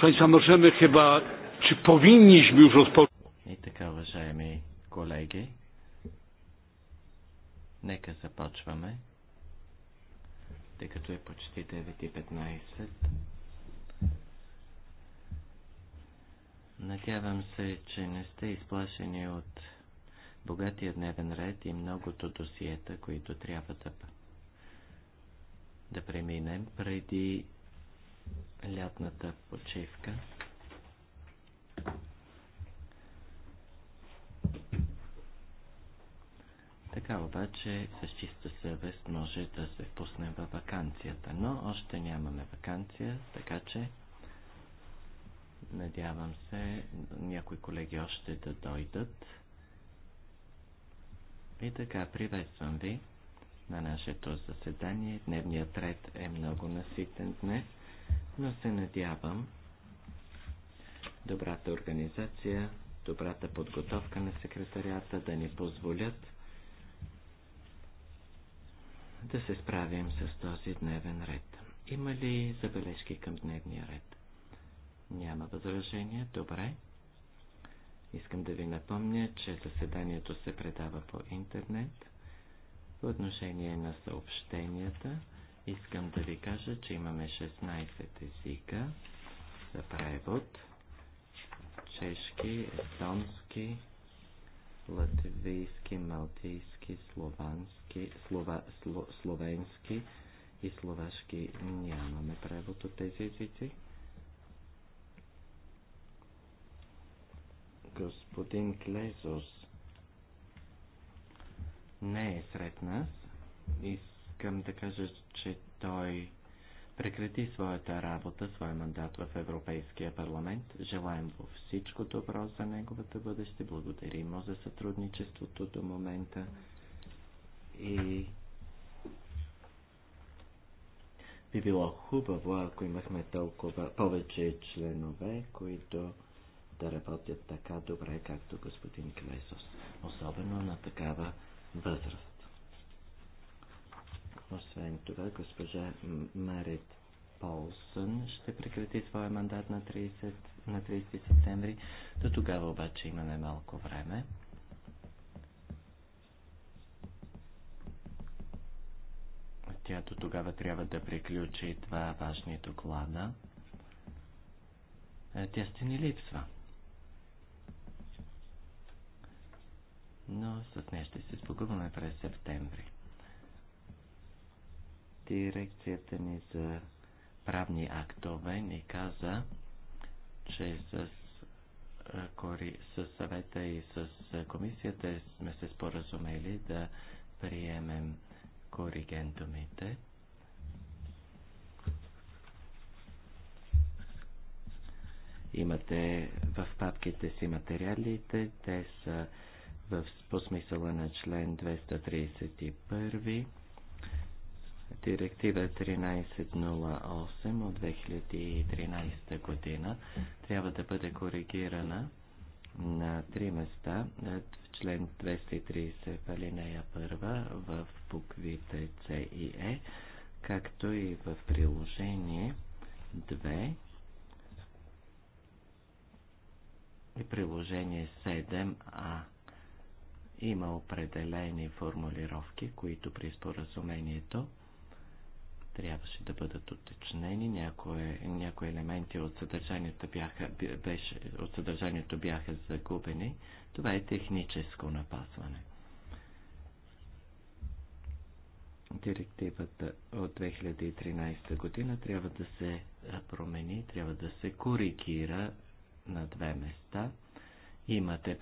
Państwa, możemy chyba, czy powinniśmy już rozpocząć. I така, уважаеми колеги, нека започваме, тъй като е почти 9.15. Надявам се, че не сте изплашени от богатия дневен ред и многото досиета, които трябва да, да преминем преди лятната почивка. Така обаче с чиста съвест може да се впуснем във вакансията, но още нямаме вакансия, така че надявам се някои колеги още да дойдат. И така, приветствам ви на нашето заседание. Дневният ред е много наситен днес но се надявам добрата организация, добрата подготовка на секретарията да ни позволят да се справим с този дневен ред. Има ли забележки към дневния ред? Няма възражения. Добре. Искам да ви напомня, че заседанието се предава по интернет. По отношение на съобщенията, Искам да ви кажа, че имаме 16 езика за превод. Чешки, естонски, латвийски, малтийски, словански, слова, сло, словенски и словашки нямаме превод от тези езици. Господин Клезос не е сред нас и искам да кажа, че той прекрати своята работа, своя мандат в Европейския парламент. Желаем му всичко добро за неговата бъдеще. Благодарим му за сътрудничеството до момента. И би било хубаво, ако имахме толкова повече членове, които да работят така добре, както господин Клесос, особено на такава възраст. Освен това, госпожа Марит Полсън ще прекрати своя мандат на 30, на 30 септември. До тогава обаче имаме малко време. Тя до тогава трябва да приключи два важни доклада. Е, тя сте ни липсва. Но с нея ще се спогуваме през септември дирекцията ни за правни актове ни каза, че с, с съвета и с комисията сме се споразумели да приемем коригентумите. Имате в папките си материалите, те са в, по смисъла на член 231 Директива 1308 от 2013 година трябва да бъде коригирана на три места е, в член 230 алинея 1 в буквите C и E, както и в приложение 2 и приложение 7а. Има определени формулировки, които при споразумението трябваше да бъдат уточнени. някои, някои елементи от съдържанието, бяха, беше, от съдържанието бяха загубени. Това е техническо напасване. Директивата от 2013 година трябва да се промени, трябва да се коригира на две места. Имате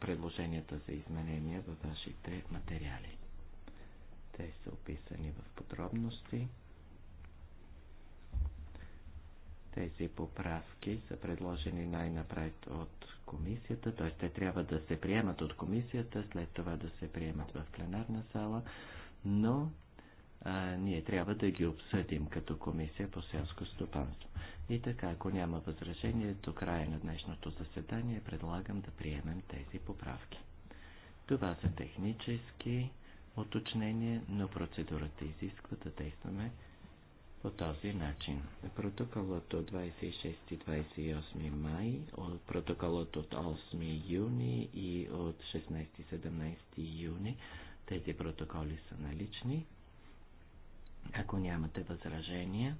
предложенията за изменения във вашите материали. Те са описани в подробности. Тези поправки са предложени най-напред от комисията, т.е. те трябва да се приемат от комисията, след това да се приемат в пленарна сала, но а, ние трябва да ги обсъдим като комисия по селско стопанство. И така, ако няма възражение, до края на днешното заседание предлагам да приемем тези поправки. Това са технически уточнение, но процедурата изисква да действаме по този начин. Протоколът от 26 и 28 май, от протоколът от 8 юни и от 16 и 17 юни, тези протоколи са налични. Ако нямате възражения,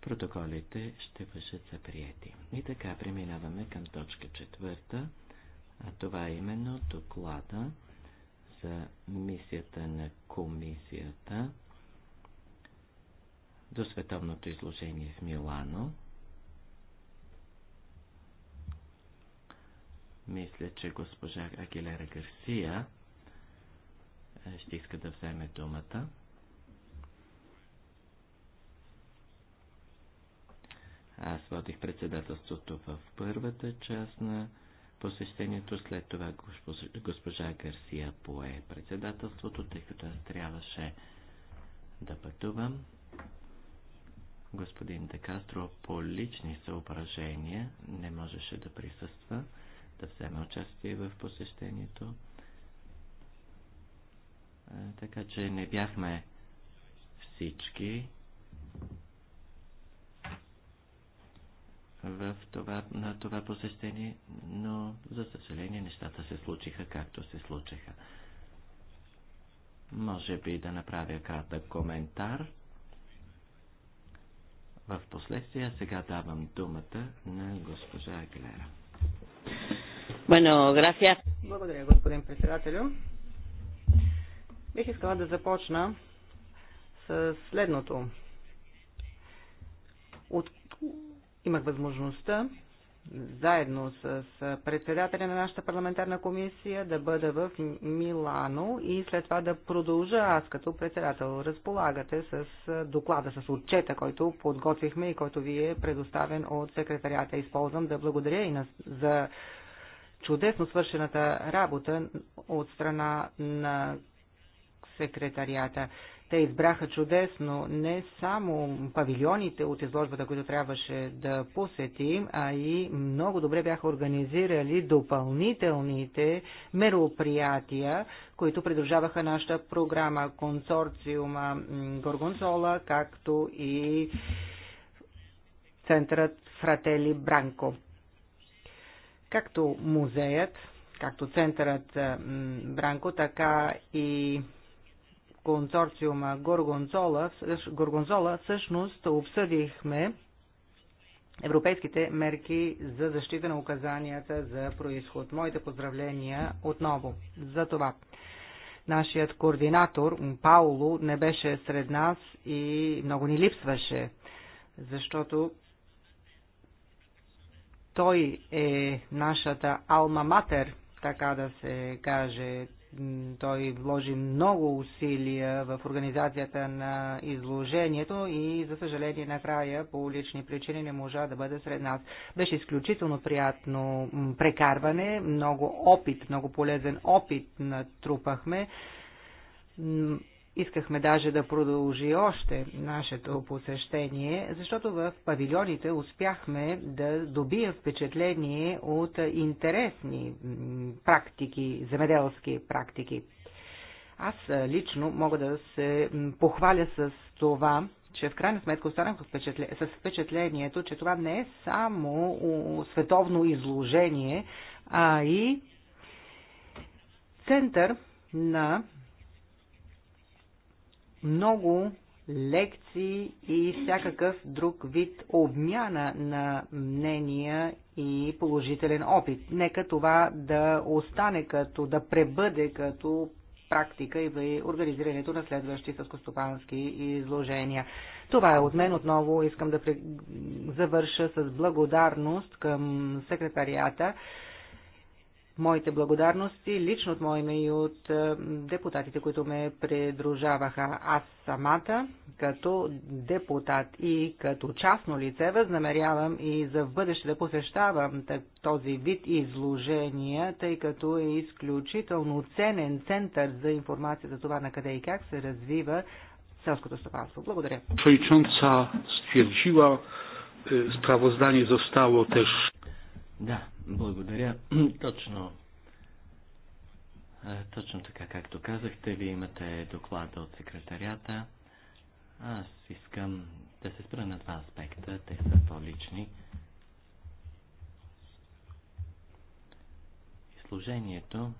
протоколите ще бъдат за приети. И така преминаваме към точка четвърта, а това е именно доклада за мисията на комисията до световното изложение в Милано. Мисля, че госпожа Агилера Гарсия е, ще иска да вземе думата. Аз водих председателството в първата част на посещението. След това госпожа Гарсия пое председателството, тъй като аз трябваше да пътувам. Господин Декастро по лични съображения не можеше да присъства, да вземе участие в посещението. Така че не бяхме всички в това, на това посещение, но за съжаление нещата се случиха както се случиха. Може би да направя кратък коментар. В последствие сега давам думата на госпожа Агилера. Bueno, Благодаря, господин председателю. Бих искала да започна с следното. От Имах възможността заедно с председателя на нашата парламентарна комисия да бъда в Милано и след това да продължа аз като председател. Разполагате с доклада, с отчета, който подготвихме и който ви е предоставен от секретарията. Използвам да благодаря и на, за чудесно свършената работа от страна на секретарията. Те избраха чудесно не само павилионите от изложбата, които трябваше да посетим, а и много добре бяха организирали допълнителните мероприятия, които придружаваха нашата програма консорциума Горгонсола, както и центърът Фратели Бранко. Както музеят, както центърът Бранко, така и консорциума Горгонзола, Горгонзола всъщност обсъдихме европейските мерки за защита на указанията за происход. Моите поздравления отново за това. Нашият координатор Пауло не беше сред нас и много ни липсваше, защото той е нашата алма матер, така да се каже. Той вложи много усилия в организацията на изложението и, за съжаление, накрая по лични причини не можа да бъде сред нас. Беше изключително приятно прекарване, много опит, много полезен опит натрупахме Искахме даже да продължи още нашето посещение, защото в павилионите успяхме да добия впечатление от интересни практики, земеделски практики. Аз лично мога да се похваля с това, че в крайна сметка останах с впечатлението, че това не е само световно изложение, а и център на много лекции и всякакъв друг вид обмяна на мнения и положителен опит. Нека това да остане като, да пребъде като практика и при организирането на следващи съскостопански изложения. Това е от мен. Отново искам да завърша с благодарност към секретарията моите благодарности, лично от мое име и от е, депутатите, които ме придружаваха Аз самата, като депутат и като частно лице, възнамерявам и за в бъдеще да посещавам този вид изложения, тъй като е изключително ценен център за информация за това на къде и как се развива селското стопанство. Благодаря. Przewodnicząca stwierdziła, е, sprawozdanie zostało теж. Да, благодаря. Точно. Е, точно така, както казахте, вие имате доклада от секретарията. Аз искам да се спра на два аспекта. Те са по-лични. Служението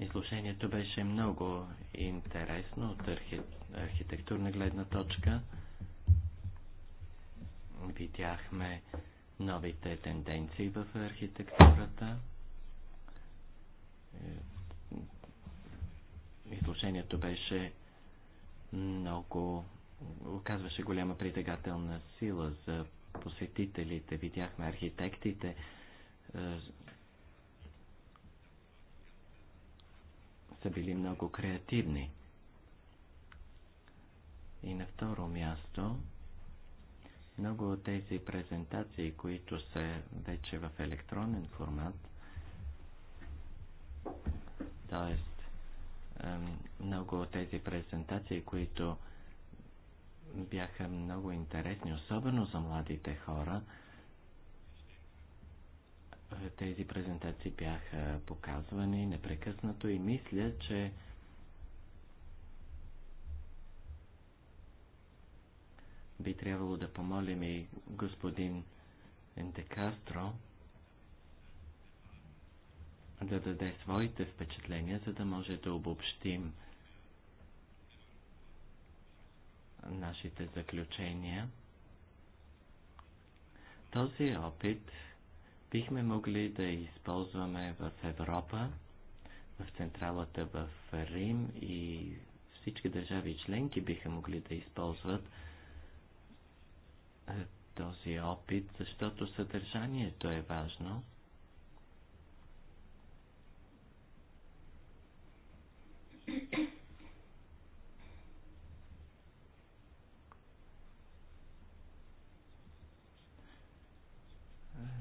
Изложението беше много интересно от архи... архитектурна гледна точка видяхме новите тенденции в архитектурата. Изложението беше много, оказваше голяма притегателна сила за посетителите. Видяхме архитектите, е, са били много креативни. И на второ място, много от тези презентации, които са вече в електронен формат, т.е. много от тези презентации, които бяха много интересни, особено за младите хора, тези презентации бяха показвани непрекъснато и мисля, че би трябвало да помолим и господин Декастро да даде своите впечатления, за да може да обобщим нашите заключения. Този опит бихме могли да използваме в Европа, в централата в Рим и всички държави членки биха могли да използват този опит, защото съдържанието е важно.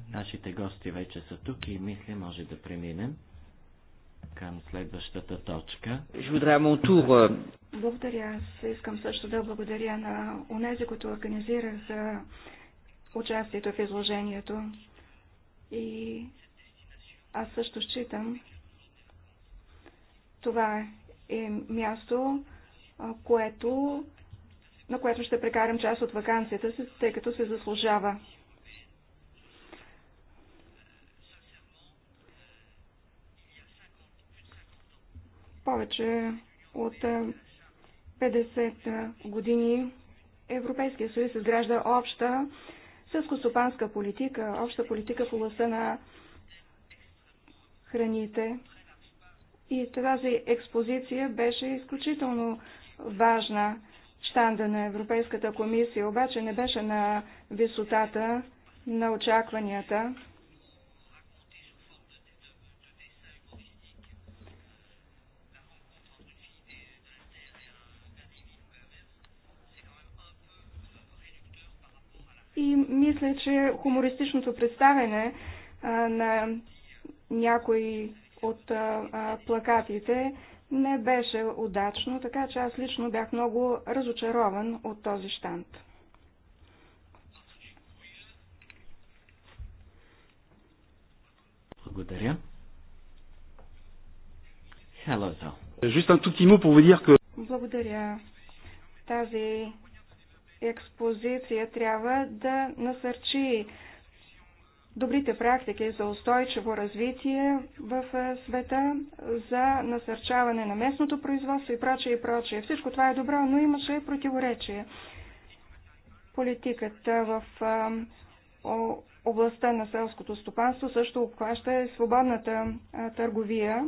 Нашите гости вече са тук и мисля може да преминем към следващата точка. Euh, благодаря. Аз искам също да благодаря на унези, които организирах за участието в изложението. И аз също считам, това е място, което, на което ще прекарам част от вакансията си, тъй като се заслужава. повече от 50 години Европейския съюз изгражда обща сълскостопанска политика, обща политика в областта на храните. И тази експозиция беше изключително важна. Штанда на Европейската комисия обаче не беше на висотата на очакванията. и мисля, че хумористичното представяне на някои от плакатите не беше удачно, така че аз лично бях много разочарован от този штант. Благодаря. Hello, Благодаря. Тази експозиция трябва да насърчи добрите практики за устойчиво развитие в света, за насърчаване на местното производство и прочее и прочее. Всичко това е добро, но имаше противоречие. Политиката в областта на селското стопанство също обхваща свободната търговия,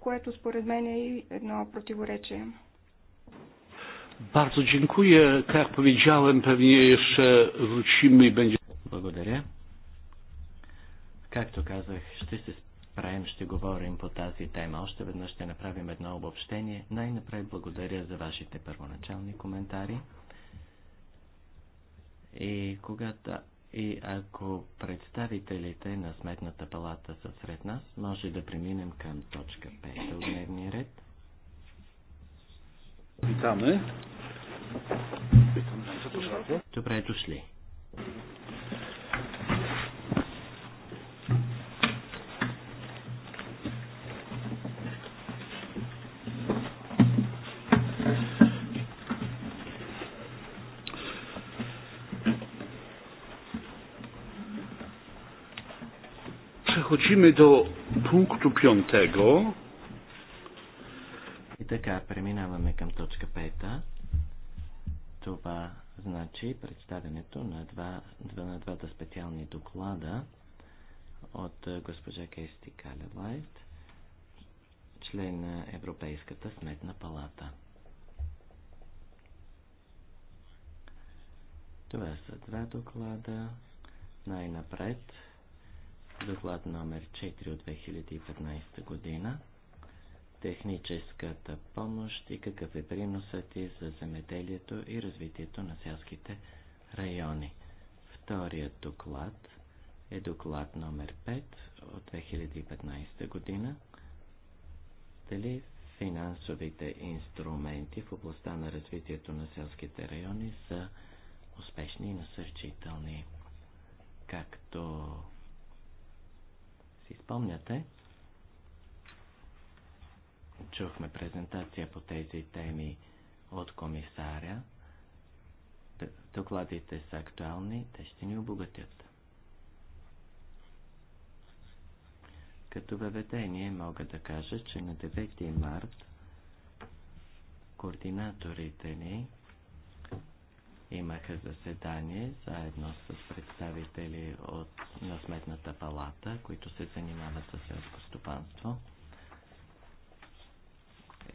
което според мен е и едно противоречие. Bardzo dziękuję. Tak jak powiedziałem, pewnie jeszcze wrócimy i będzie. Благодаря. Както казах, ще се справим, ще говорим по тази тема. Още веднъж ще направим едно обобщение. Най-напред благодаря за вашите първоначални коментари. И, когато, и ако представителите на Сметната палата са сред нас, може да преминем към точка 5 от дневния ред. Витаме. Добре дошли. Przechodzimy do punktu piątego така, преминаваме към точка 5. Това значи представянето на, два, на двата специални доклада от е, госпожа Кести Калевайт, член на Европейската сметна палата. Това са два доклада. Най-напред доклад номер 4 от 2015 година – техническата помощ и какъв е приносът и за земеделието и развитието на селските райони. Вторият доклад е доклад номер 5 от 2015 година. Дали финансовите инструменти в областта на развитието на селските райони са успешни и насърчителни. Както си спомняте, Чухме презентация по тези теми от комисаря. Докладите са актуални, те ще ни обогатят. Като въведение мога да кажа, че на 9 март координаторите ни имаха заседание заедно с представители от, на Сметната палата, които се занимават с селско стопанство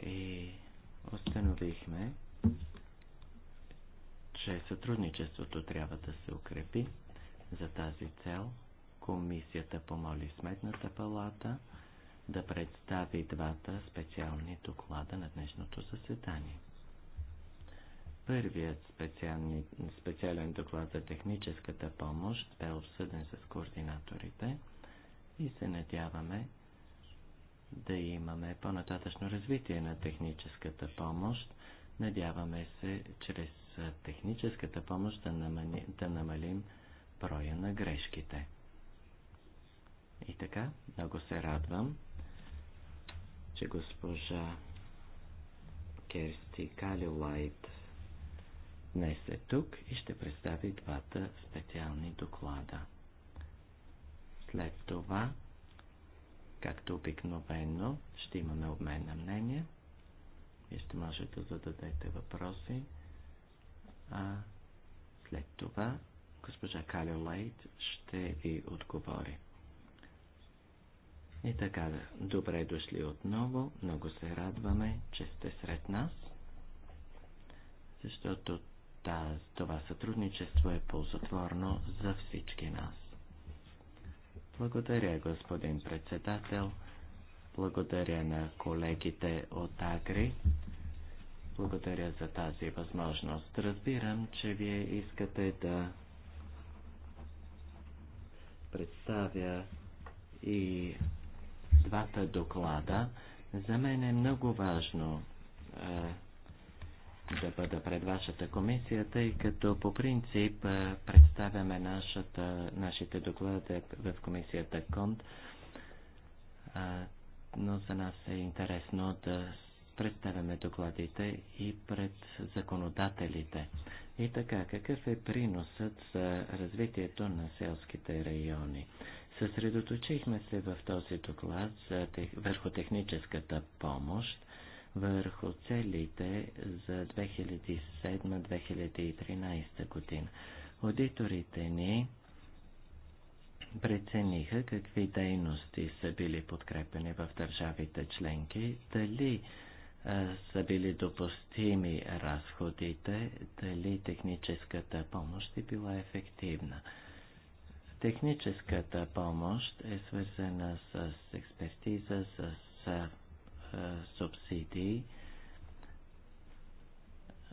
и установихме, че сътрудничеството трябва да се укрепи. За тази цел комисията помоли Сметната палата да представи двата специални доклада на днешното заседание. Първият специален доклад за техническата помощ бе обсъден с координаторите и се надяваме, да имаме по-нататъчно развитие на техническата помощ. Надяваме се, чрез техническата помощ да, намали, да намалим броя на грешките. И така, много се радвам, че госпожа Керсти Калилайт днес е тук и ще представи двата специални доклада. След това Както обикновено, ще имаме обмен на мнение. и ще можете да зададете въпроси. А след това госпожа Калио Лейт ще ви отговори. И така, добре дошли отново. Много се радваме, че сте сред нас, защото това сътрудничество е ползотворно за всички нас. Благодаря, господин председател. Благодаря на колегите от Агри. Благодаря за тази възможност. Разбирам, че вие искате да представя и двата доклада. За мен е много важно е, да бъда пред вашата комисия, тъй като по принцип представяме нашата, нашите доклади в комисията КОНД, но за нас е интересно да представяме докладите и пред законодателите. И така, какъв е приносът за развитието на селските райони? Съсредоточихме се в този доклад за, върху техническата помощ, върху целите за 2007-2013 година. Аудиторите ни прецениха какви дейности са били подкрепени в държавите членки, дали са били допустими разходите, дали техническата помощ е била ефективна. Техническата помощ е свързана с експертиза, с е, субсидии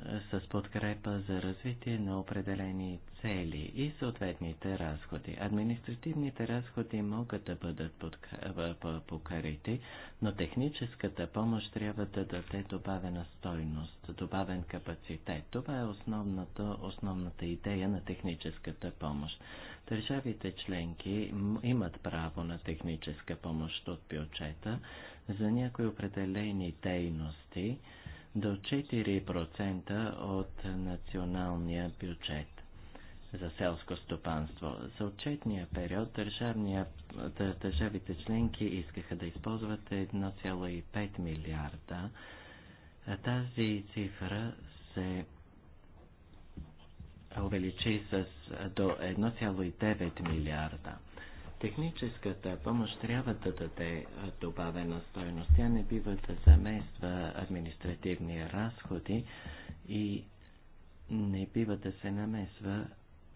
е, с подкрепа за развитие на определени цели и съответните разходи. Административните разходи могат да бъдат е, покарити, но техническата помощ трябва да даде добавена стойност, добавен капацитет. Това е основната, основната идея на техническата помощ. Държавите членки имат право на техническа помощ от бюджета, за някои определени дейности до 4% от националния бюджет за селско стопанство. За отчетния период държавите членки искаха да използват 1,5 милиарда. Тази цифра се увеличи с до 1,9 милиарда. Техническата помощ трябва да даде добавена стойност. Тя не бива да замества административни разходи и не бива да се намесва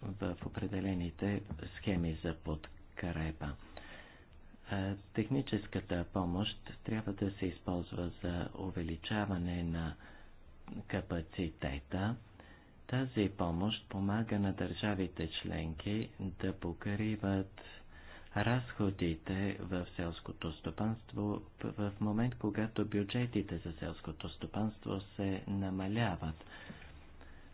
в определените схеми за подкрепа. Техническата помощ трябва да се използва за увеличаване на капацитета. Тази помощ помага на държавите членки да покриват разходите в селското стопанство в момент, когато бюджетите за селското стопанство се намаляват.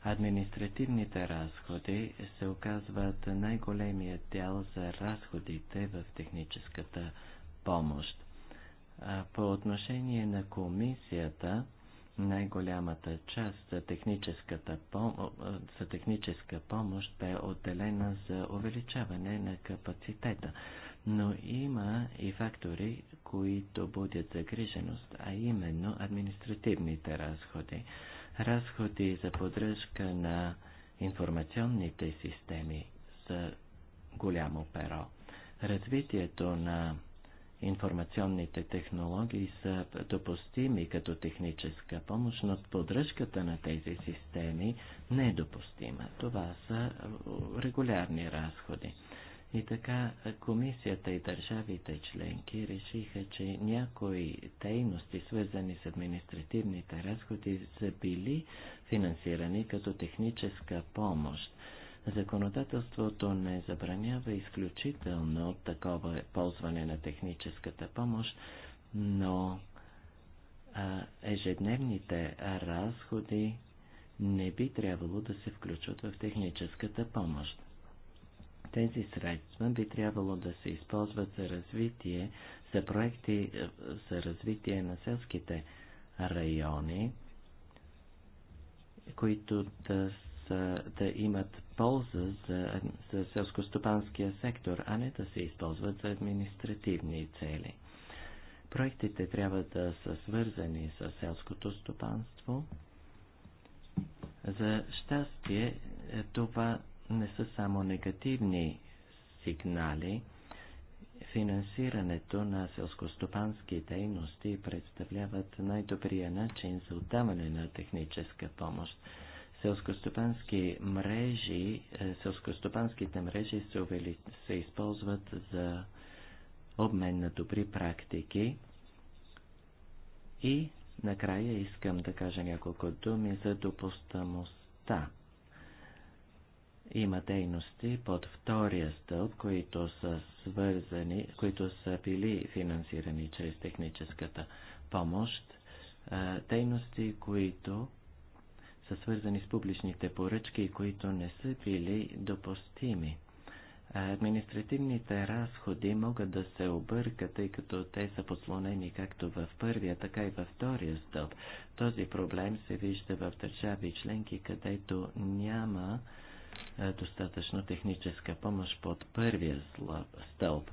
Административните разходи се оказват най-големия дял за разходите в техническата помощ. По отношение на комисията, най-голямата част за техническата, пом... за техническа помощ бе отделена за увеличаване на капацитета, но има и фактори, които будят загриженост, а именно административните разходи. Разходи за поддръжка на информационните системи са голямо перо. Развитието на информационните технологии са допустими като техническа помощ, но поддръжката на тези системи не е допустима. Това са регулярни разходи. И така комисията и държавите членки решиха, че някои дейности, свързани с административните разходи, са били финансирани като техническа помощ Законодателството не забранява изключително такова ползване на техническата помощ, но а, ежедневните разходи не би трябвало да се включват в техническата помощ. Тези средства би трябвало да се използват за развитие, за проекти е, за развитие на селските райони, които да да имат полза за, за селскостопанския сектор, а не да се използват за административни цели. Проектите трябва да са свързани с селското стопанство. За щастие, е, това не са само негативни сигнали. Финансирането на селскостопански дейности представляват най-добрия начин за отдаване на техническа помощ. Селскостопански мрежи, е, селскостопанските мрежи се, увели, се използват за обмен на добри практики и накрая искам да кажа няколко думи за допустимостта. Има дейности под втория стълб, които са свързани, които са били финансирани чрез техническата помощ, е, дейности, които са свързани с публичните поръчки, които не са били допустими. А административните разходи могат да се объркат, тъй като те са послонени както в първия, така и във втория стълб. Този проблем се вижда в държави членки, където няма достатъчно техническа помощ под първия стълб.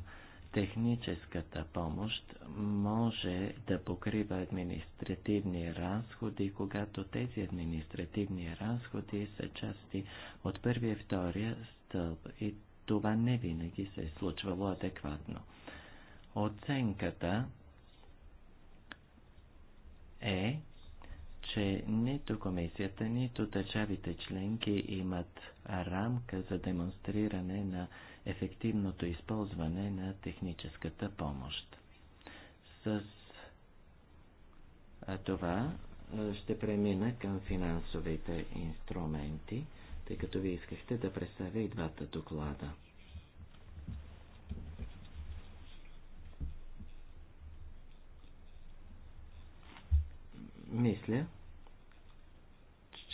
Техническата помощ може да покрива административни разходи, когато тези административни разходи са части от първия и втория стълб и това не винаги се е случвало адекватно. Оценката е, че нито комисията, нито държавите членки имат рамка за демонстриране на ефективното използване на техническата помощ. С това ще премина към финансовите инструменти, тъй като ви искахте да представя и двата доклада. Мисля,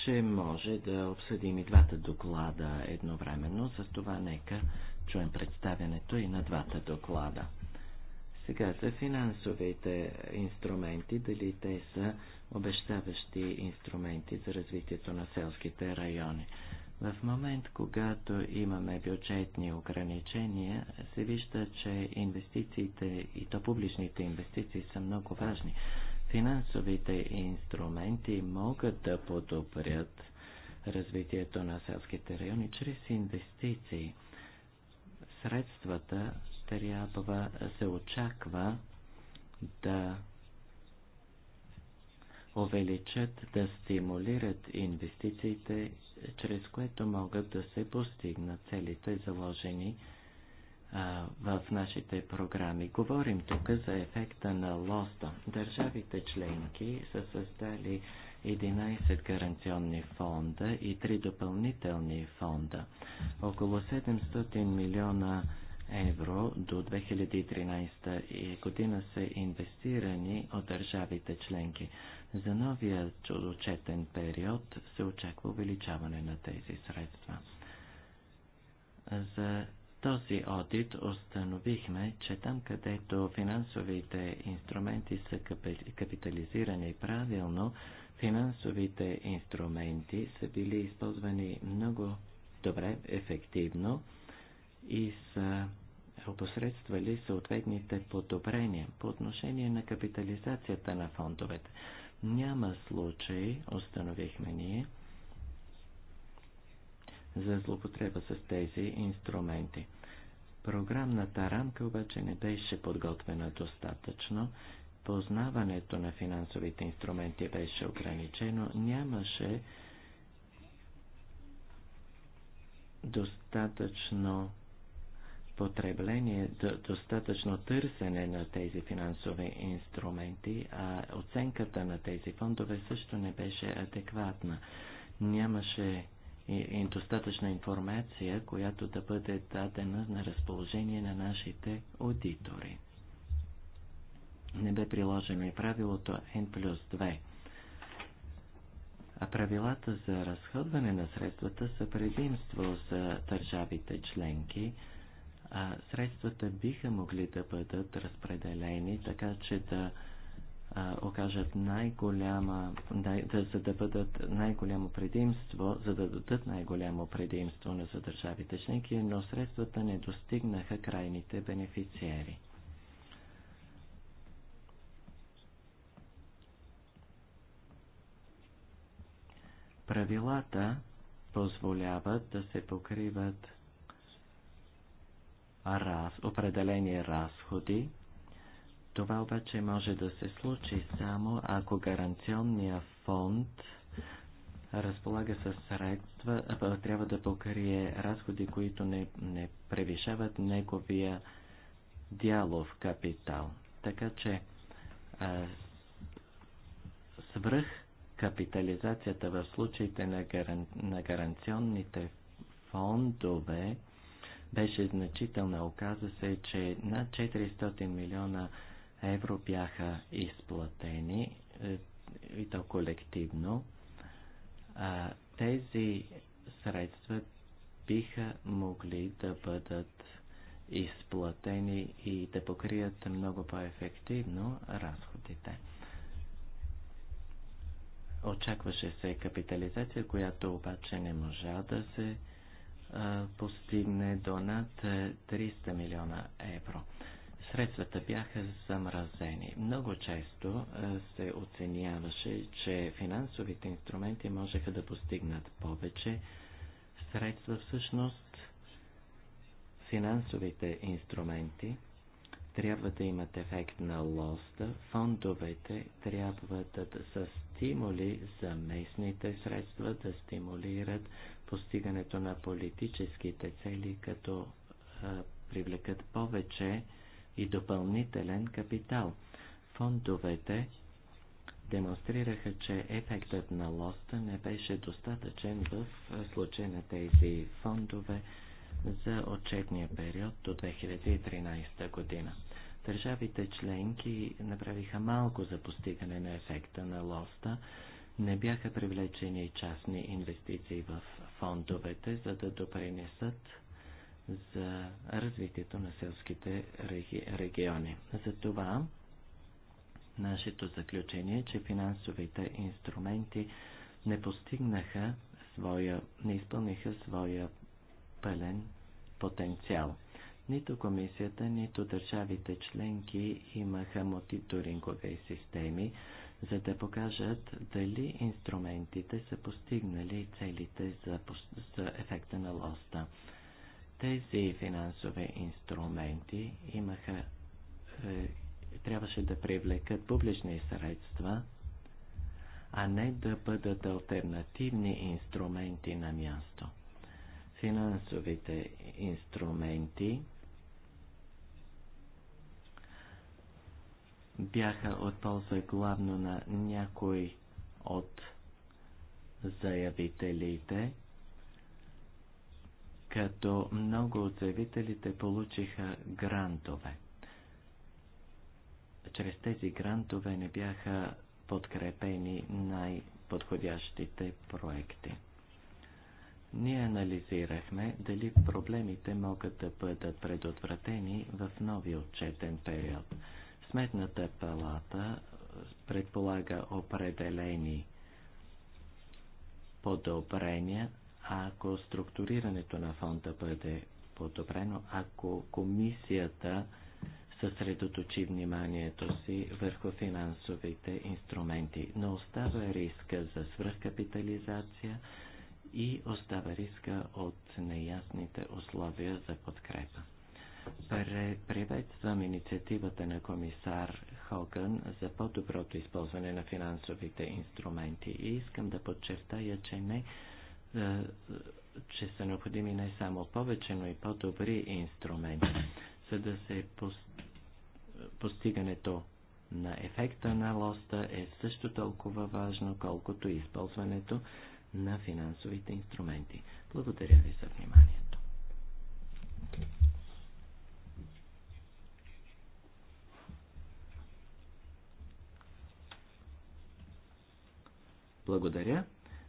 че може да обсъдим и двата доклада едновременно, с това нека чуем представянето и на двата доклада. Сега за финансовите инструменти, дали те са обещаващи инструменти за развитието на селските райони. В момент, когато имаме бюджетни ограничения, се вижда, че инвестициите и то публичните инвестиции са много важни. Финансовите инструменти могат да подобрят развитието на селските райони чрез инвестиции средствата трябва, се очаква да увеличат, да стимулират инвестициите, чрез което могат да се постигнат целите заложени в нашите програми. Говорим тук за ефекта на лоста. Държавите членки са създали 11 гаранционни фонда и 3 допълнителни фонда. Около 700 милиона евро до 2013 година са инвестирани от държавите членки. За новия чудочетен период се очаква увеличаване на тези средства. За този одит установихме, че там където финансовите инструменти са капитализирани правилно, финансовите инструменти са били използвани много добре, ефективно и са опосредствали съответните подобрения по отношение на капитализацията на фондовете. Няма случаи, установихме ние, за злопотреба с тези инструменти. Програмната рамка обаче не беше подготвена достатъчно познаването на финансовите инструменти беше ограничено, нямаше достатъчно потребление, достатъчно търсене на тези финансови инструменти, а оценката на тези фондове също не беше адекватна. Нямаше и, достатъчна информация, която да бъде дадена на разположение на нашите аудитори не бе приложено и правилото N плюс 2. А правилата за разходване на средствата са предимство за държавите членки, а средствата биха могли да бъдат разпределени, така че да а, окажат най-голяма, да, да, за да бъдат най-голямо предимство, за да дадат най-голямо предимство на за държавите членки, но средствата не достигнаха крайните бенефициери. Правилата позволяват да се покриват раз, определени разходи. Това обаче може да се случи само ако гаранционния фонд разполага със средства, трябва да покрие разходи, които не, не превишават неговия дялов капитал. Така че а, свръх капитализацията в случаите на, гаран... на гаранционните фондове беше значителна. Оказа се, че над 400 милиона евро бяха изплатени е, и то колективно. А, тези средства биха могли да бъдат изплатени и да покрият много по-ефективно разходите. Очакваше се капитализация, която обаче не можа да се а, постигне до над 300 е, милиона евро. Средствата бяха замразени. Много често а, е, се оценяваше, че финансовите инструменти можеха да постигнат повече средства. Всъщност, финансовите инструменти трябва да имат ефект на лоста, фондовете трябва да, са стимули за местните средства, да стимулират постигането на политическите цели, като а, привлекат повече и допълнителен капитал. Фондовете демонстрираха, че ефектът на лоста не беше достатъчен в случай на тези фондове за отчетния период до 2013 година. Държавите членки направиха малко за постигане на ефекта на лоста, не бяха привлечени частни инвестиции в фондовете, за да допринесат за развитието на селските реги... региони. Затова нашето заключение е, че финансовите инструменти не постигнаха своя, не изпълниха своя пълен потенциал. Нито комисията, нито държавите членки имаха мотиторингови системи, за да покажат дали инструментите са постигнали целите за, за ефекта на лоста. Тези финансови инструменти имаха, е, трябваше да привлекат публични средства, а не да бъдат альтернативни инструменти на място финансовите инструменти бяха от полза главно на някои от заявителите, като много от заявителите получиха грантове. Чрез тези грантове не бяха подкрепени най-подходящите проекти. Ние анализирахме дали проблемите могат да бъдат предотвратени в нови отчетен период. Сметната палата е, предполага определени подобрения, ако структурирането на фонда бъде подобрено, ако комисията съсредоточи вниманието си върху финансовите инструменти, но остава риска за свръхкапитализация – и остава риска от неясните условия за подкрепа. Приветствам инициативата на комисар Хоган за по-доброто използване на финансовите инструменти и искам да подчертая, че не е, че са необходими не само повече, но и по-добри инструменти, за да се постигането на ефекта на лоста е също толкова важно, колкото използването на финансовите инструменти. Благодаря ви за вниманието. Благодаря.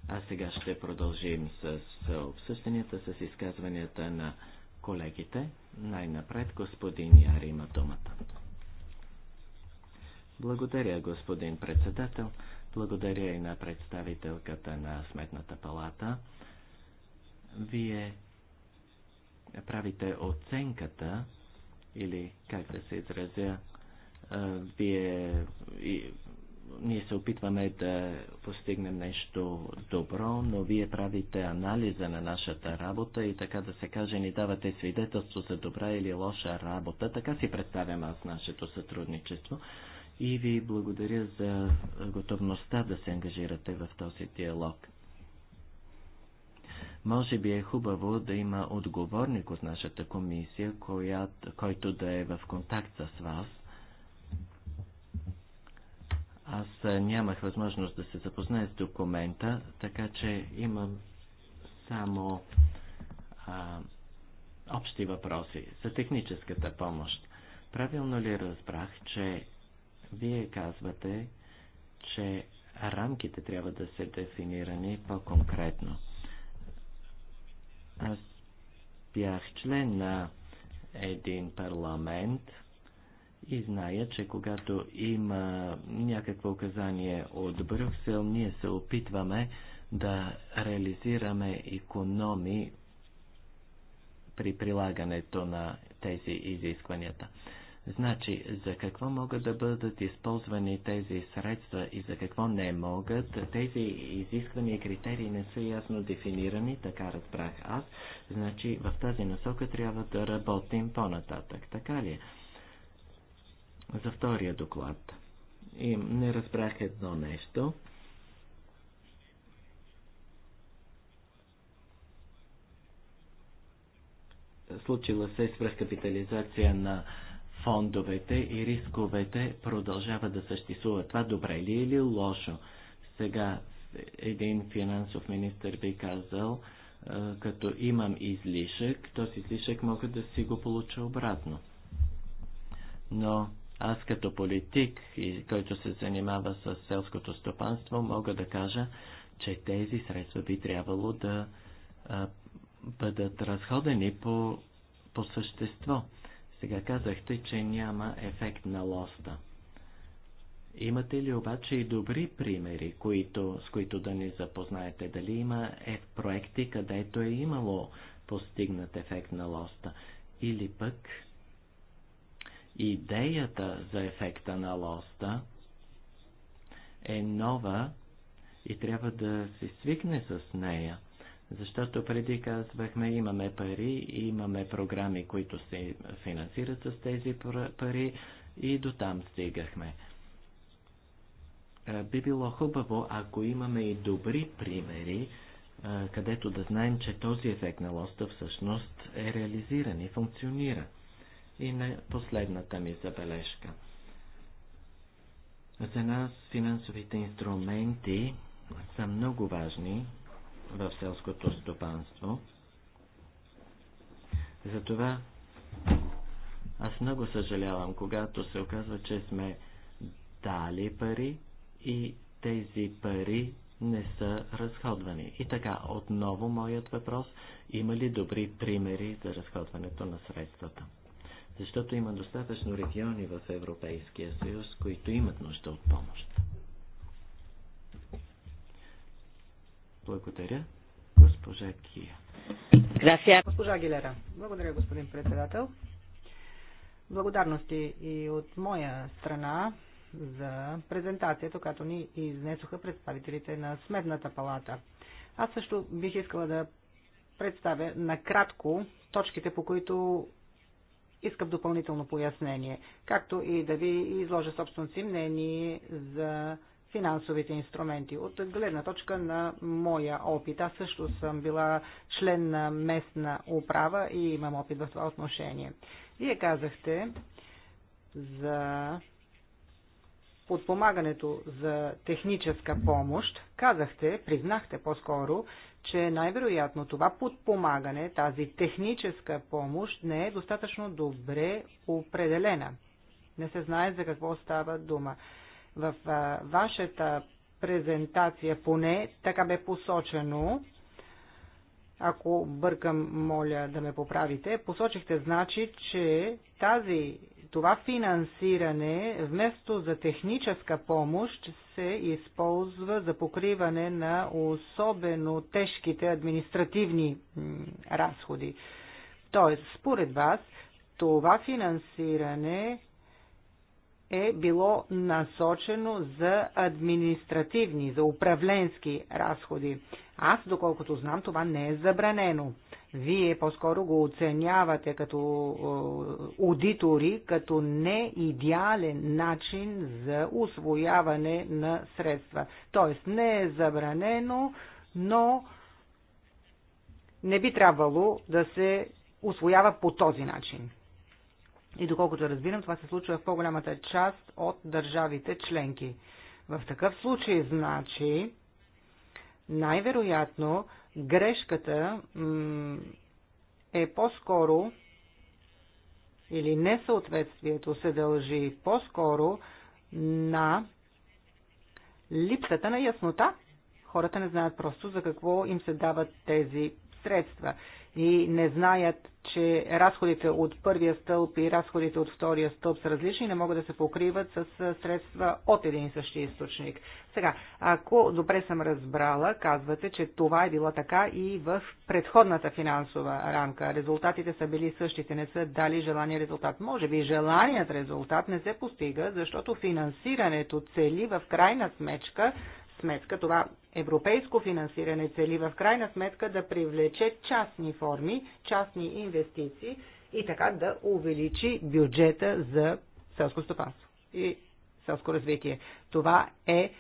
А сега ще продължим с обсъжданията, с изказванията на колегите. Най-напред господин Яри има думата. Благодаря, господин председател. Благодаря и на представителката на Сметната палата. Вие правите оценката или как да се изразя, вие и, ние се опитваме да постигнем нещо добро, но вие правите анализа на нашата работа и така да се каже ни давате свидетелство за добра или лоша работа. Така си представям аз нашето сътрудничество и ви благодаря за готовността да се ангажирате в този диалог. Може би е хубаво да има отговорник от нашата комисия, коя, който да е в контакт с вас. Аз нямах възможност да се запозная с документа, така че имам само а, общи въпроси за техническата помощ. Правилно ли разбрах, че вие казвате, че рамките трябва да са дефинирани по-конкретно. Аз бях член на един парламент и зная, че когато има някакво указание от Брюксел, ние се опитваме да реализираме економи при прилагането на тези изискванията. Значи, за какво могат да бъдат използвани тези средства и за какво не могат, тези изисквания и критерии не са ясно дефинирани, така разбрах аз. Значи, в тази насока трябва да работим по-нататък. Така ли? Е? За втория доклад. И не разбрах едно нещо. Случила се свръхкапитализация на фондовете и рисковете продължават да съществуват. Това добре ли е или лошо? Сега един финансов министр би казал, е, като имам излишък, този излишък мога да си го получа обратно. Но аз като политик, който се занимава с селското стопанство, мога да кажа, че тези средства би трябвало да бъдат разходени по, по същество. Сега казахте, че няма ефект на лоста. Имате ли обаче и добри примери, които, с които да ни запознаете? Дали има е проекти, където е имало постигнат ефект на лоста? Или пък идеята за ефекта на лоста е нова и трябва да се свикне с нея – защото преди казвахме, имаме пари, имаме програми, които се финансират с тези пари и до там стигахме. Е, би било хубаво, ако имаме и добри примери, е, където да знаем, че този ефект на лоста всъщност е реализиран и функционира. И на последната ми забележка. За нас финансовите инструменти са много важни, в селското стопанство. Затова аз много съжалявам, когато се оказва, че сме дали пари и тези пари не са разходвани. И така, отново моят въпрос, има ли добри примери за разходването на средствата? Защото има достатъчно региони в Европейския съюз, които имат нужда от помощ. Благодаря. Госпожа Кия. Грация. Госпожа Гилера. Благодаря, господин председател. Благодарности и от моя страна за презентацията, която ни изнесоха представителите на Сметната палата. Аз също бих искала да представя накратко точките, по които искам допълнително пояснение, както и да ви изложа собственото си мнение за финансовите инструменти. От гледна точка на моя опит, аз също съм била член на местна управа и имам опит в това отношение. Вие казахте за подпомагането за техническа помощ, казахте, признахте по-скоро, че най-вероятно това подпомагане, тази техническа помощ не е достатъчно добре определена. Не се знае за какво става дума. В вашата презентация поне така бе посочено, ако бъркам, моля да ме поправите, посочихте значи, че тази, това финансиране вместо за техническа помощ се използва за покриване на особено тежките административни разходи. Тоест, според вас, това финансиране е било насочено за административни, за управленски разходи. Аз, доколкото знам, това не е забранено. Вие по-скоро го оценявате като аудитори, като не идеален начин за освояване на средства. Тоест не е забранено, но не би трябвало да се освоява по този начин. И доколкото разбирам, това се случва в по-голямата част от държавите членки. В такъв случай, значи, най-вероятно грешката е по-скоро или несъответствието се дължи по-скоро на липсата на яснота. Хората не знаят просто за какво им се дават тези средства и не знаят, че разходите от първия стълб и разходите от втория стълб са различни, не могат да се покриват с средства от един и същи източник. Сега, ако добре съм разбрала, казвате, че това е било така и в предходната финансова рамка. Резултатите са били същите, не са дали желания резултат. Може би желаният резултат не се постига, защото финансирането цели в крайна смечка сметка, това европейско финансиране цели в крайна сметка да привлече частни форми, частни инвестиции и така да увеличи бюджета за селско стопанство и селско развитие. Това е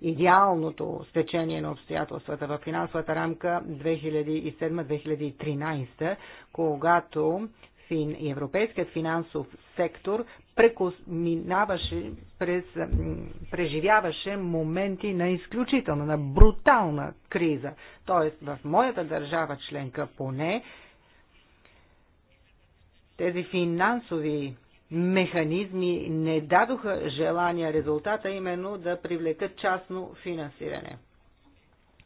идеалното стечение на обстоятелствата в финансовата рамка 2007-2013, когато Европейският финансов сектор прекосминаваше през, преживяваше моменти на изключителна, на брутална криза. Тоест в моята държава членка поне тези финансови механизми не дадоха желания резултата, именно да привлекат частно финансиране.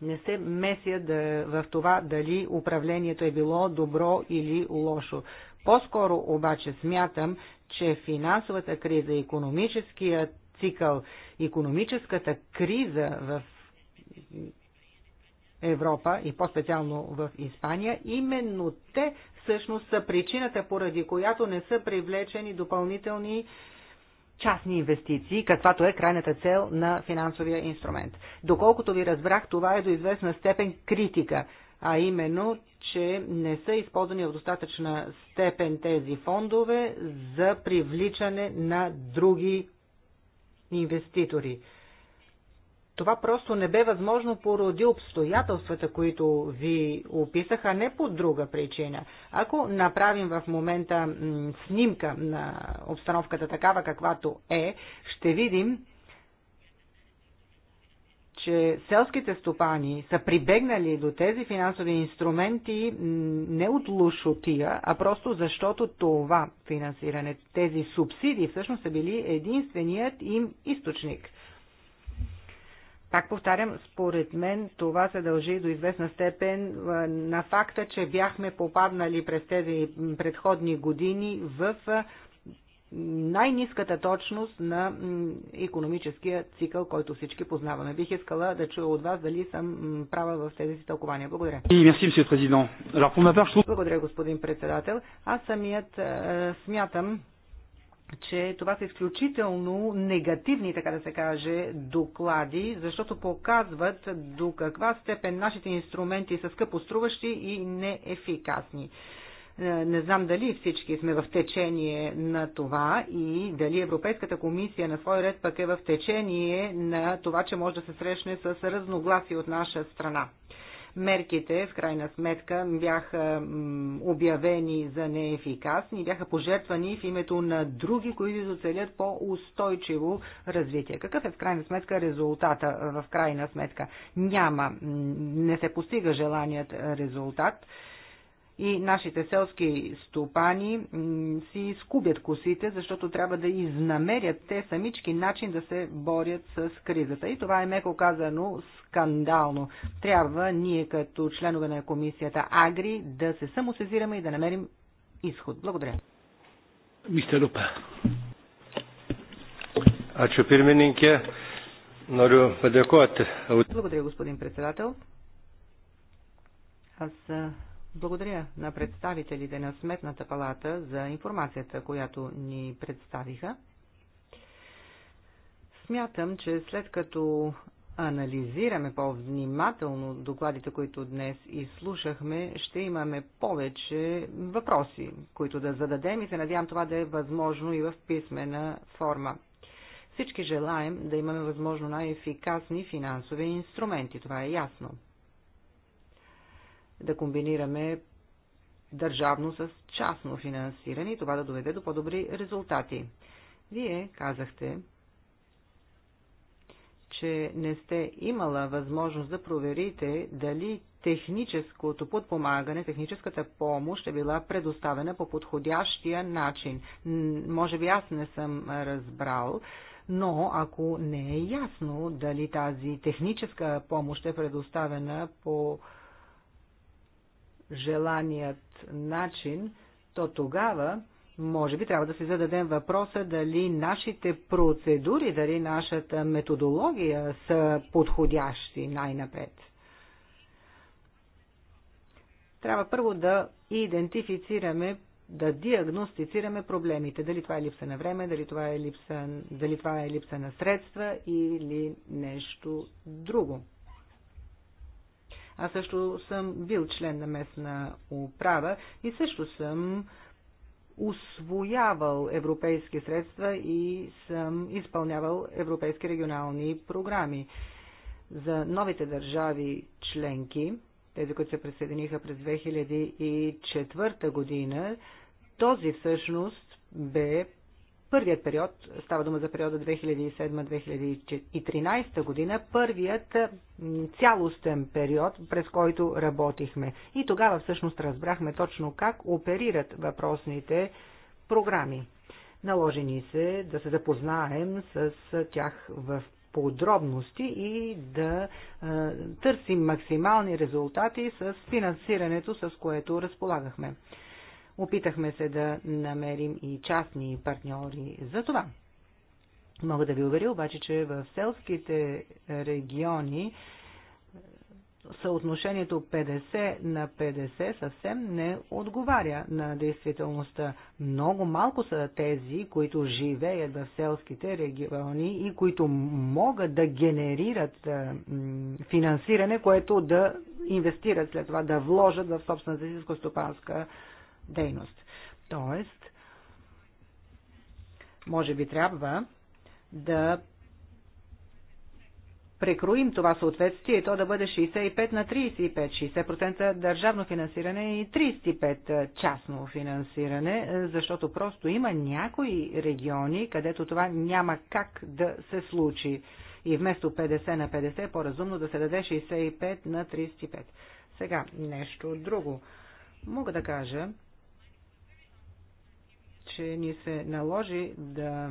Не се меся да, в това дали управлението е било добро или лошо. По-скоро обаче смятам, че финансовата криза, економическия цикъл, економическата криза в Европа и по-специално в Испания, именно те всъщност са причината, поради която не са привлечени допълнителни частни инвестиции, каквато е крайната цел на финансовия инструмент. Доколкото ви разбрах, това е до известна степен критика а именно, че не са използвани в достатъчна степен тези фондове за привличане на други инвеститори. Това просто не бе възможно поради обстоятелствата, които ви описах, а не по друга причина. Ако направим в момента снимка на обстановката такава, каквато е, ще видим, че селските стопани са прибегнали до тези финансови инструменти не от лошотия, а просто защото това финансиране, тези субсидии всъщност са били единственият им източник. Пак повтарям, според мен това се дължи до известна степен на факта, че бяхме попаднали през тези предходни години в най-низката точност на економическия цикъл, който всички познаваме. Бих искала да чуя от вас дали съм права в тези си тълкования. Благодаря. Благодаря, господин председател. Аз самият е, смятам, че това са изключително негативни, така да се каже, доклади, защото показват до каква степен нашите инструменти са скъпоструващи и неефикасни. Е, не знам дали всички сме в течение на това и дали Европейската комисия на свой ред пък е в течение на това, че може да се срещне с разногласи от наша страна. Мерките, в крайна сметка, бяха обявени за неефикасни, бяха пожертвани в името на други, които доцелят по-устойчиво развитие. Какъв е в крайна сметка резултата? В крайна сметка няма, не се постига желаният резултат и нашите селски стопани си скубят косите, защото трябва да изнамерят те самички начин да се борят с кризата. И това е меко казано скандално. Трябва ние като членове на комисията Агри да се самосезираме и да намерим изход. Благодаря. Мистер Лупа. Ačiū pirmininkė. Noriu padėkoti. Благодаря, господин председател. Аз благодаря на представителите на Сметната палата за информацията, която ни представиха. Смятам, че след като анализираме по-внимателно докладите, които днес изслушахме, ще имаме повече въпроси, които да зададем и се надявам това да е възможно и в писмена форма. Всички желаем да имаме възможно най-ефикасни финансови инструменти, това е ясно да комбинираме държавно с частно финансиране и това да доведе до по-добри резултати. Вие казахте, че не сте имала възможност да проверите дали техническото подпомагане, техническата помощ е била предоставена по подходящия начин. Може би аз не съм разбрал, но ако не е ясно дали тази техническа помощ е предоставена по желаният начин, то тогава може би трябва да си зададем въпроса дали нашите процедури, дали нашата методология са подходящи най-напред. Трябва първо да идентифицираме, да диагностицираме проблемите. Дали това е липса на време, дали това е липса, дали това е липса на средства или нещо друго. Аз също съм бил член на местна управа и също съм освоявал европейски средства и съм изпълнявал европейски регионални програми. За новите държави членки, тези, които се присъединиха през 2004 година, този всъщност бе първият период, става дума за периода 2007-2013 година, първият цялостен период, през който работихме. И тогава всъщност разбрахме точно как оперират въпросните програми. Наложени се да се запознаем с тях в подробности и да е, търсим максимални резултати с финансирането, с което разполагахме. Опитахме се да намерим и частни партньори за това. Мога да ви уверя обаче, че в селските региони е, съотношението 50 на 50 съвсем не отговаря на действителността. Много малко са тези, които живеят в селските региони и които могат да генерират е, финансиране, което да инвестират след това, да вложат в собствената си скостопанска дейност. Тоест, може би трябва да прекроим това съответствие и то да бъде 65 на 35, 60% държавно финансиране и 35% частно финансиране, е, защото просто има някои региони, където това няма как да се случи. И вместо 50 на 50 по-разумно да се даде 65 на 35. Сега нещо друго. Мога да кажа, че ни се наложи да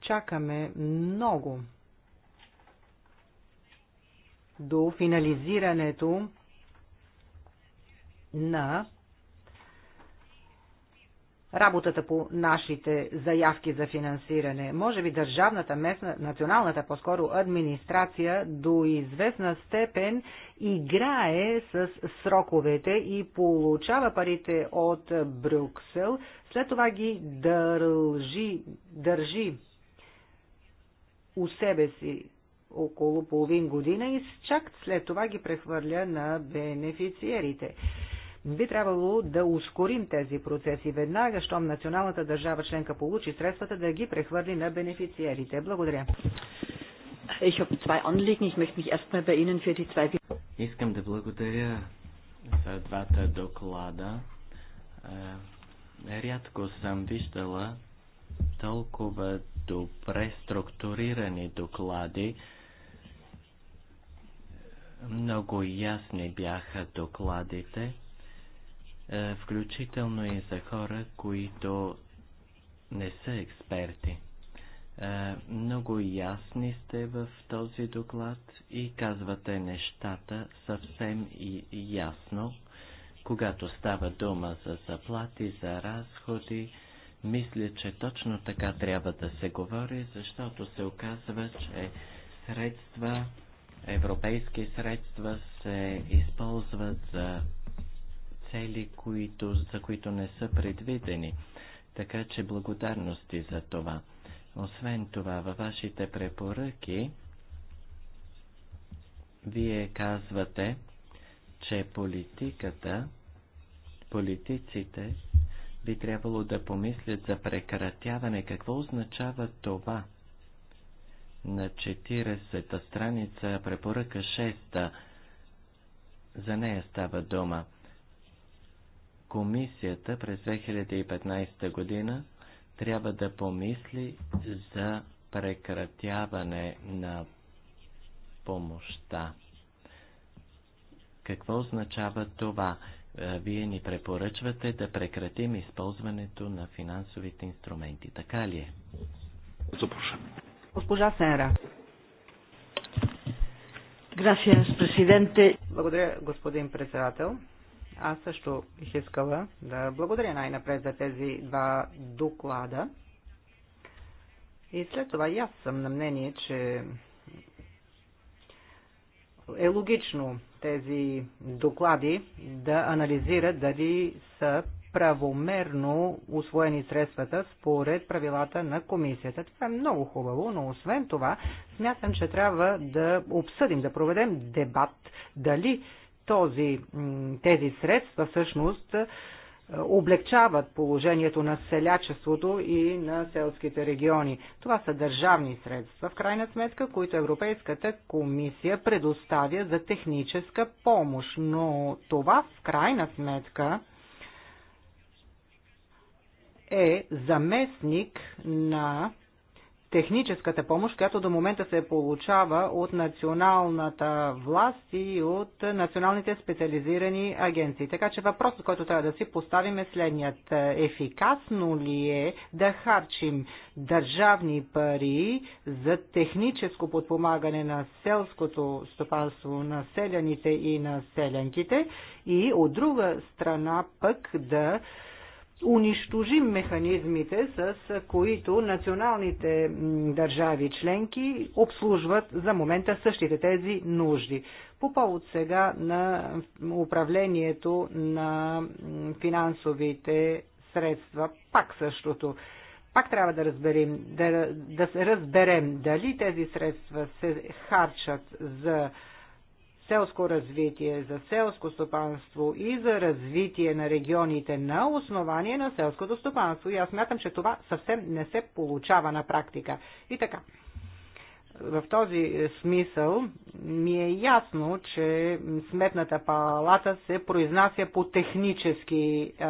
чакаме много до финализирането на работата по нашите заявки за финансиране. Може би държавната, местна, националната по-скоро администрация до известна степен играе с сроковете и получава парите от Брюксел, след това ги държи, държи у себе си около половин година и чак след това ги прехвърля на бенефициерите би трябвало да ускорим тези процеси веднага, щом националната държава членка получи средствата да ги прехвърли на бенефициерите. Благодаря. Искам да благодаря за двата доклада. Е, рядко съм виждала толкова добре структурирани доклади. Много ясни бяха докладите. Е, включително и за хора, които не са експерти. Е, много ясни сте в този доклад и казвате нещата съвсем и ясно. Когато става дума за заплати, за разходи, мисля, че точно така трябва да се говори, защото се оказва, че средства, европейски средства се използват за цели, които, за които не са предвидени. Така че благодарности за това. Освен това, във вашите препоръки, вие казвате, че политиката, политиците би трябвало да помислят за прекратяване. Какво означава това? На 40-та страница, препоръка 6 за нея става дума. Комисията през 2015 година трябва да помисли за прекратяване на помощта. Какво означава това? Е, вие ни препоръчвате да прекратим използването на финансовите инструменти. Така ли е? Запрошам. Госпожа Сенра. Благодаря, господин председател. Аз също бих искала да благодаря най-напред за тези два доклада. И след това и аз съм на мнение, че е логично тези доклади да анализират дали са правомерно освоени средствата според правилата на комисията. Това е много хубаво, но освен това смятам, че трябва да обсъдим, да проведем дебат дали този, тези средства всъщност е, облегчават положението на селячеството и на селските региони. Това са държавни средства, в крайна сметка, които Европейската комисия предоставя за техническа помощ. Но това в крайна сметка е заместник на техническата помощ, която до момента се получава от националната власт и от националните специализирани агенции. Така че въпросът, който трябва да си поставим е следният. Ефикасно ли е да харчим държавни пари за техническо подпомагане на селското стопанство, на селяните и на селянките и от друга страна пък да унищожим механизмите, с които националните държави членки обслужват за момента същите тези нужди. По повод сега на управлението на финансовите средства, пак същото. Пак трябва да разберем, да, да разберем дали тези средства се харчат за селско развитие, за селско стопанство и за развитие на регионите на основание на селското стопанство. И аз смятам, че това съвсем не се получава на практика. И така. В този смисъл ми е ясно, че Сметната палата се произнася по технически е,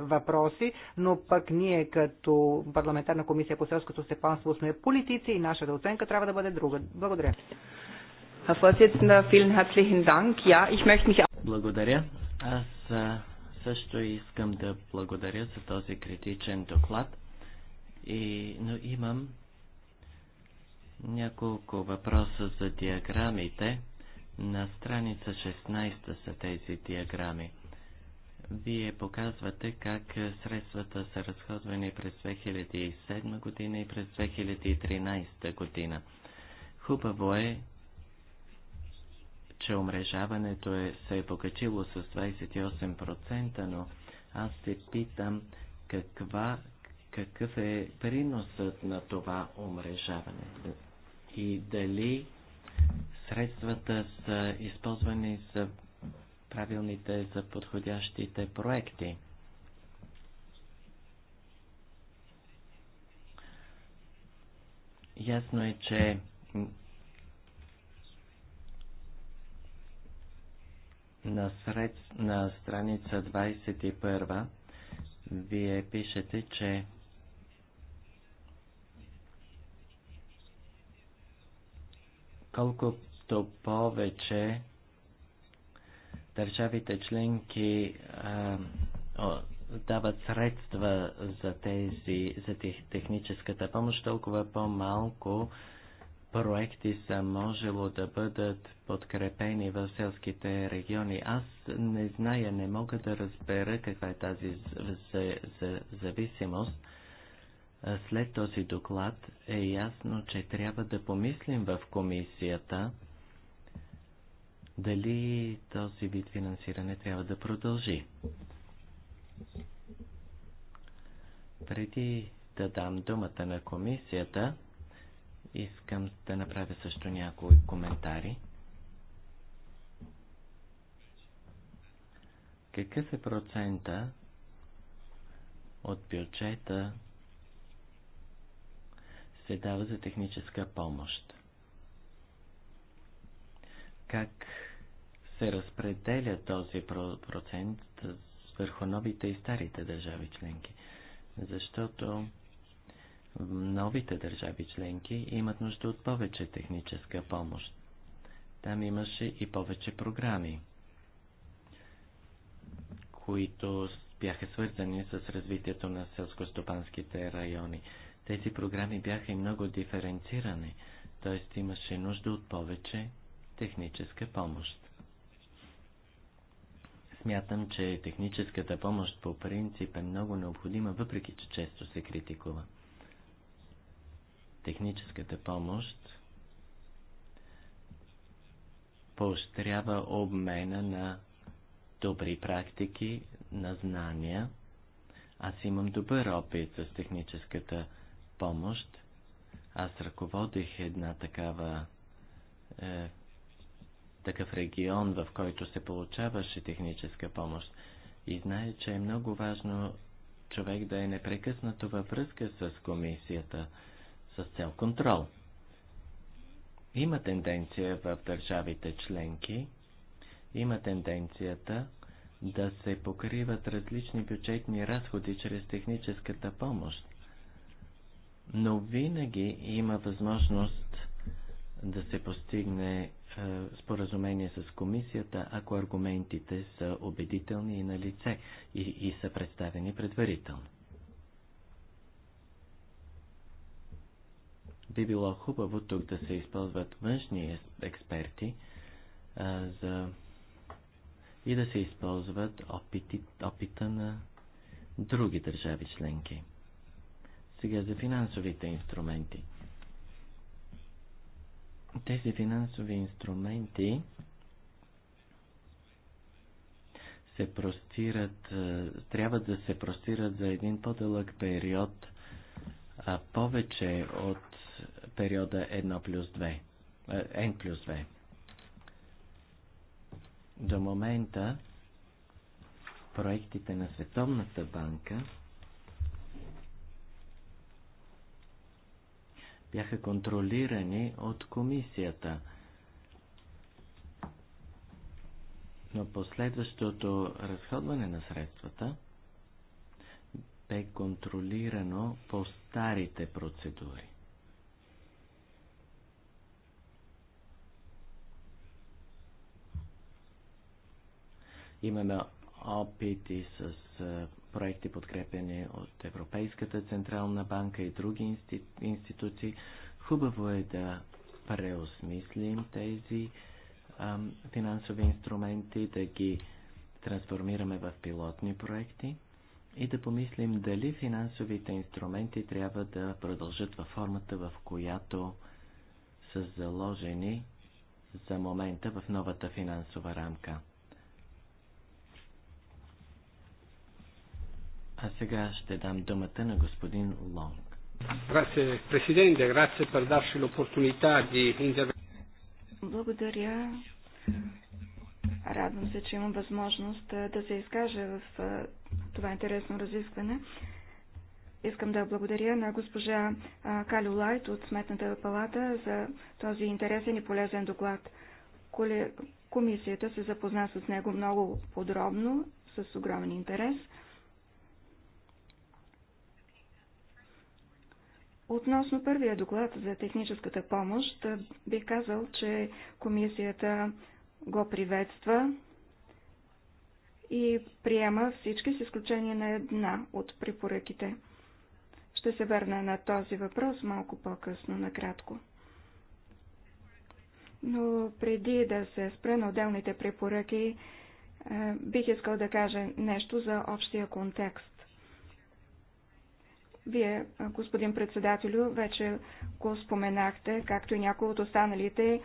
въпроси, но пък ние като парламентарна комисия по селското степанство сме политици и нашата оценка трябва да бъде друга. Благодаря. Herr Vorsitzender, vielen herzlichen Dank. Ja, ich möchte mich Благодаря. Аз също искам да благодаря за този критичен доклад. И, но имам няколко въпроса за диаграмите. На страница 16 са тези диаграми. Вие показвате как средствата са разходвани през 2007 година и през 2013 година. Хубаво е че омрежаването е, се е покачило с 28%, но аз се питам каква, какъв е приносът на това омрежаване и дали средствата са използвани за правилните, за подходящите проекти. Ясно е, че На, сред, на страница 21 вие пишете, че колкото повече държавите членки а, о, дават средства за, тези, за тех, техническата помощ, толкова по-малко проекти са можело да бъдат подкрепени в селските региони. Аз не зная, не мога да разбера каква е тази зависимост. След този доклад е ясно, че трябва да помислим в комисията дали този вид финансиране трябва да продължи. Преди да дам думата на комисията, Искам да направя също някои коментари. Какъв е процента от бюджета се дава за техническа помощ? Как се разпределя този процент върху новите и старите държави членки? Защото новите държави членки имат нужда от повече техническа помощ. Там имаше и повече програми, които бяха свързани с развитието на селскостопанските райони. Тези програми бяха и много диференцирани, т.е. имаше нужда от повече техническа помощ. Смятам, че техническата помощ по принцип е много необходима, въпреки че често се критикува. Техническата помощ поощрява обмена на добри практики, на знания. Аз имам добър опит с техническата помощ. Аз ръководих една такава е, такъв регион, в който се получаваше техническа помощ. И знае, че е много важно човек да е непрекъснато във връзка с комисията с цел контрол. Има тенденция в държавите членки, има тенденцията да се покриват различни бюджетни разходи чрез техническата помощ. Но винаги има възможност да се постигне е, споразумение с комисията, ако аргументите са убедителни и на лице и, и са представени предварително. Би било хубаво тук да се използват външни експерти а, за... и да се използват опити, опита на други държави членки. Сега за финансовите инструменти. Тези финансови инструменти се простират, трябва да се простират за един по-дълъг период, а повече от периода 1 плюс 2, е, N плюс 2. До момента проектите на Световната банка бяха контролирани от комисията. Но последващото разходване на средствата бе контролирано по старите процедури. Имаме опити с проекти, подкрепени от Европейската централна банка и други институции. Хубаво е да преосмислим тези финансови инструменти, да ги трансформираме в пилотни проекти и да помислим дали финансовите инструменти трябва да продължат във формата, в която са заложени за момента в новата финансова рамка. А сега ще дам думата на господин Лонг. Благодаря. Радвам се, че имам възможност да се изкажа в това интересно разискване. Искам да благодаря на госпожа Калю Лайт от Сметната палата за този интересен и полезен доклад. Комисията се запозна с него много подробно, с огромен интерес. Относно първия доклад за техническата помощ, бих казал, че комисията го приветства и приема всички с изключение на една от препоръките. Ще се върна на този въпрос малко по-късно, накратко. Но преди да се спра на отделните препоръки, бих искал да кажа нещо за общия контекст. Вие, господин председателю, вече го споменахте, както и някои от останалите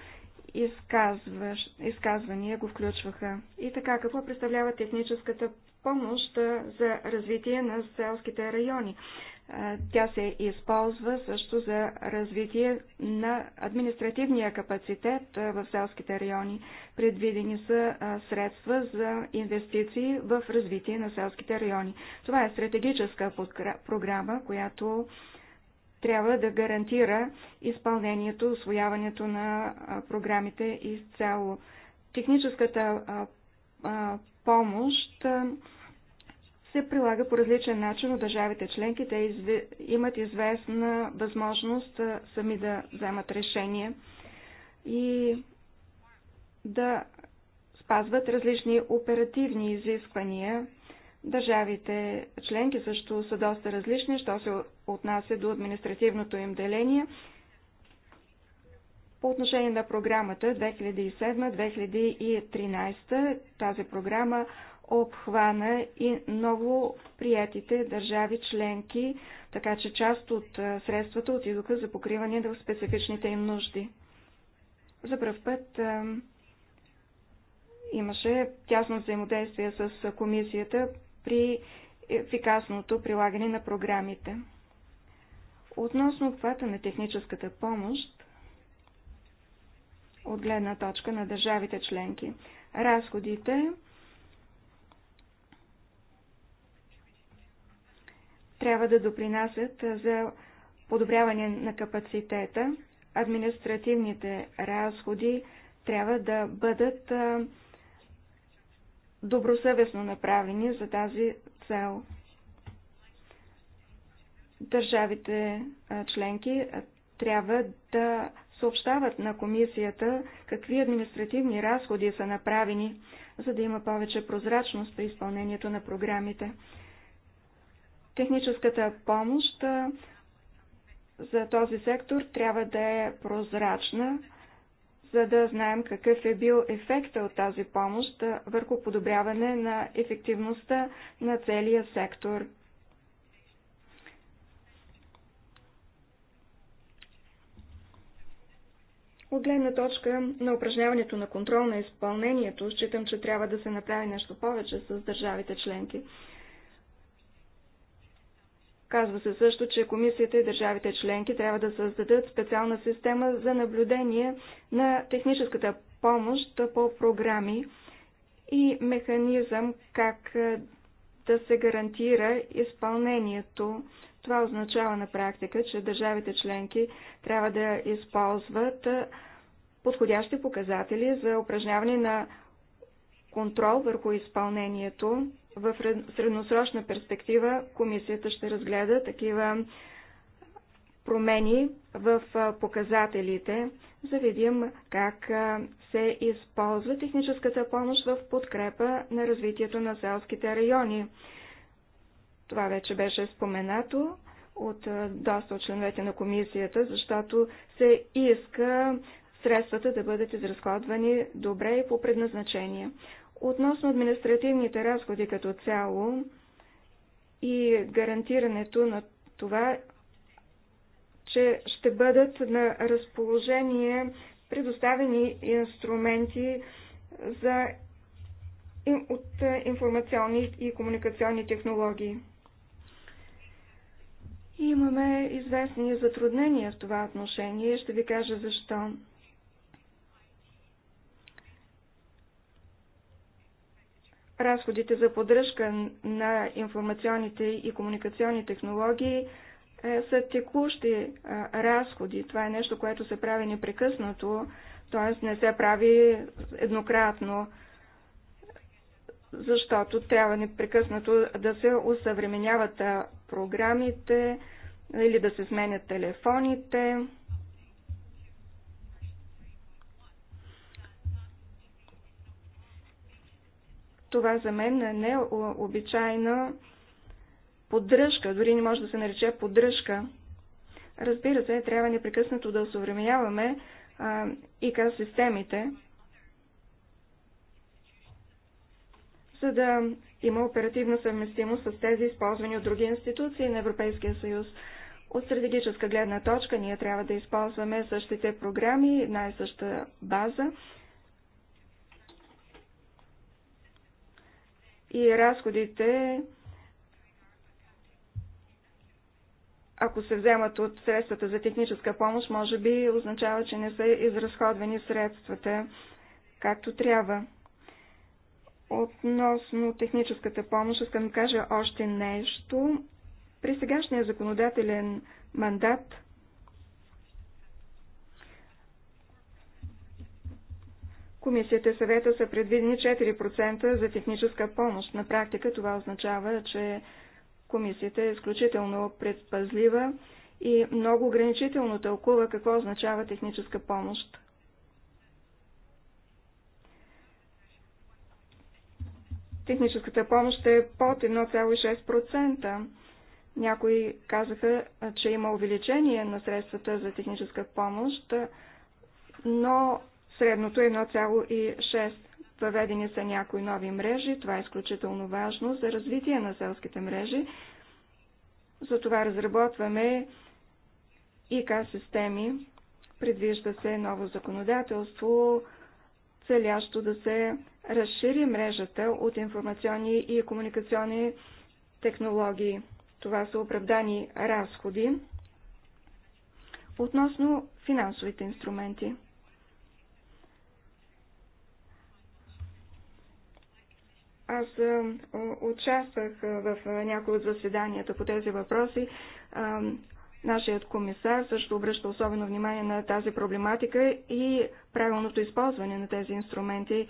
изказваш, изказвания го включваха. И така, какво представлява техническата помощ за развитие на селските райони? Тя се използва също за развитие на административния капацитет в селските райони. Предвидени са средства за инвестиции в развитие на селските райони. Това е стратегическа програма, която трябва да гарантира изпълнението, освояването на програмите изцяло. Техническата помощ се прилага по различен начин от държавите членки. Те изв... имат известна възможност сами да вземат решение и да спазват различни оперативни изисквания. Държавите членки също са доста различни, що се отнася до административното им деление. По отношение на програмата 2007-2013, тази програма обхвана и ново приятите държави членки, така че част от средствата отидоха за покриване на специфичните им нужди. За пръв път имаше тясно взаимодействие с комисията при ефикасното прилагане на програмите. Относно обхвата на техническата помощ, от гледна точка на държавите членки, разходите трябва да допринасят за подобряване на капацитета. Административните разходи трябва да бъдат добросъвестно направени за тази цел. Държавите членки трябва да съобщават на комисията какви административни разходи са направени, за да има повече прозрачност при изпълнението на програмите. Техническата помощ за този сектор трябва да е прозрачна, за да знаем какъв е бил ефекта от тази помощ върху подобряване на ефективността на целия сектор. От гледна точка на упражняването на контрол на изпълнението, считам, че трябва да се направи нещо повече с държавите членки. Казва се също, че комисията и държавите членки трябва да създадат специална система за наблюдение на техническата помощ по програми и механизъм как да се гарантира изпълнението. Това означава на практика, че държавите членки трябва да използват подходящи показатели за упражняване на контрол върху изпълнението в средносрочна перспектива комисията ще разгледа такива промени в показателите, за видим как се използва техническата помощ в подкрепа на развитието на селските райони. Това вече беше споменато от доста от членовете на комисията, защото се иска средствата да бъдат изразходвани добре и по предназначение. Относно административните разходи като цяло и гарантирането на това, че ще бъдат на разположение предоставени инструменти за, от е, информационни и комуникационни технологии. Имаме известни затруднения в това отношение. Ще ви кажа защо. разходите за поддръжка на информационните и комуникационни технологии е, са текущи е, разходи. Това е нещо, което се прави непрекъснато, т.е. не се прави еднократно, защото трябва непрекъснато да се усъвременяват програмите или да се сменят телефоните. Това за мен е необичайна поддръжка, дори не може да се нарече поддръжка. Разбира се, трябва непрекъснато да осъвременяваме ИК системите, за да има оперативна съвместимост с тези използвани от други институции на Европейския съюз. От стратегическа гледна точка ние трябва да използваме същите програми, най-съща база и разходите, ако се вземат от средствата за техническа помощ, може би означава, че не са изразходвани средствата както трябва. Относно техническата помощ, искам да кажа още нещо. При сегашния законодателен мандат комисията и съвета са предвидени 4% за техническа помощ. На практика това означава, че комисията е изключително предпазлива и много ограничително тълкува какво означава техническа помощ. Техническата помощ е под 1,6%. Някои казаха, че има увеличение на средствата за техническа помощ, но Средното е 1,6. Въведени са някои нови мрежи. Това е изключително важно за развитие на селските мрежи. Затова разработваме ИК системи. Предвижда се ново законодателство, целящо да се разшири мрежата от информационни и комуникационни технологии. Това са оправдани разходи. Относно финансовите инструменти. Аз участвах в някои от заседанията по тези въпроси. Нашият комисар също обръща особено внимание на тази проблематика и правилното използване на тези инструменти.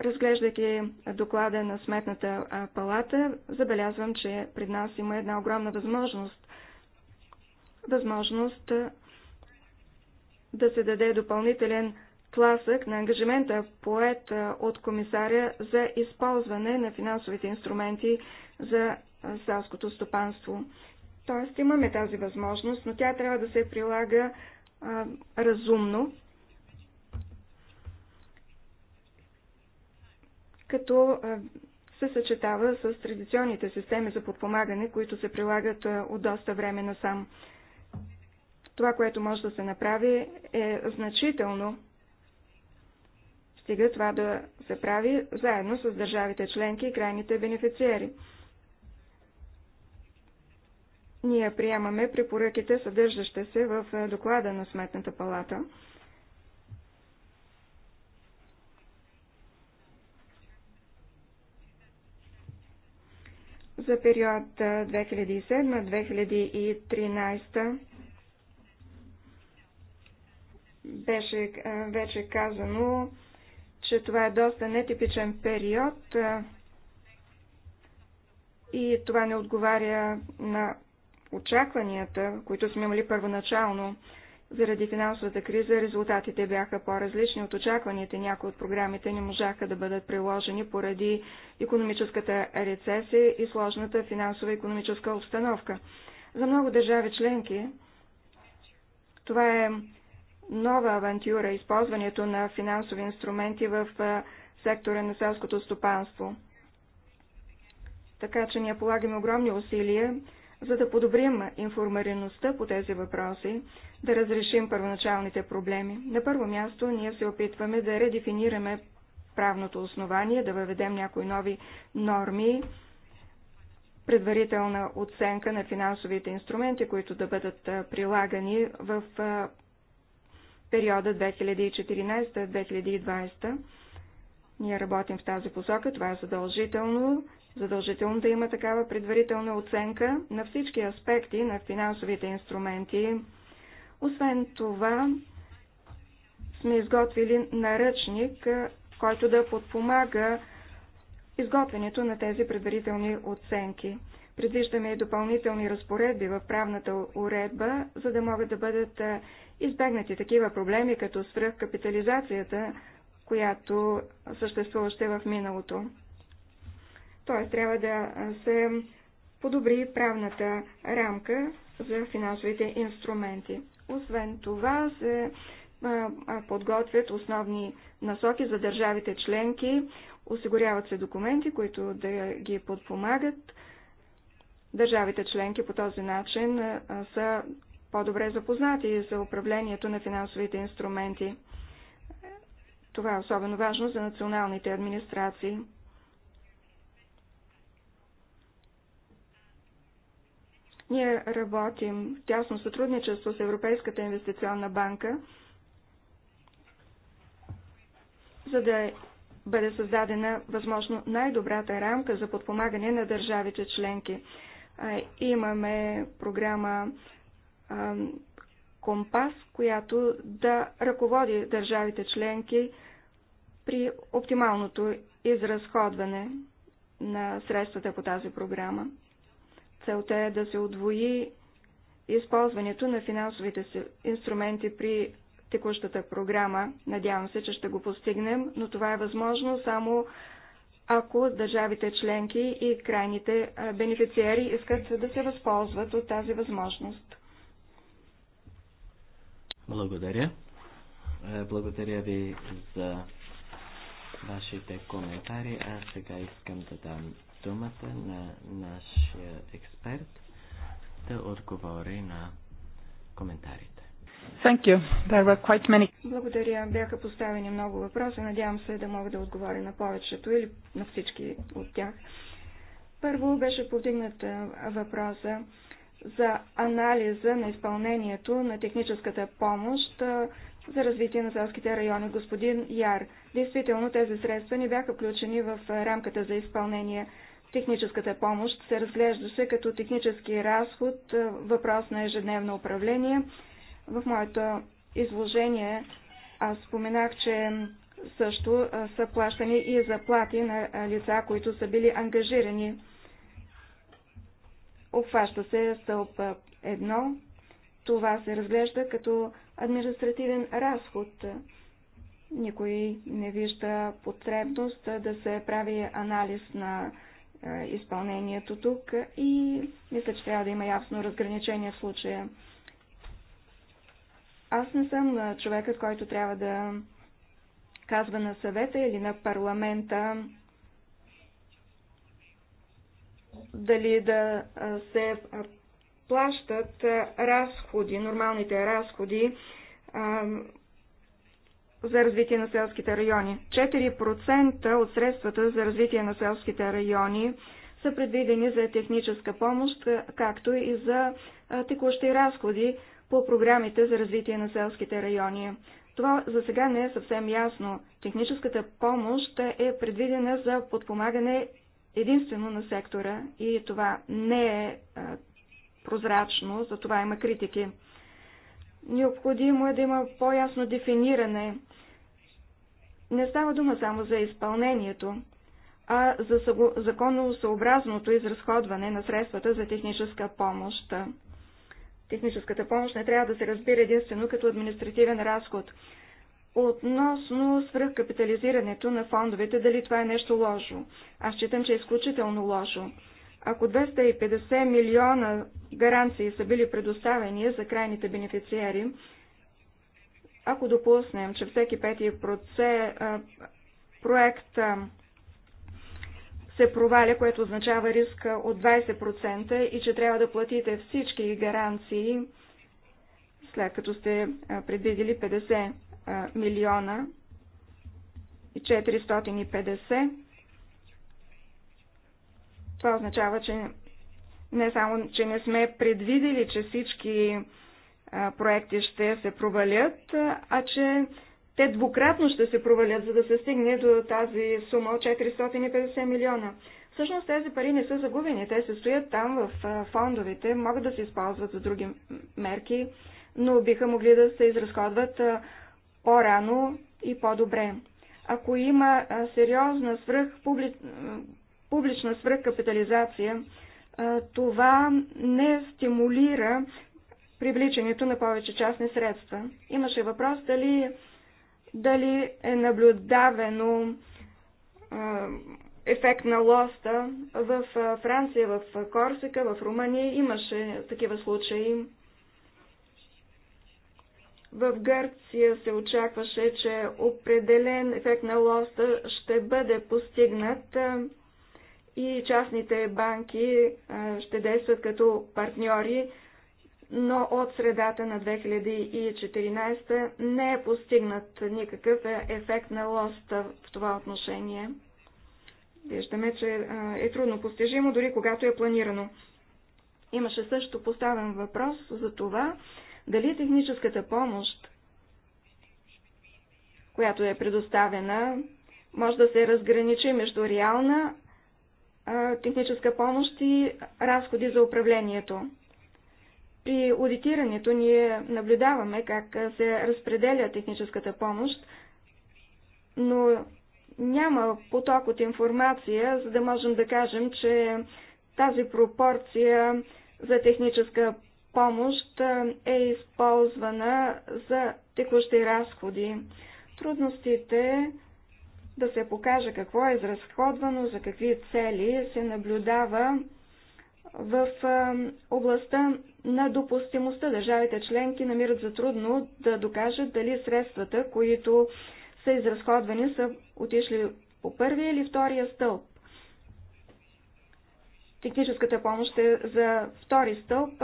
Разглеждайки доклада на Сметната палата, забелязвам, че пред нас има една огромна възможност. Възможност да се даде допълнителен тласък на ангажимента поет от комисаря за използване на финансовите инструменти за селското стопанство. Тоест имаме тази възможност, но тя трябва да се прилага а, разумно, като се съчетава с традиционните системи за подпомагане, които се прилагат от доста време насам. Това, което може да се направи, е значително стига това да се прави заедно с държавите членки и крайните бенефициери. Ние приемаме препоръките, съдържащи се в е, доклада на Сметната палата. за период 2007-2013 е, беше е, вече казано че това е доста нетипичен период и това не отговаря на очакванията, които сме имали първоначално. Заради финансовата криза резултатите бяха по-различни от очакваните. Някои от програмите не можаха да бъдат приложени поради економическата рецесия и сложната финансова економическа обстановка. За много държави членки това е нова авантюра използването на финансови инструменти в сектора на селското стопанство. Така че ние полагаме огромни усилия, за да подобрим информираността по тези въпроси, да разрешим първоначалните проблеми. На първо място ние се опитваме да редефинираме правното основание, да въведем някои нови норми, предварителна оценка на финансовите инструменти, които да бъдат прилагани в периода 2014-2020. Ние работим в тази посока, това е задължително. Задължително да има такава предварителна оценка на всички аспекти на финансовите инструменти. Освен това, сме изготвили наръчник, който да подпомага изготвянето на тези предварителни оценки. Предвиждаме и допълнителни разпоредби в правната уредба, за да могат да бъдат избегнати такива проблеми, като свръхкапитализацията, която съществуваше в миналото. Тоест, трябва да се подобри правната рамка за финансовите инструменти. Освен това се подготвят основни насоки за държавите членки, осигуряват се документи, които да ги подпомагат, Държавите членки по този начин са по-добре запознати за управлението на финансовите инструменти. Това е особено важно за националните администрации. Ние работим в тясно сътрудничество с Европейската инвестиционна банка, за да бъде създадена възможно най-добрата рамка за подпомагане на държавите членки имаме програма Компас, която да ръководи държавите членки при оптималното изразходване на средствата по тази програма. Целта е да се удвои използването на финансовите инструменти при текущата програма. Надявам се, че ще го постигнем, но това е възможно само ако държавите членки и крайните бенефициери искат да се възползват от тази възможност. Благодаря. Е, благодаря ви за вашите коментари. А сега искам да дам думата на нашия експерт да отговори на коментарите. Thank you. There were quite many. Благодаря. Бяха поставени много въпроси. Надявам се да мога да отговоря на повечето или на всички от тях. Първо беше повдигнат въпроса за анализа на изпълнението на техническата помощ за развитие на селските райони. Господин Яр, действително тези средства не бяха включени в рамката за изпълнение. Техническата помощ се разглеждаше като технически разход, въпрос на ежедневно управление в моето изложение аз споменах, че също са плащани и заплати на лица, които са били ангажирани. Обхваща се стълб 1. Това се разглежда като административен разход. Никой не вижда потребност да се прави анализ на изпълнението тук и мисля, че трябва да има ясно разграничение в случая. Аз не съм човекът, който трябва да казва на съвета или на парламента дали да се плащат разходи, нормалните разходи за развитие на селските райони. 4% от средствата за развитие на селските райони са предвидени за техническа помощ, както и за текущи разходи по програмите за развитие на селските райони. Това за сега не е съвсем ясно. Техническата помощ е предвидена за подпомагане единствено на сектора и това не е прозрачно, за това има критики. Необходимо е да има по-ясно дефиниране. Не става дума само за изпълнението, а за законосъобразното изразходване на средствата за техническа помощ. Техническата помощ не трябва да се разбира единствено като административен разход. Относно свръхкапитализирането на фондовете, дали това е нещо лошо? Аз считам, че е изключително лошо. Ако 250 милиона гаранции са били предоставени за крайните бенефициери, ако допуснем, че всеки пети проект се проваля, което означава риска от 20% и че трябва да платите всички гаранции, след като сте предвидели 50 милиона и 450. Това означава, че не само, че не сме предвидели, че всички проекти ще се провалят, а че те двукратно ще се провалят, за да се стигне до тази сума от 450 милиона. Всъщност тези пари не са загубени, те се стоят там в фондовете, могат да се използват за други мерки, но биха могли да се изразходват по-рано и по-добре. Ако има сериозна свръх, публи... публична свръхкапитализация, това не стимулира привличането на повече частни средства. Имаше въпрос дали дали е наблюдавано ефект на лоста в Франция, в Корсика, в Румъния имаше такива случаи. В Гърция се очакваше, че определен ефект на лоста ще бъде постигнат и частните банки ще действат като партньори но от средата на 2014 не е постигнат никакъв ефект на лост в това отношение. Виждаме, че е трудно постижимо, дори когато е планирано. Имаше също поставен въпрос за това, дали техническата помощ, която е предоставена, може да се разграничи между реална техническа помощ и разходи за управлението. При аудитирането ние наблюдаваме как се разпределя техническата помощ, но няма поток от информация, за да можем да кажем, че тази пропорция за техническа помощ е използвана за текущи разходи. Трудностите да се покаже какво е изразходвано, за какви цели се наблюдава в областта на допустимостта. Държавите членки намират за трудно да докажат дали средствата, които са изразходвани, са отишли по първия или втория стълб. Техническата помощ е за втори стълб,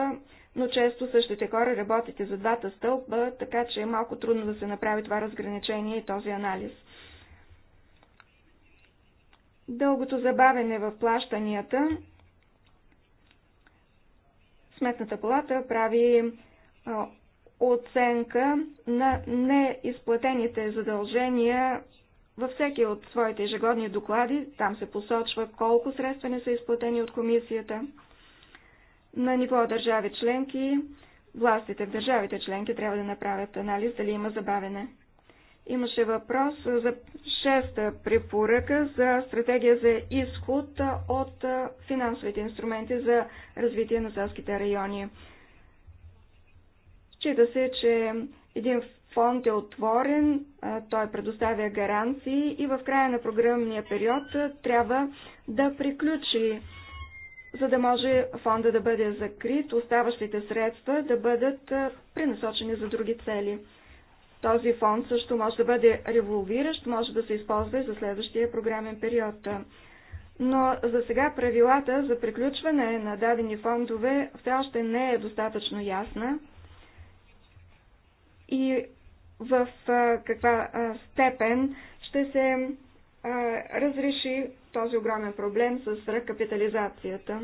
но често същите хора работят и за двата стълба, така че е малко трудно да се направи това разграничение и този анализ. Дългото забавене в плащанията Сметната палата прави оценка на неизплатените задължения във всеки от своите ежегодни доклади. Там се посочва колко средства не са изплатени от комисията. На ниво държави членки, властите в държавите членки трябва да направят анализ дали има забавене. Имаше въпрос за шеста препоръка за стратегия за изход от финансовите инструменти за развитие на селските райони. Счита се, че един фонд е отворен, той предоставя гаранции и в края на програмния период трябва да приключи, за да може фонда да бъде закрит, оставащите средства да бъдат пренасочени за други цели. Този фонд също може да бъде револвиращ, може да се използва и за следващия програмен период. Но за сега правилата за приключване на дадени фондове все още не е достатъчно ясна и в каква степен ще се разреши този огромен проблем с рекапитализацията.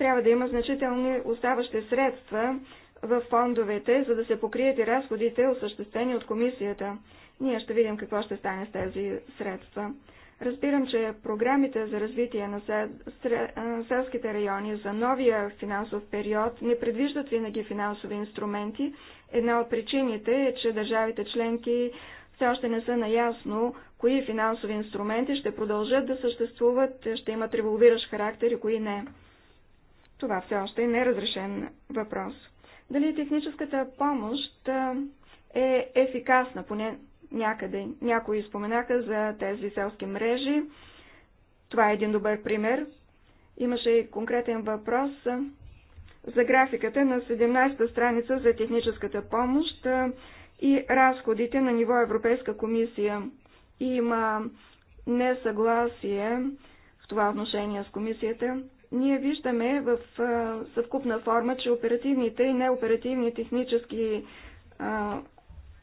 трябва да има значителни оставащи средства в фондовете, за да се покрият и разходите, осъществени от комисията. Ние ще видим какво ще стане с тези средства. Разбирам, че програмите за развитие на селските райони за новия финансов период не предвиждат винаги финансови инструменти. Една от причините е, че държавите членки все още не са наясно кои финансови инструменти ще продължат да съществуват, ще имат револвиращ характер и кои не. Това все още е неразрешен въпрос. Дали техническата помощ е ефикасна, поне някъде. Някои споменаха за тези селски мрежи. Това е един добър пример. Имаше и конкретен въпрос за графиката на 17-та страница за техническата помощ и разходите на ниво Европейска комисия. Има несъгласие в това отношение с комисията ние виждаме в съвкупна форма, че оперативните и неоперативни технически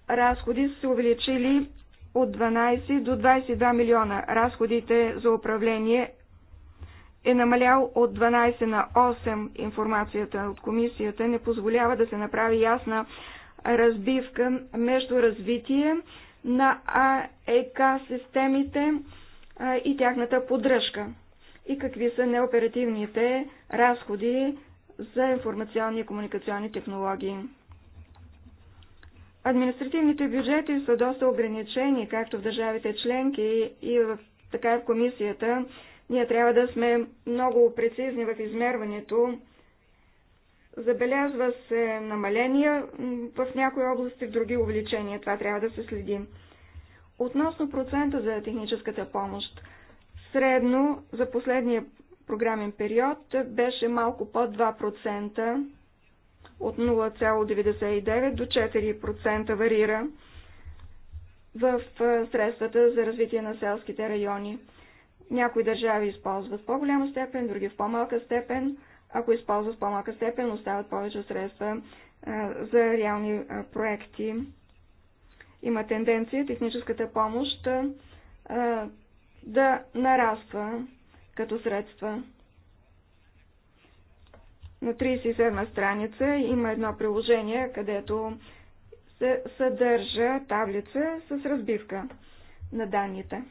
разходи са се увеличили от 12 до 22 милиона. Разходите за управление е намалял от 12 на 8. Информацията от комисията не позволява да се направи ясна разбивка между развитие на АЕК системите и тяхната поддръжка и какви са неоперативните разходи за информационни и комуникационни технологии. Административните бюджети са доста ограничени, както в държавите членки и в, така и в комисията. Ние трябва да сме много прецизни в измерването. Забелязва се намаления в някои области, в други увеличения. Това трябва да се следи. Относно процента за техническата помощ, Средно за последния програмен период беше малко под 2%, от 0,99 до 4% варира в средствата за развитие на селските райони. Някои държави използват в по-голяма степен, други в по-малка степен. Ако използват в по-малка степен, остават повече средства за реални проекти. Има тенденция техническата помощ да нараства като средства. На 37 страница има едно приложение, където се съдържа таблица с разбивка на данните.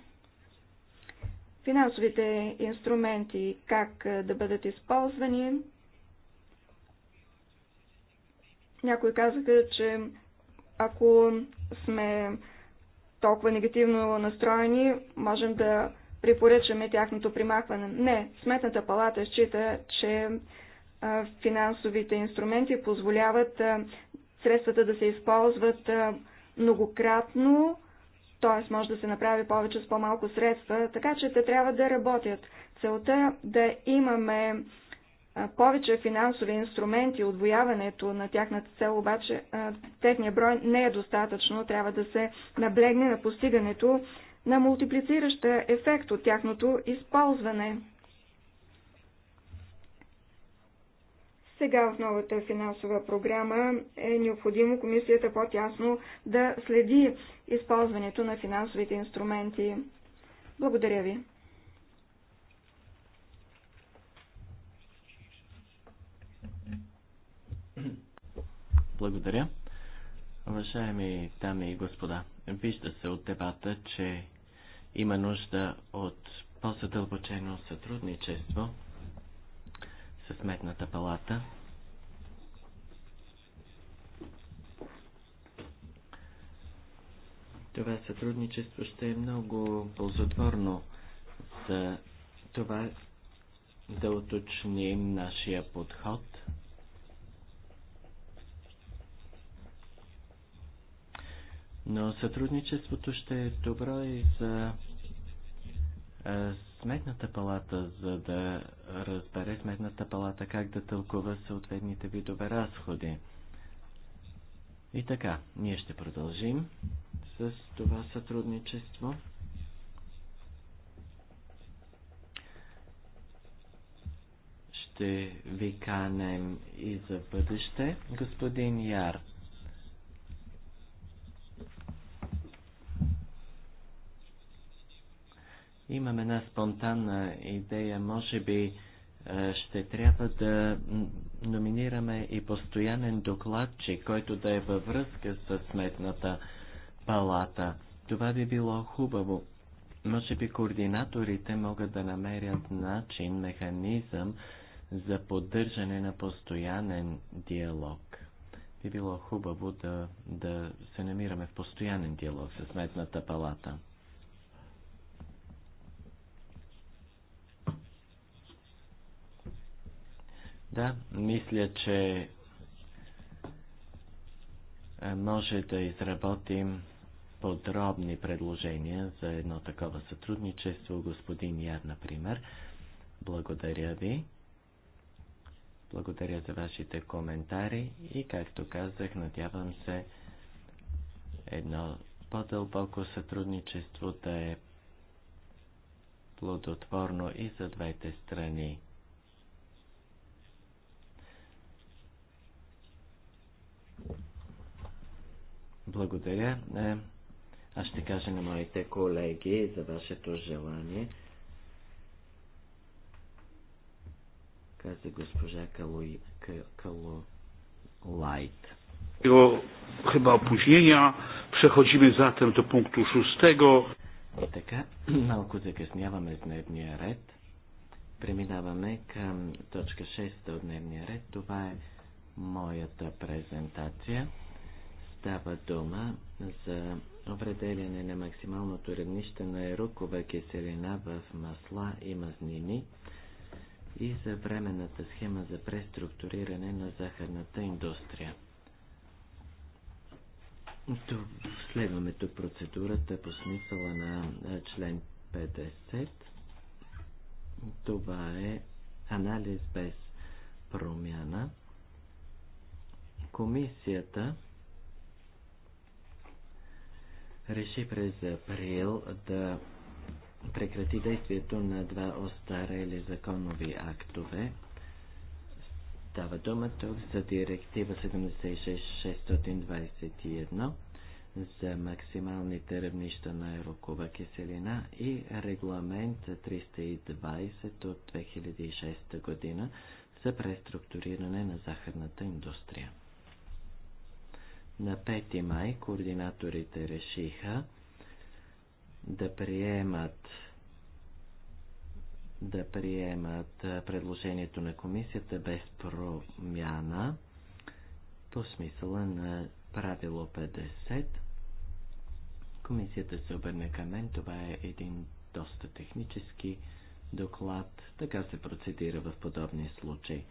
Финансовите инструменти как да бъдат използвани. Някои казаха, че ако сме толкова негативно настроени, можем да препоръчаме тяхното примахване. Не, Сметната палата счита, че финансовите инструменти позволяват средствата да се използват многократно, т.е. може да се направи повече с по-малко средства, така че те трябва да работят. Целта да имаме повече финансови инструменти, отвояването на тяхната цел, обаче техния брой не е достатъчно. Трябва да се наблегне на постигането на мултиплицираща ефект от тяхното използване. Сега в новата финансова програма е необходимо комисията по-тясно да следи използването на финансовите инструменти. Благодаря ви. Благодаря. Уважаеми дами и господа, вижда се от дебата, че има нужда от по-задълбочено сътрудничество с Сметната палата. Това сътрудничество ще е много ползотворно за това да уточним нашия подход Но сътрудничеството ще е добро и за Сметната палата, за да разбере Сметната палата как да тълкува съответните видове разходи. И така, ние ще продължим с това сътрудничество. Ще ви канем и за бъдеще. Господин Ярт Имам една спонтанна идея. Може би е, ще трябва да номинираме и постоянен докладчик, който да е във връзка с сметната палата. Това би било хубаво. Може би координаторите могат да намерят начин, механизъм за поддържане на постоянен диалог. Би било хубаво да, да се намираме в постоянен диалог с Сметната палата. Да, мисля, че може да изработим подробни предложения за едно такова сътрудничество. Господин Яр, например, благодаря ви. Благодаря за вашите коментари и, както казах, надявам се едно по-дълбоко сътрудничество да е плодотворно и за двете страни. Благодаря. Е, аз ще кажа на моите колеги за вашето желание. Каза госпожа Калуй, Калу Лайт. Chyba opóźnienia. Przechodzimy zatem do punktu И така, малко закъсняваме с дневния ред. Преминаваме към точка 6 от дневния ред. Това е моята презентация става дума за определяне на максималното равнище на ерукова киселина в масла и мазнини и за временната схема за преструктуриране на захарната индустрия. Следваме тук процедурата по смисъла на член 50. Това е анализ без промяна. Комисията реши през април да прекрати действието на два остарели законови актове. Става дума тук за директива 76621 за максималните равнища на ерокова киселина и регламент 320 от 2006 година за преструктуриране на захарната индустрия. На 5 май координаторите решиха да приемат да приемат предложението на комисията без промяна по смисъла на правило 50. Комисията се обърне към мен. Това е един доста технически доклад. Така се процедира в подобни случаи.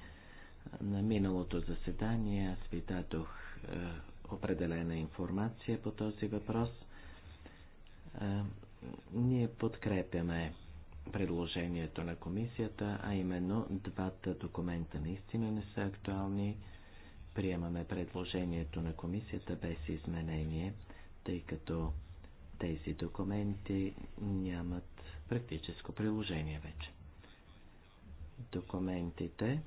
На миналото заседание аз ви дадох определена информация по този въпрос. Ние подкрепяме предложението на комисията, а именно двата документа наистина не са актуални. Приемаме предложението на комисията без изменение, тъй като тези документи нямат практическо приложение вече. Документите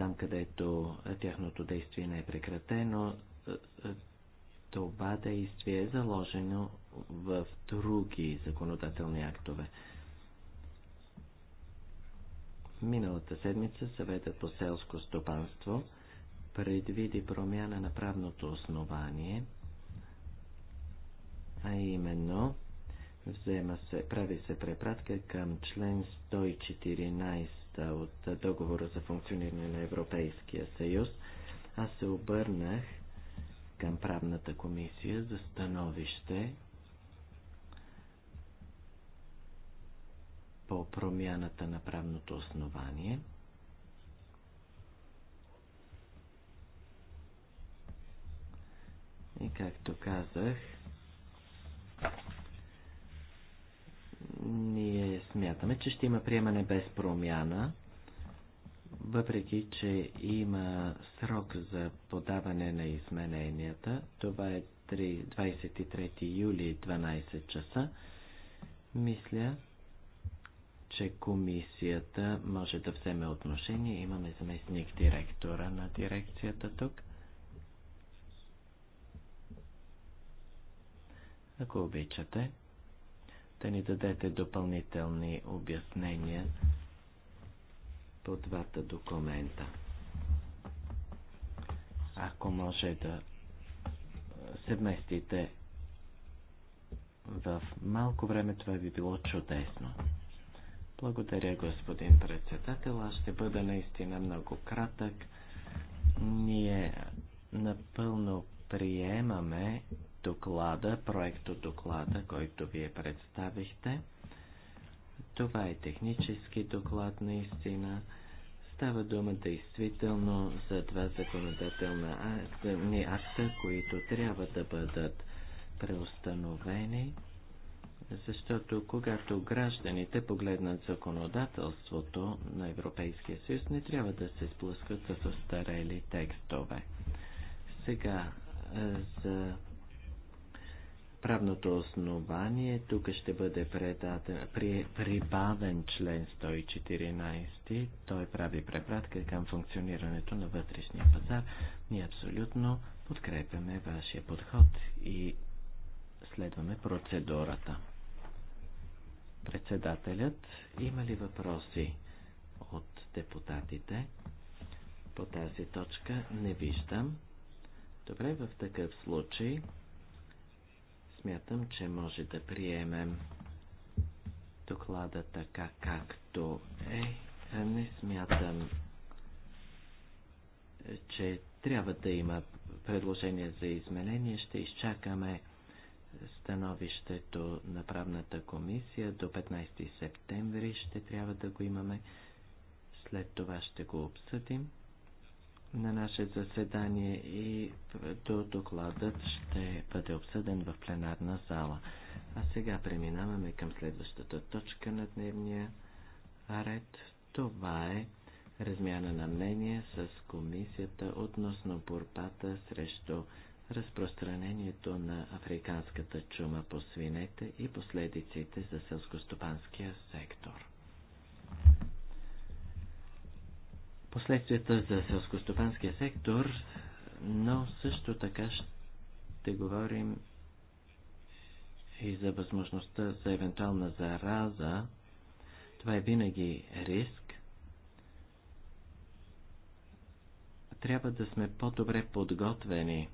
там където тяхното действие не е прекратено, това действие е заложено в други законодателни актове. Миналата седмица съветът по селско стопанство предвиди промяна на правното основание, а именно взема се, прави се препратка към член 114 от договора за функциониране на Европейския съюз, аз се обърнах към правната комисия за становище по промяната на правното основание. И както казах, ние смятаме, че ще има приемане без промяна, въпреки, че има срок за подаване на измененията. Това е 23 юли 12 часа. Мисля, че комисията може да вземе отношение. Имаме заместник директора на дирекцията тук. Ако обичате да ни дадете допълнителни обяснения по двата документа. Ако може да се вместите в малко време, това би било чудесно. Благодаря, господин председател. Аз ще бъда наистина много кратък. Ние напълно приемаме доклада, проекто доклада, който вие представихте. Това е технически доклад наистина. Става дума действително за два законодателна акта, които трябва да бъдат преустановени, защото когато гражданите погледнат законодателството на Европейския съюз, не трябва да се сблъскат с остарели текстове. Сега е, за Правното основание тук ще бъде предаден, при, прибавен член 114. Той прави препратка към функционирането на вътрешния пазар. Ние абсолютно подкрепяме вашия подход и следваме процедурата. Председателят, има ли въпроси от депутатите по тази точка? Не виждам. Добре, в такъв случай Смятам, че може да приемем доклада така както е. Не смятам, че трябва да има предложение за изменение. Ще изчакаме становището на правната комисия. До 15 септември ще трябва да го имаме. След това ще го обсъдим на наше заседание и до докладът ще бъде обсъден в пленарна зала. А сега преминаваме към следващата точка на дневния ред. Това е размяна на мнение с комисията относно борбата срещу разпространението на африканската чума по свинете и последиците за селскостопанския сектор последствията за селскостопанския сектор, но също така ще говорим и за възможността за евентуална зараза. Това е винаги риск. Трябва да сме по-добре подготвени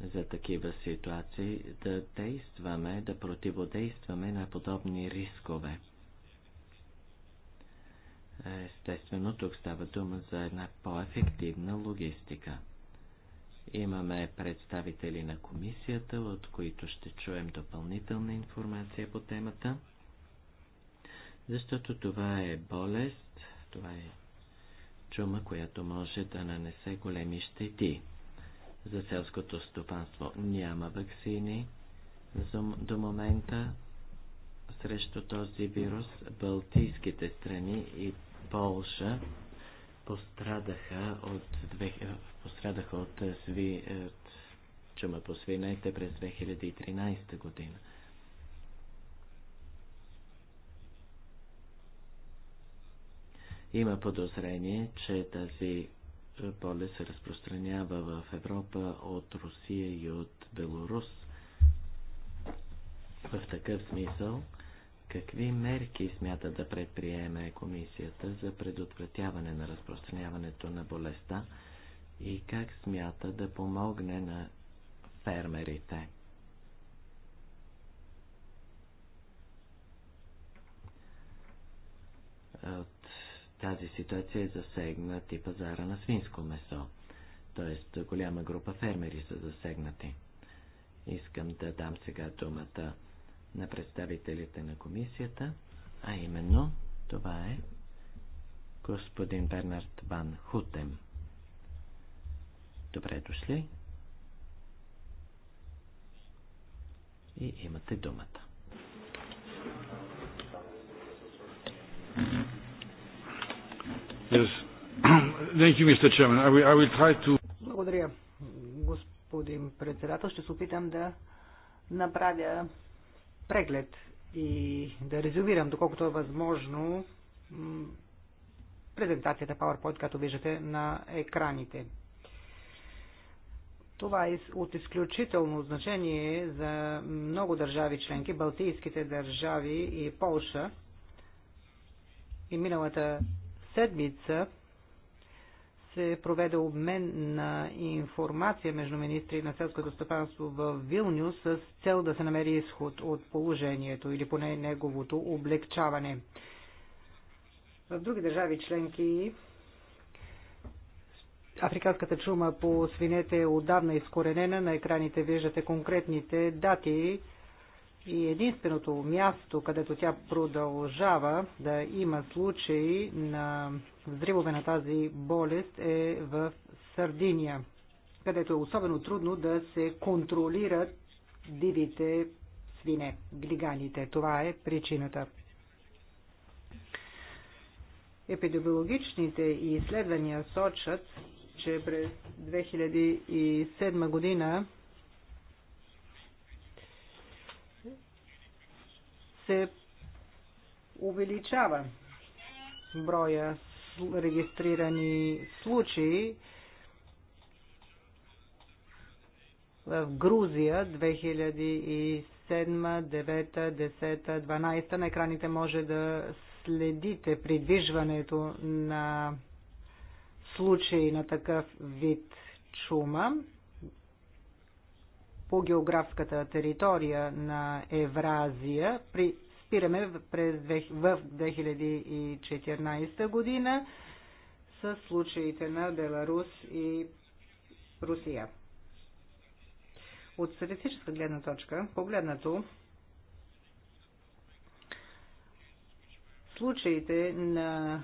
за такива ситуации, да действаме, да противодействаме на подобни рискове. Естествено, тук става дума за една по-ефективна логистика. Имаме представители на комисията, от които ще чуем допълнителна информация по темата, защото това е болест, това е чума, която може да нанесе големи щети. За селското стопанство няма вакцини до момента, срещу този вирус, Балтийските страни и Полша пострадаха от, е, пострадаха от, сви, е, от чума по свинете през 2013 година. Има подозрение, че тази поле е, се разпространява в Европа от Русия и от Белорус. В такъв смисъл Какви мерки смята да предприеме комисията за предотвратяване на разпространяването на болестта и как смята да помогне на фермерите? От тази ситуация е засегнат и пазара на свинско месо, т.е. голяма група фермери са засегнати. Искам да дам сега думата на представителите на комисията, а именно това е господин Бернард Ван Хутем. Добре дошли и имате думата. Yes. Thank you, Mr. Chairman. I will, I will try to... Благодаря, господин председател. Ще се опитам да направя преглед и да резюмирам, доколкото е възможно, презентацията PowerPoint, като виждате на екраните. Това е от изключително значение за много държави членки, балтийските държави и Полша. И миналата седмица се проведе обмен на информация между министри на селското стопанство в Вилнюс с цел да се намери изход от положението или поне неговото облегчаване. В други държави членки африканската чума по свинете е отдавна изкоренена. На екраните виждате конкретните дати и единственото място, където тя продължава да има случаи на взривове на тази болест е в Сардиния, където е особено трудно да се контролират дивите свине, глиганите. Това е причината. Епидемиологичните изследвания сочат, че през 2007 година се увеличава броя регистрирани случаи. В Грузия 2007, 2009, 2010-2012. на екраните може да следите придвижването на случаи на такъв вид чума по географската територия на Евразия. При, спираме през, в 2014 година с случаите на Беларус и Русия. От статистическа гледна точка, погледнато, случаите на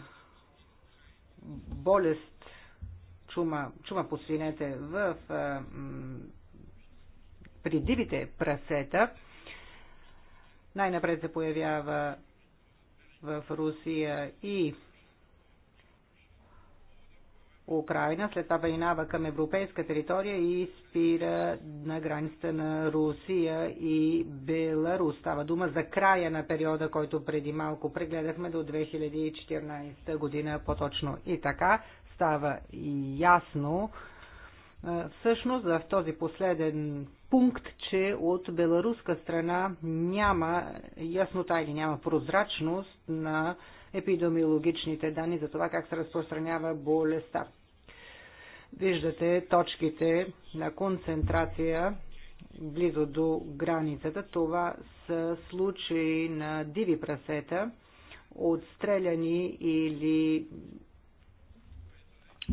болест, чума, чума по свинете в при дивите прасета. Най-напред се появява в Русия и Украина, след това преминава към европейска територия и спира на границата на Русия и Беларус. Става дума за края на периода, който преди малко прегледахме до 2014 година по-точно. И така става ясно, всъщност в този последен пункт, че от беларуска страна няма яснота или няма прозрачност на епидемиологичните данни за това как се разпространява болестта. Виждате точките на концентрация близо до границата. Това са случаи на диви прасета, отстреляни или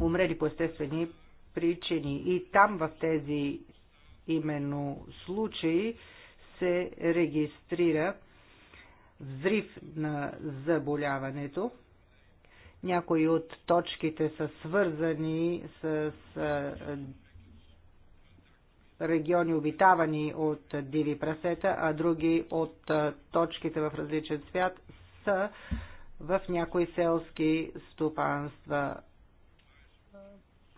умрели по естествени причини. И там в тези именно случаи се регистрира взрив на заболяването. Някои от точките са свързани с региони обитавани от диви прасета, а други от точките в различен свят са в някои селски стопанства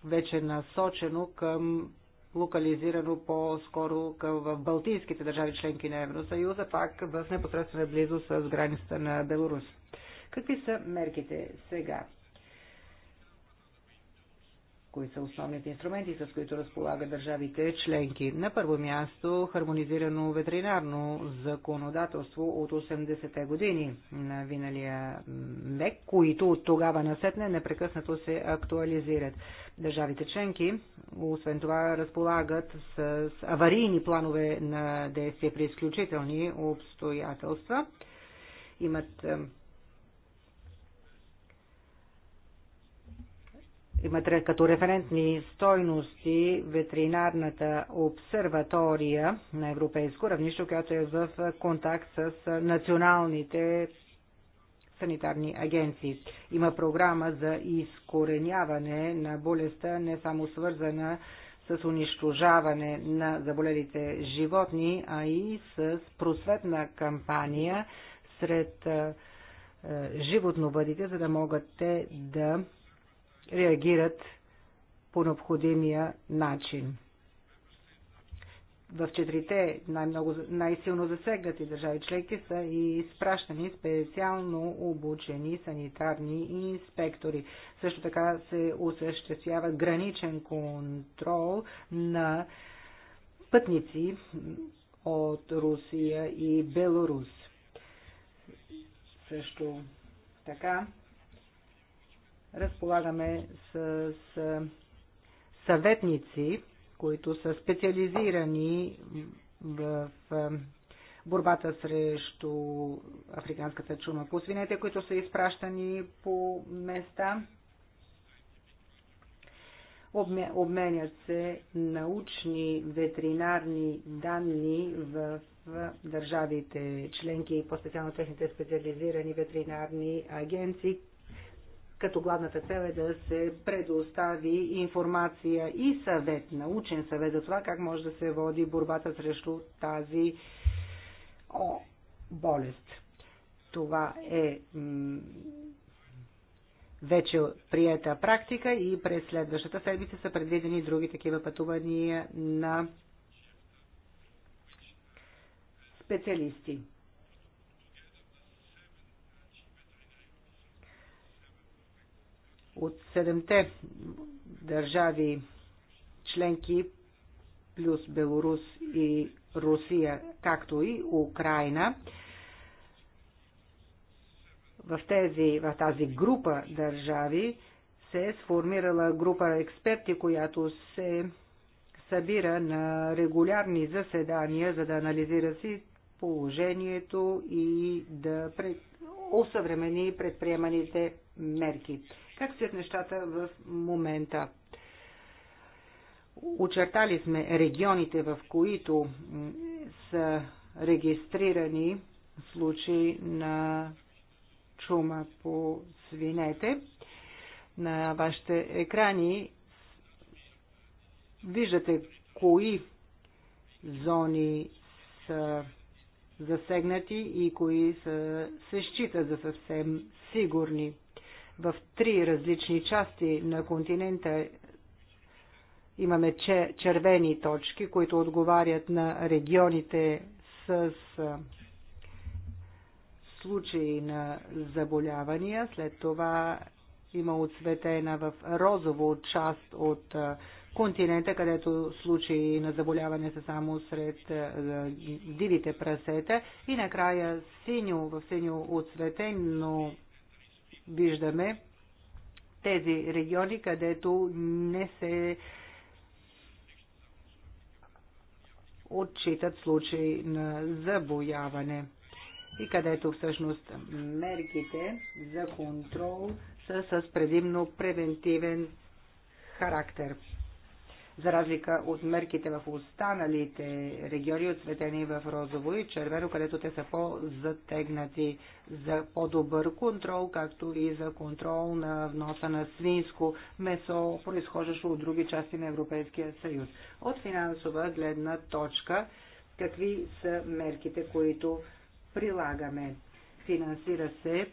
вече насочено към локализирано по-скоро в Балтийските държави членки на Евросъюза, пак в непосредствена близост с границата на Беларус. Какви са мерките сега? кои са основните инструменти, с които разполага държавите членки. На първо място хармонизирано ветеринарно законодателство от 80-те години на виналия век, които от тогава насетне непрекъснато се актуализират. Държавите членки, освен това, разполагат с аварийни планове на действие при изключителни обстоятелства, имат имат като референтни стойности ветеринарната обсерватория на европейско равнище, която е в контакт с националните санитарни агенции. Има програма за изкореняване на болестта, не само свързана с унищожаване на заболелите животни, а и с просветна кампания сред е, животновъдите, за да могат те да реагират по необходимия начин. В четирите най-много, най-силно засегнати държави членки са и изпращани специално обучени санитарни инспектори. Също така се осъществява граничен контрол на пътници от Русия и Белорус. Също така разполагаме с, с съветници, които са специализирани в, в борбата срещу африканската чума по свинете, които са изпращани по места. Обменят се научни ветеринарни данни в държавите членки и по-специално техните специализирани ветеринарни агенции, като главната цел е да се предостави информация и съвет, научен съвет за това как може да се води борбата срещу тази О, болест. Това е вече приета практика и през следващата седмица са предвидени други такива пътувания на специалисти. От седемте държави членки плюс Белорус и Русия, както и Украина, в, тези, в тази група държави се е сформирала група експерти, която се събира на регулярни заседания, за да анализира си положението и да пред... осъвремени предприеманите мерки. Как стоят нещата в момента? Очертали сме регионите, в които са регистрирани случаи на чума по свинете. На вашите екрани виждате кои зони са засегнати и кои са, се считат за съвсем сигурни в три различни части на континента имаме червени точки, които отговарят на регионите с случаи на заболявания. След това има отцветена в розово част от континента, където случаи на заболяване са само сред дивите прасета. И накрая синьо, в синьо отцветено виждаме тези региони, където не се отчитат случаи на забояване и където всъщност мерките за контрол са с предимно превентивен характер за разлика от мерките в останалите региони, отцветени в розово и червено, където те са по-затегнати за по-добър контрол, както и за контрол на вноса на свинско месо, произхождащо от други части на Европейския съюз. От финансова гледна точка, какви са мерките, които прилагаме? Финансира се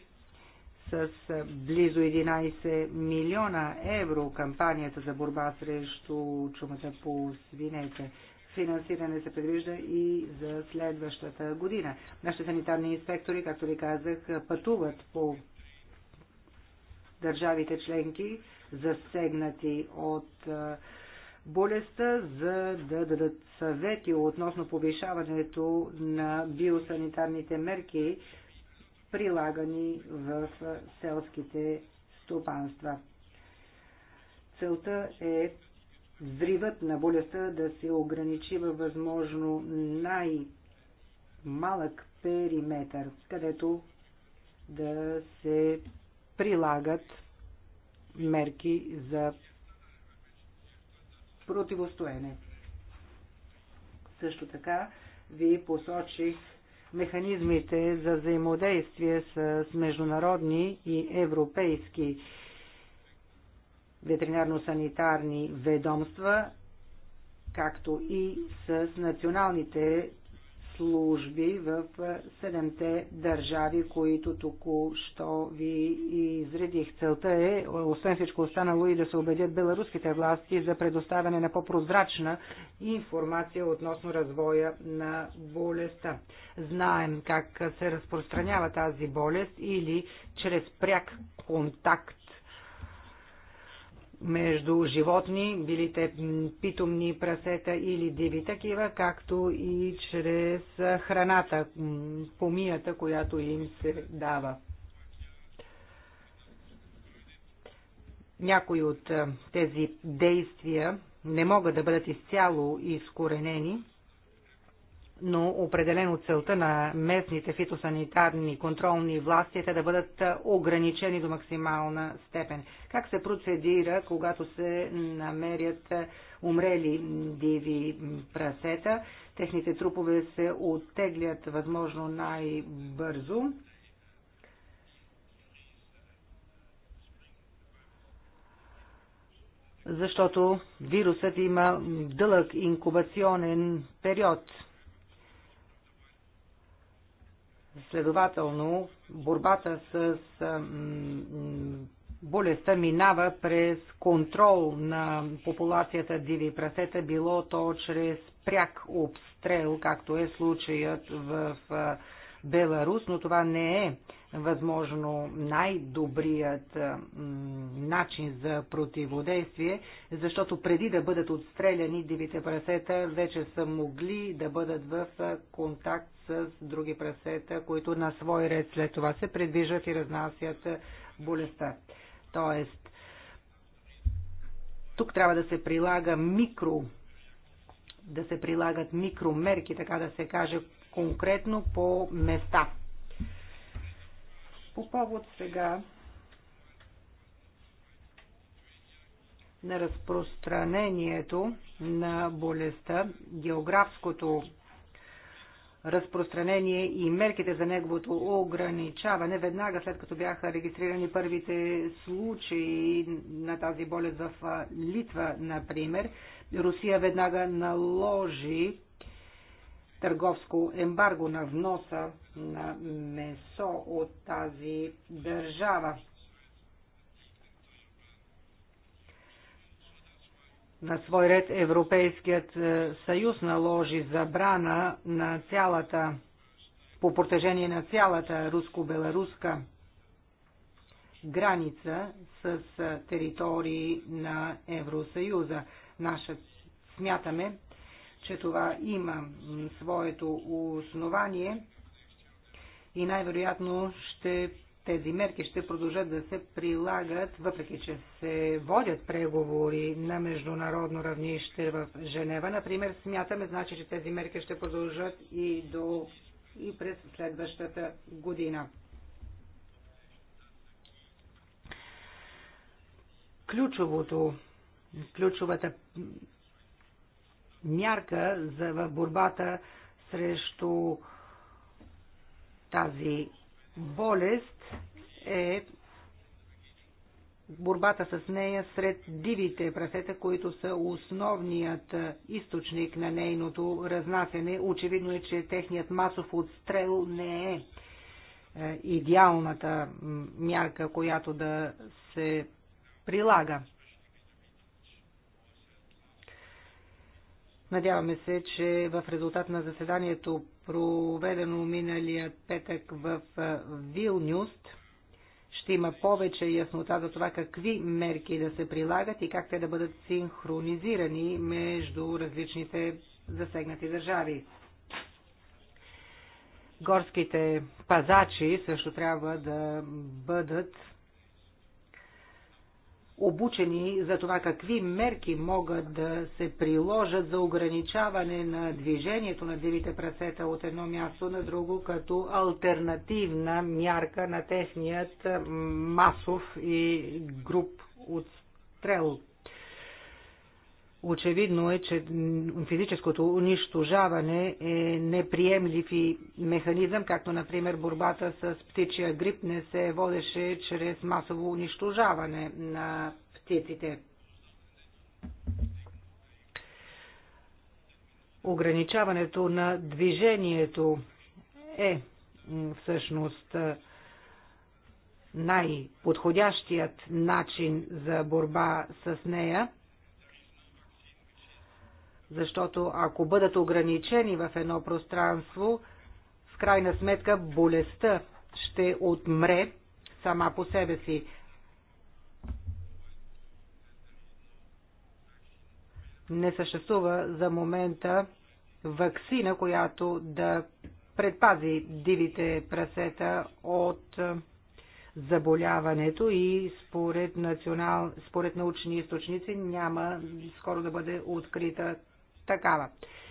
с близо 11 милиона евро кампанията за борба срещу чумата по свинете. Финансиране се предвижда и за следващата година. Нашите санитарни инспектори, както ви казах, пътуват по държавите членки, засегнати от болестта, за да дадат съвети относно повишаването на биосанитарните мерки прилагани в селските стопанства. Целта е взривът на болестта да се ограничи във възможно най-малък периметър, където да се прилагат мерки за противостоене. Също така ви посочих механизмите за взаимодействие с международни и европейски ветеринарно-санитарни ведомства, както и с националните служби в седемте държави, които току-що ви изредих. Целта е, освен всичко останало, и да се убедят беларуските власти за предоставяне на по-прозрачна информация относно развоя на болестта. Знаем как се разпространява тази болест или чрез пряк контакт между животни, били те питомни прасета или диви такива, както и чрез храната, помията, която им се дава. Някои от тези действия не могат да бъдат изцяло изкоренени, но определено целта на местните фитосанитарни контролни власти е да бъдат ограничени до максимална степен. Как се процедира, когато се намерят умрели диви прасета? Техните трупове се оттеглят възможно най-бързо. защото вирусът има дълъг инкубационен период – Следователно, борбата с болестта минава през контрол на популацията диви прасета, било то чрез пряк обстрел, както е случаят в Беларус, но това не е възможно най-добрият начин за противодействие, защото преди да бъдат отстреляни дивите прасета, вече са могли да бъдат в контакт с други прасета, които на свой ред след това се предвижат и разнасят е, болестта. Тоест, тук трябва да се прилага микро, да се прилагат микромерки, така да се каже, конкретно по места. По повод сега на разпространението на болестта, географското разпространение и мерките за неговото ограничаване, веднага след като бяха регистрирани първите случаи на тази болест в Литва, например, Русия веднага наложи търговско ембарго на вноса на месо от тази държава. На свой ред Европейският е, съюз наложи забрана на цялата, по протежение на цялата руско-беларуска граница с е, територии на Евросъюза. Наша смятаме, че това има своето основание и най-вероятно ще тези мерки ще продължат да се прилагат, въпреки че се водят преговори на международно равнище в Женева. Например, смятаме, значи, че тези мерки ще продължат и, до, и през следващата година. Ключовото, ключовата мярка за борбата срещу тази болест е борбата с нея сред дивите прасета, които са основният източник на нейното разнасене. Очевидно е, че техният масов отстрел не е идеалната мярка, която да се прилага. Надяваме се, че в резултат на заседанието проведено миналия петък в Вилнюст, ще има повече яснота за това какви мерки да се прилагат и как те да бъдат синхронизирани между различните засегнати държави. Горските пазачи също трябва да бъдат обучени за това какви мерки могат да се приложат за ограничаване на движението на дивите прасета от едно място на друго като альтернативна мярка на техният масов и груп отстрел. Очевидно е, че физическото унищожаване е неприемлив и механизъм, както например борбата с птичия грип не се водеше чрез масово унищожаване на птиците. Ограничаването на движението е всъщност най-подходящият начин за борба с нея защото ако бъдат ограничени в едно пространство, в крайна сметка болестта ще отмре сама по себе си. Не съществува за момента вакцина, която да предпази дивите прасета от е, заболяването и според, национал, според научни източници няма скоро да бъде открита такава.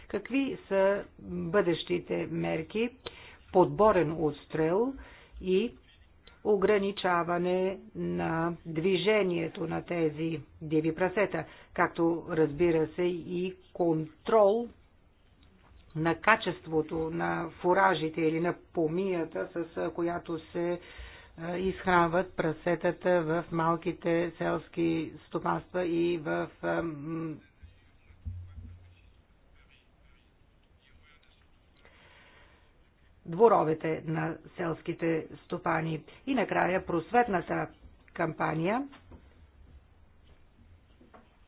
Какви са бъдещите мерки? Подборен отстрел и ограничаване на движението на тези диви прасета, както разбира се и контрол на качеството на фуражите или на помията, с която се е, изхранват прасетата в малките селски стопанства и в дворовете на селските стопани. И накрая просветната кампания,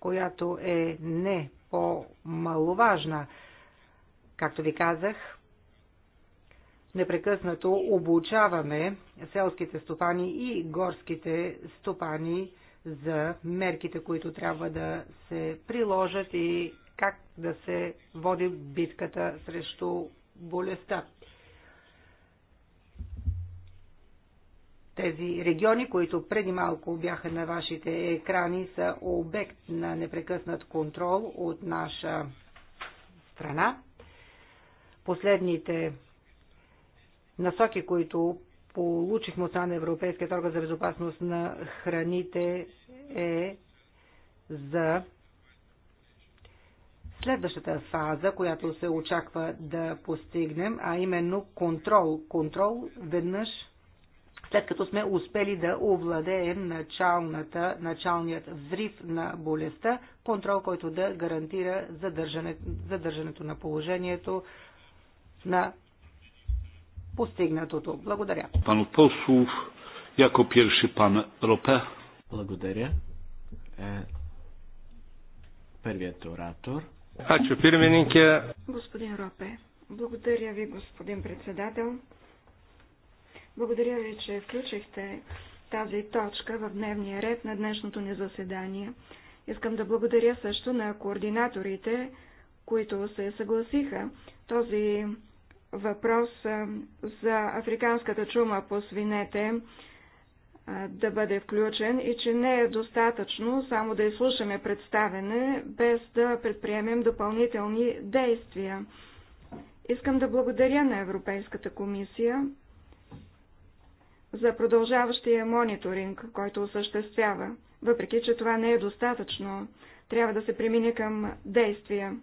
която е не по-маловажна. Както ви казах, непрекъснато обучаваме селските стопани и горските стопани за мерките, които трябва да се приложат и как да се води битката срещу болестта. Тези региони, които преди малко бяха на вашите екрани, са обект на непрекъснат контрол от наша страна. Последните насоки, които получихме от на Европейския орган за безопасност на храните е за следващата фаза, която се очаква да постигнем, а именно контрол. Контрол веднъж след като сме успели да овладеем началната, началният взрив на болестта, контрол, който да гарантира задържане, задържането на положението на постигнатото. Благодаря. Пан Послов, яко пирши пан Ропе. Благодаря. Е, първият оратор. Ачо Пирменинке. Господин Ропе, благодаря ви, господин председател. Благодаря ви, че включихте тази точка в дневния ред на днешното ни заседание. Искам да благодаря също на координаторите, които се съгласиха този въпрос за африканската чума по свинете да бъде включен и че не е достатъчно само да изслушаме представене, без да предприемем допълнителни действия. Искам да благодаря на Европейската комисия за продължаващия мониторинг, който осъществява. Въпреки, че това не е достатъчно, трябва да се премине към действия.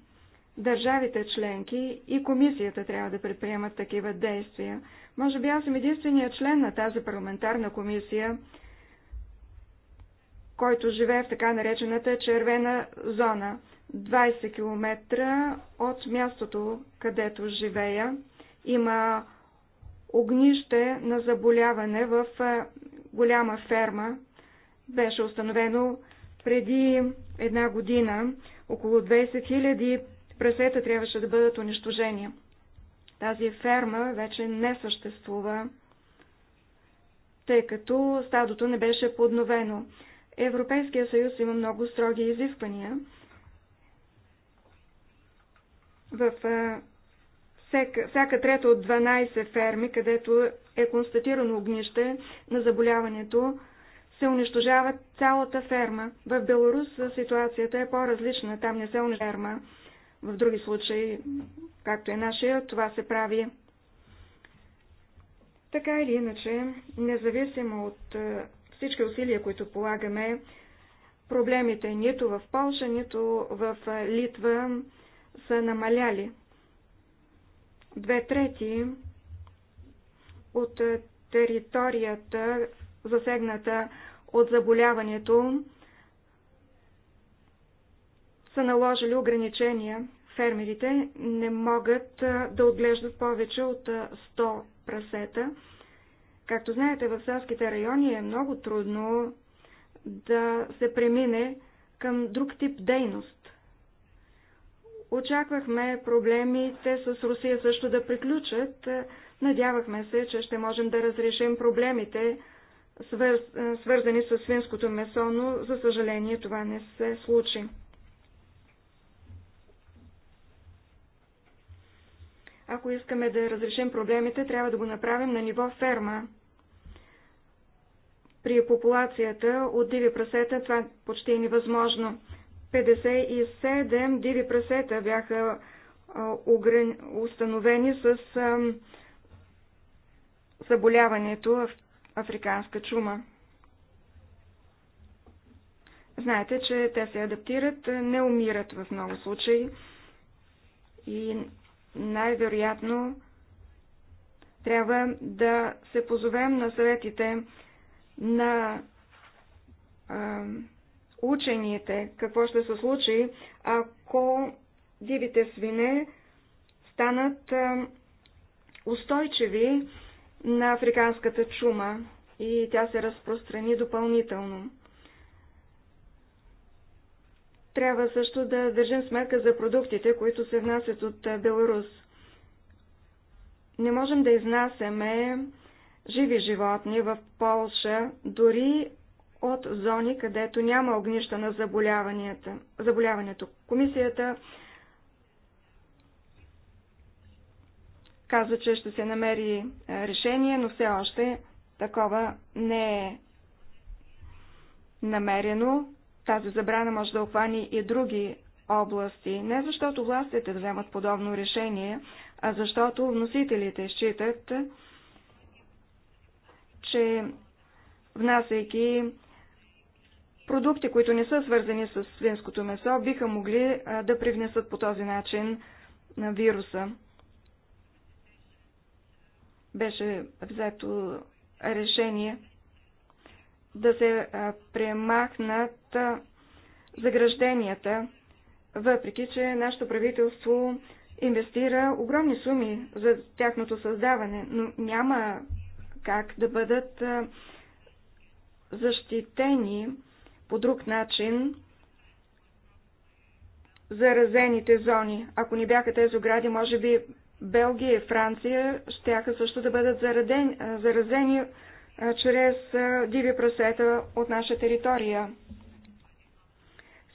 Държавите членки и комисията трябва да предприемат такива действия. Може би аз съм единственият член на тази парламентарна комисия, който живее в така наречената червена зона, 20 км от мястото, където живея. Има огнище на заболяване в е, голяма ферма беше установено преди една година. Около 20 000 прасета трябваше да бъдат унищожени. Тази ферма вече не съществува, тъй като стадото не беше подновено. Европейския съюз има много строги изисквания в е, всяка, всяка трета от 12 ферми, където е констатирано огнище на заболяването, се унищожава цялата ферма. В Беларус ситуацията е по-различна, там не се унищожава ферма. В други случаи, както е нашия, това се прави. Така или иначе, независимо от е, всички усилия, които полагаме, проблемите нито в Польша, нито в е, Литва са намаляли. Две трети от е, територията, засегната от заболяването, са наложили ограничения. Фермерите не могат е, да отглеждат повече от 100 е, прасета. Както знаете, в селските райони е много трудно да се премине към друг тип дейност. Очаквахме проблемите с Русия също да приключат. Надявахме се, че ще можем да разрешим проблемите, свързани с свинското месо, но за съжаление това не се случи. Ако искаме да разрешим проблемите, трябва да го направим на ниво ферма. При популацията от диви прасета това почти е невъзможно. 57 диви прасета бяха установени с заболяването африканска чума. Знаете, че те се адаптират, не умират в много случаи и най-вероятно трябва да се позовем на съветите на учените какво ще се случи, ако дивите свине станат устойчиви на африканската чума и тя се разпространи допълнително. Трябва също да държим сметка за продуктите, които се внасят от Беларус. Не можем да изнасяме живи животни в Полша, дори от зони, където няма огнища на заболяването. Комисията казва, че ще се намери е, решение, но все още такова не е намерено. Тази забрана може да охвани и други области. Не защото властите вземат подобно решение, а защото вносителите считат, че внасяйки продукти, които не са свързани с свинското месо, биха могли да привнесат по този начин на вируса. Беше взето решение да се премахнат загражденията, въпреки че нашето правителство инвестира огромни суми за тяхното създаване, но няма как да бъдат защитени по друг начин заразените зони. Ако не бяха тези огради, може би Белгия и Франция щяха също да бъдат заразени, заразени чрез диви прасета от наша територия.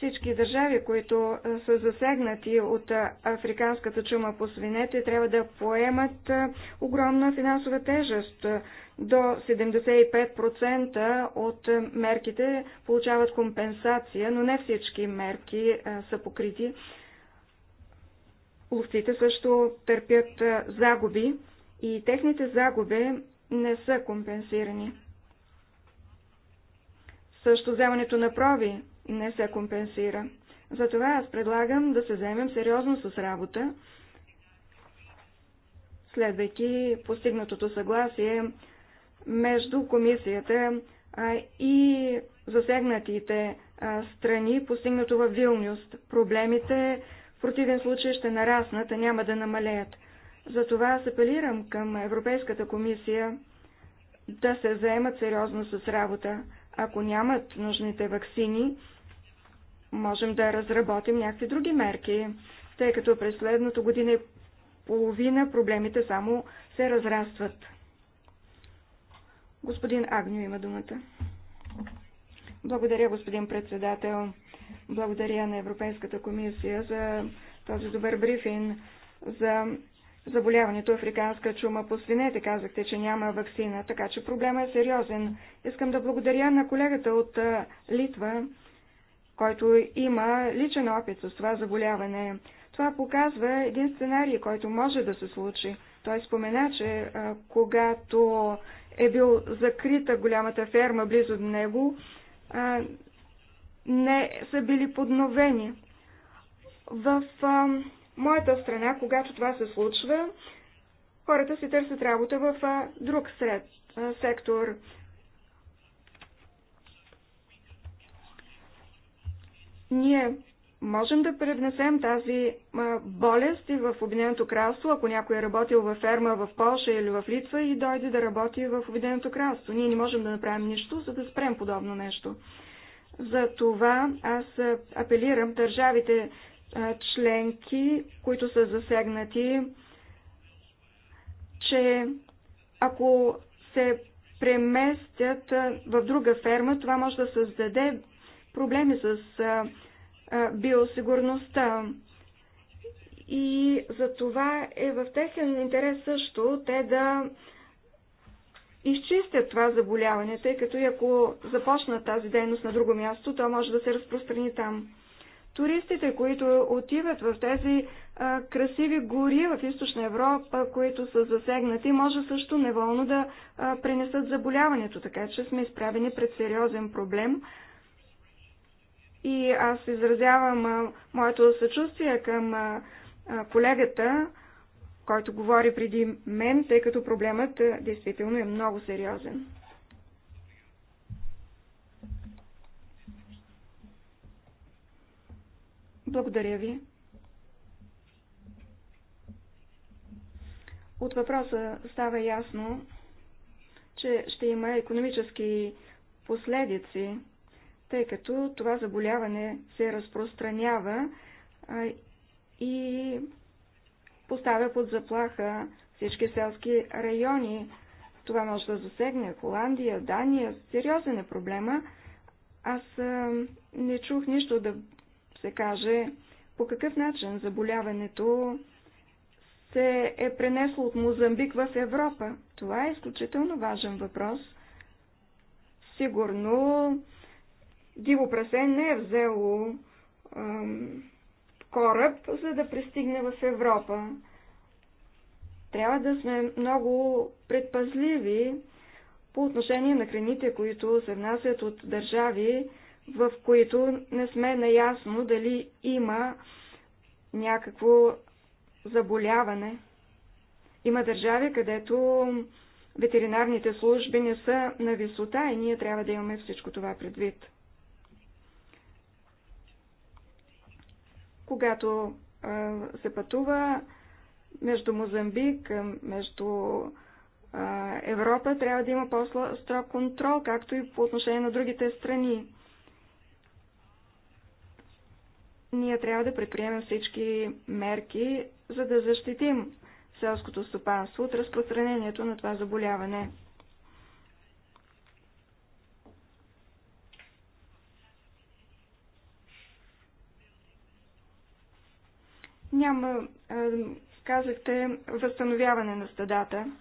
Всички държави, които са засегнати от африканската чума по свинете, трябва да поемат огромна финансова тежест. До 75% от мерките получават компенсация, но не всички мерки са покрити. Ловците също търпят загуби и техните загуби не са компенсирани. Също вземането на проби не се компенсира. Затова аз предлагам да се вземем сериозно с работа, следвайки постигнатото съгласие между комисията и засегнатите страни, постигнато във Вилнюс. Проблемите в противен случай ще нараснат, а няма да намалеят. Затова аз апелирам към Европейската комисия да се заемат сериозно с работа ако нямат нужните вакцини, можем да разработим някакви други мерки, тъй като през следното година и половина проблемите само се разрастват. Господин Агню има думата. Благодаря, господин председател. Благодаря на Европейската комисия за този добър брифин за заболяването е африканска чума по свинете. Казахте, че няма вакцина, така че проблема е сериозен. Искам да благодаря на колегата от Литва, който има личен опит с това заболяване. Това показва един сценарий, който може да се случи. Той спомена, че а, когато е бил закрита голямата ферма близо до него, а, не са били подновени. В а, моята страна, когато това се случва, хората си търсят работа в друг сред, сектор. Ние можем да превнесем тази болест и в Обединеното кралство, ако някой е работил във ферма в Польша или в Литва и дойде да работи в Обединеното кралство. Ние не можем да направим нищо, за да спрем подобно нещо. За това аз апелирам държавите членки, които са засегнати, че ако се преместят в друга ферма, това може да създаде проблеми с биосигурността. И за това е в техен интерес също те да изчистят това заболяване, тъй като и ако започнат тази дейност на друго място, то може да се разпространи там туристите, които отиват в тези а, красиви гори в източна Европа, които са засегнати, може също неволно да а, принесат заболяването, така че сме изправени пред сериозен проблем. И аз изразявам а, моето съчувствие към а, а, колегата, който говори преди мен, тъй като проблемът а, действително е много сериозен. Благодаря ви. От въпроса става ясно, че ще има економически последици, тъй като това заболяване се разпространява и поставя под заплаха всички селски райони. Това може да засегне Холандия, Дания. Сериозен е проблема. Аз не чух нищо да се каже по какъв начин заболяването се е пренесло от Мозамбик в Европа. Това е изключително важен въпрос. Сигурно диво прасе не е взело ам, кораб, за да пристигне в Европа. Трябва да сме много предпазливи по отношение на храните, които се внасят от държави, в които не сме наясно дали има някакво заболяване. Има държави, където ветеринарните служби не са на висота и ние трябва да имаме всичко това предвид. Когато а, се пътува между Мозамбик, между а, Европа, трябва да има по-строг контрол, както и по отношение на другите страни. ние трябва да предприемем всички мерки, за да защитим селското стопанство от разпространението на това заболяване. Няма, казахте, възстановяване на стадата.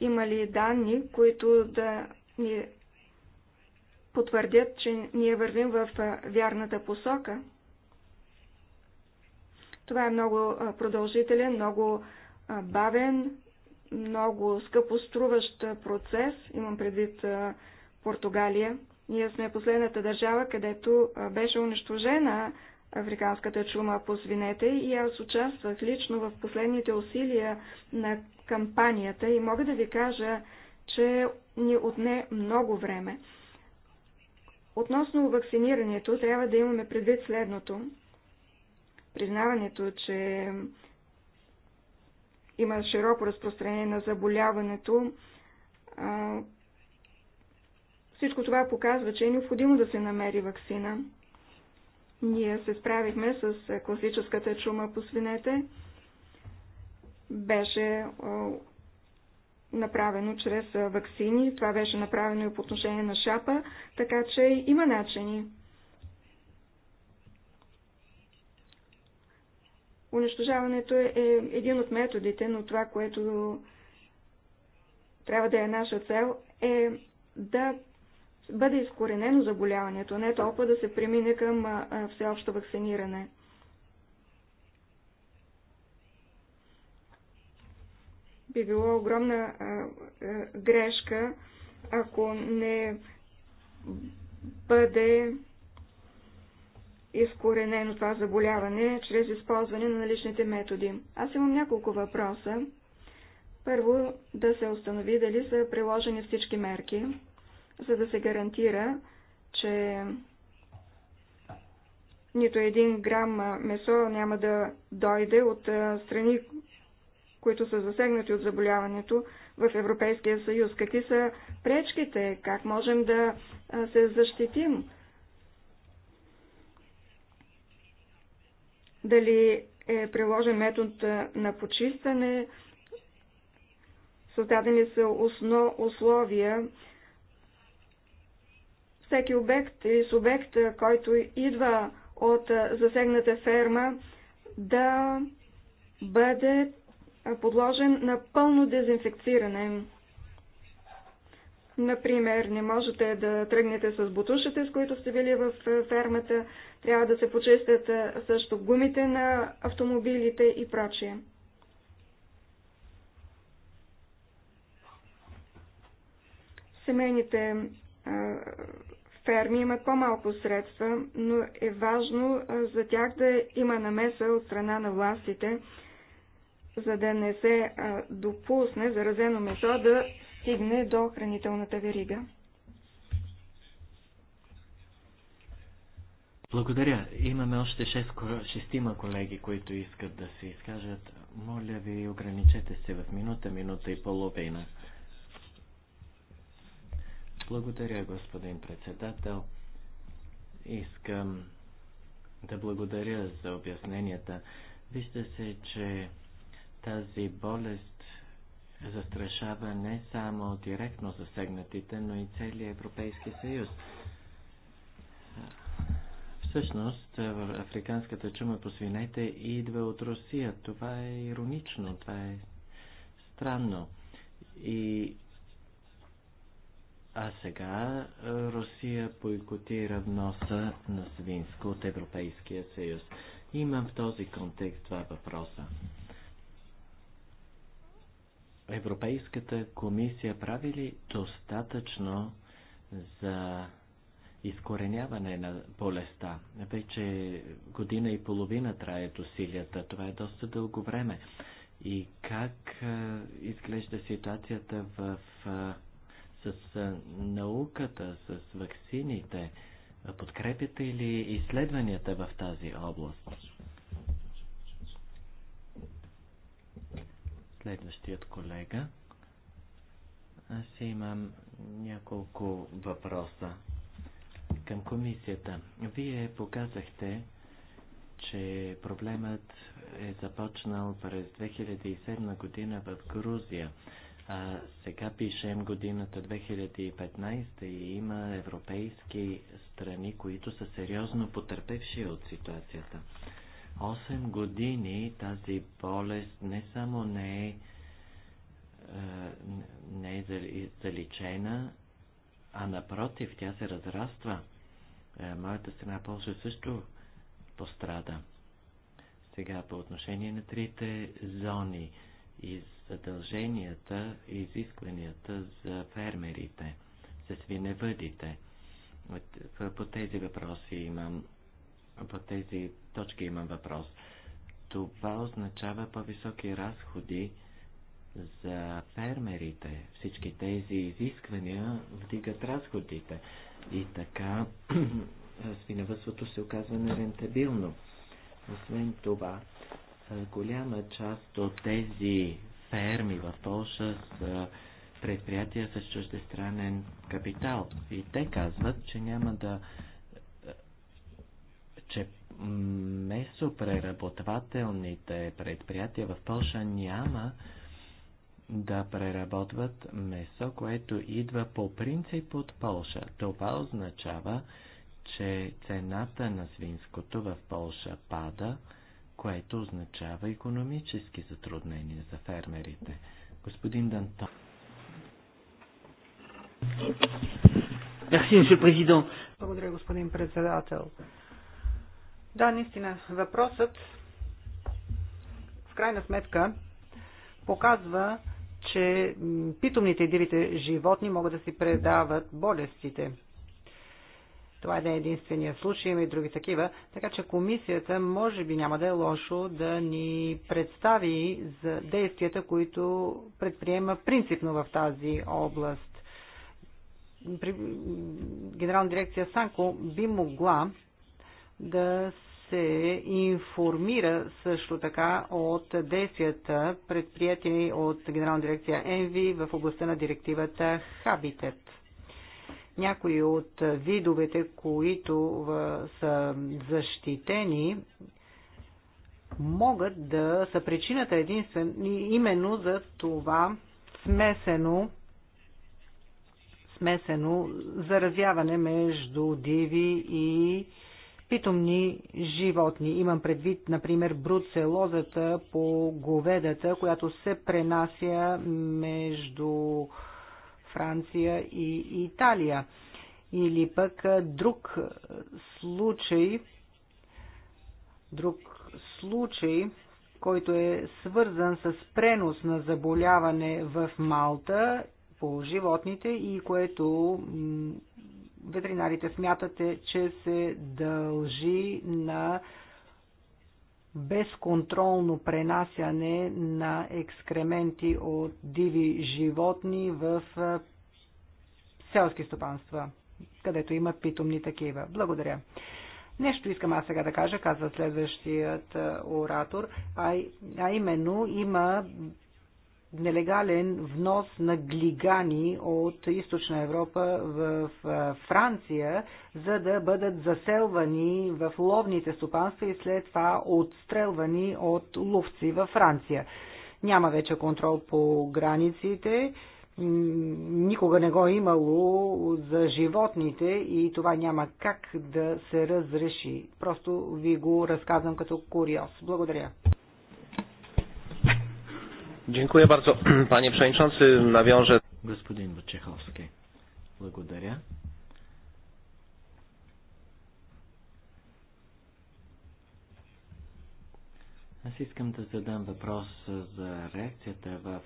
Има ли данни, които да ни потвърдят, че ние вървим в вярната посока. Това е много продължителен, много бавен, много скъпоструващ процес. Имам предвид Португалия. Ние сме последната държава, където беше унищожена африканската чума по свинете и аз участвах лично в последните усилия на кампанията и мога да ви кажа, че ни отне много време. Относно вакцинирането трябва да имаме предвид следното. Признаването, че има широко разпространение на заболяването, всичко това показва, че е необходимо да се намери вакцина. Ние се справихме с класическата чума по свинете. Беше направено чрез вакцини. Това беше направено и по отношение на шапа, така че има начини. Унищожаването е, е един от методите, но това, което трябва да е наша цел, е да бъде изкоренено заболяването, не толкова да се премине към всеобщо вакциниране. би било огромна а, а, грешка, ако не бъде изкоренено това заболяване чрез използване на наличните методи. Аз имам няколко въпроса. Първо, да се установи дали са приложени всички мерки, за да се гарантира, че нито един грам месо няма да дойде от страни, които са засегнати от заболяването в Европейския съюз. Какви са пречките? Как можем да се защитим? Дали е приложен метод на почистване? Създадени са основ, условия всеки обект или субект, който идва от засегната ферма, да бъде е, подложен на пълно дезинфекциране. Например, не можете да тръгнете с бутушите, с които сте били в е, фермата, трябва да се почистят е, също гумите на автомобилите и прочие. Семейните ферми имат по-малко средства, но е важно за тях да има намеса от страна на властите, за да не се допусне заразено месо да стигне до хранителната верига. Благодаря. Имаме още 6, шестима колеги, които искат да се изкажат. Моля ви, ограничете се в минута, минута и половина. Благодаря, господин председател. Искам да благодаря за обясненията. Вижда се, че тази болест застрашава не само директно засегнатите, но и целия Европейски съюз. Всъщност, африканската чума по свинете идва от Русия. Това е иронично, това е странно. И а сега Русия бойкотира вноса на свинско от Европейския съюз. Имам в този контекст два въпроса. Европейската комисия прави ли достатъчно за изкореняване на болестта? Вече година и половина траят усилията. Това е доста дълго време. И как изглежда ситуацията в, с науката, с ваксините? Подкрепите ли изследванията в тази област? следващият колега. Аз имам няколко въпроса към комисията. Вие показахте, че проблемът е започнал през 2007 година в Грузия. А сега пишем годината 2015 и има европейски страни, които са сериозно потърпевши от ситуацията. 8 години тази болест не само не е, е не е заличена, а напротив, тя се разраства. Е, моята страна Полша също пострада. Сега по отношение на трите зони и задълженията и изискванията за фермерите, за свиневъдите. По тези въпроси имам по тези точки има въпрос. Това означава по-високи разходи за фермерите. Всички тези изисквания вдигат разходите. И така свиневъдството се оказва нерентабилно. Освен това, голяма част от тези ферми в Польша са предприятия с чуждестранен капитал. И те казват, че няма да месопреработвателните предприятия в Польша няма да преработват месо, което идва по принцип от Полша. Това означава, че цената на свинското в Полша пада, което означава економически затруднения за фермерите. Господин Дантон. Благодаря, господин председател. Да, наистина, въпросът в крайна сметка показва, че питомните и дивите животни могат да си предават болестите. Това не е единствения случай, има и други такива, така че комисията може би няма да е лошо да ни представи за действията, които предприема принципно в тази област. Генерална дирекция Санко би могла да се информира също така от действията, предприяти от Генерална дирекция ЕНВИ в областта на директивата Хабитет. Някои от видовете, които са защитени, могат да са причината единствено именно за това смесено смесено заразяване между диви и питомни животни. Имам предвид, например, бруцелозата по говедата, която се пренася между Франция и Италия. Или пък друг случай, друг случай, който е свързан с пренос на заболяване в Малта по животните и което ветеринарите смятате, че се дължи на безконтролно пренасяне на екскременти от диви животни в селски стопанства, където има питомни такива. Благодаря. Нещо искам аз сега да кажа, казва следващият оратор, а, а именно има нелегален внос на глигани от източна Европа в Франция, за да бъдат заселвани в ловните стопанства и след това отстрелвани от ловци във Франция. Няма вече контрол по границите никога не го е имало за животните и това няма как да се разреши. Просто ви го разказвам като куриоз. Благодаря. Dziękuję bardzo, panie przewodniczący. Nawiążę. Господин Вачеховски, благодаря. Аз искам да задам въпрос за реакцията в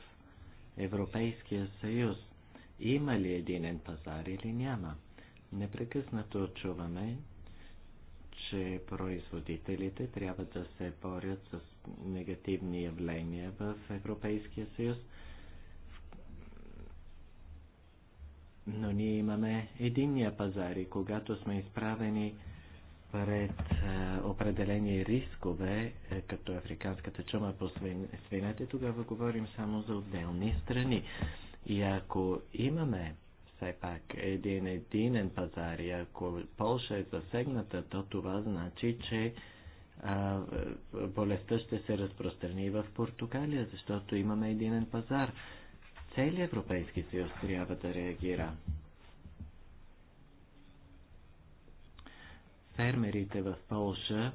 Европейския съюз. Има ли единен пазар или няма? Непрекъснато чуваме, че производителите трябва да се борят с негативни явления в Европейския съюз. Но ние имаме единния пазар и когато сме изправени пред е, определени рискове, е, като африканската чума по свинете, тогава говорим само за отделни страни. И ако имаме все пак един единен пазар и ако Полша е засегната, то това значи, че а, болестта ще се разпространи и в Португалия, защото имаме единен пазар. Целият Европейски съюз трябва да реагира. Фермерите в Полша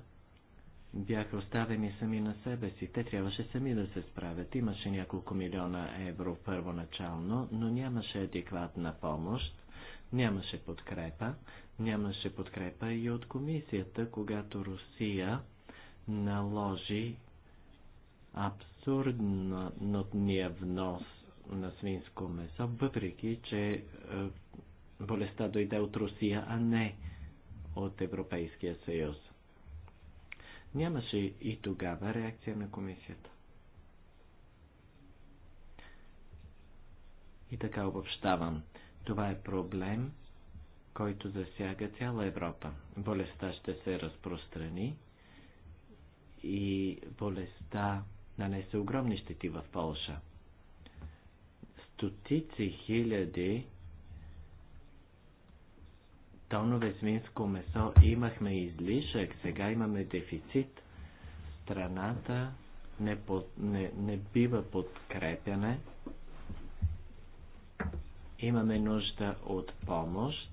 бяха оставени сами на себе си. Те трябваше сами да се справят. Имаше няколко милиона евро първоначално, но нямаше адекватна помощ, нямаше подкрепа, нямаше подкрепа и от комисията, когато Русия наложи абсурдния внос на свинско месо, въпреки че е, болестта дойде от Русия, а не от Европейския съюз. Нямаше и тогава реакция на комисията. И така обобщавам. Това е проблем, който засяга цяла Европа. Болестта ще се разпространи и болестта нанесе огромни щети в Полша. Стотици хиляди тонове свинско месо имахме излишък, сега имаме дефицит. Страната не, под, не, не бива подкрепяне. Имаме нужда от помощ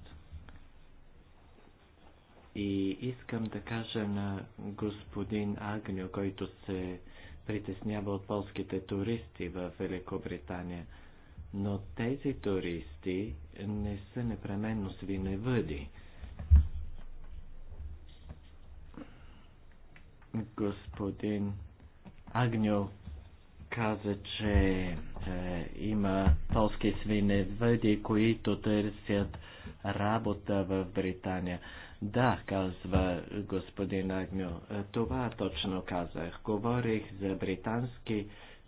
и искам да кажа на господин Агню, който се притеснява от полските туристи в Великобритания. Но тези туристи не са непременно свиневъди. Господин Агню каза, че е, има полски свиневъди, които търсят работа в Британия. Да, казва господин Агню, това точно казах. Говорих за британски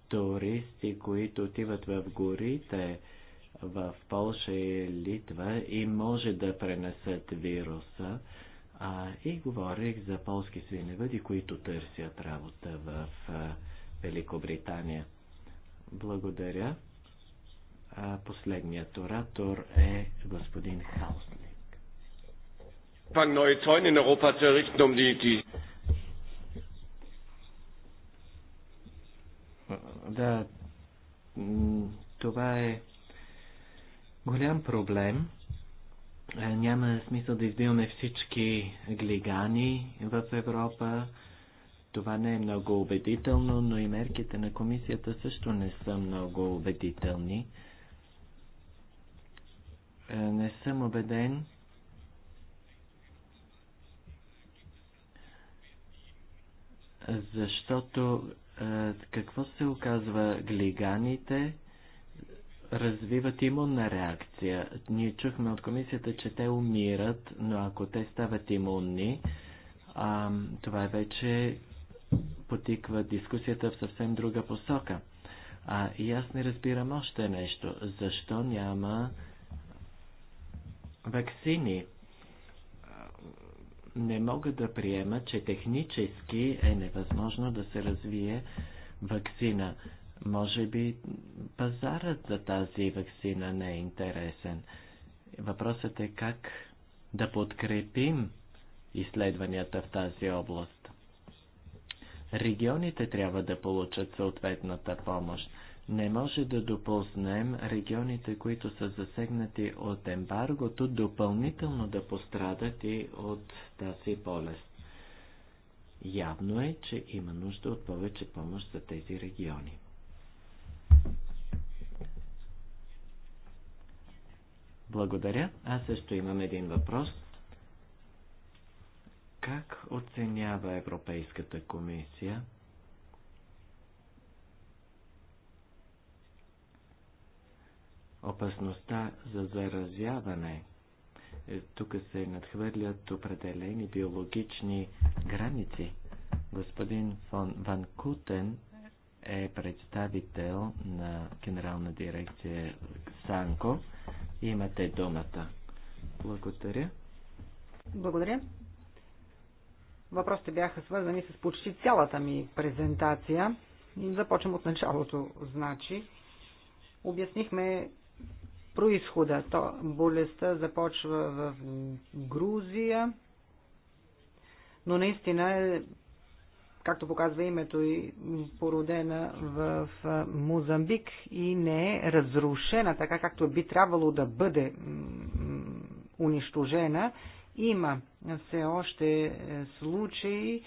туристи, които отиват в горите в Польша и Литва и може да пренесат вируса. А, и говорих за полски свиневъди, които търсят работа в а, Великобритания. Благодаря. А, последният оратор е господин Хаусли anfangen, neue Zäune in Europa zu errichten, um die, die Да, това е голям проблем. Е, няма смисъл да издиваме всички глигани в Европа. Това не е много убедително, но и мерките на комисията също не са много убедителни. Е, не съм убеден, защото е, какво се оказва? Глиганите развиват имунна реакция. Ние чухме от комисията, че те умират, но ако те стават имунни, а, това е вече потиква дискусията в съвсем друга посока. А, и аз не разбирам още нещо. Защо няма вакцини? не мога да приема, че технически е невъзможно да се развие вакцина. Може би пазарът за тази вакцина не е интересен. Въпросът е как да подкрепим изследванията в тази област. Регионите трябва да получат съответната помощ. Не може да допуснем регионите, които са засегнати от ембаргото, допълнително да пострадат и от тази болест. Явно е, че има нужда от повече помощ за тези региони. Благодаря. Аз също имам един въпрос. Как оценява Европейската комисия опасността за заразяване. Е, тук се надхвърлят определени биологични граници. Господин фон Ван Кутен е представител на генерална дирекция Санко. Имате думата. Благодаря. Благодаря. Въпросите бяха свързани с почти цялата ми презентация. Започвам от началото, значи. Обяснихме происхода. То, болестта започва в Грузия, но наистина е, както показва името и породена в Мозамбик и не е разрушена така, както би трябвало да бъде унищожена. Има все още е, случаи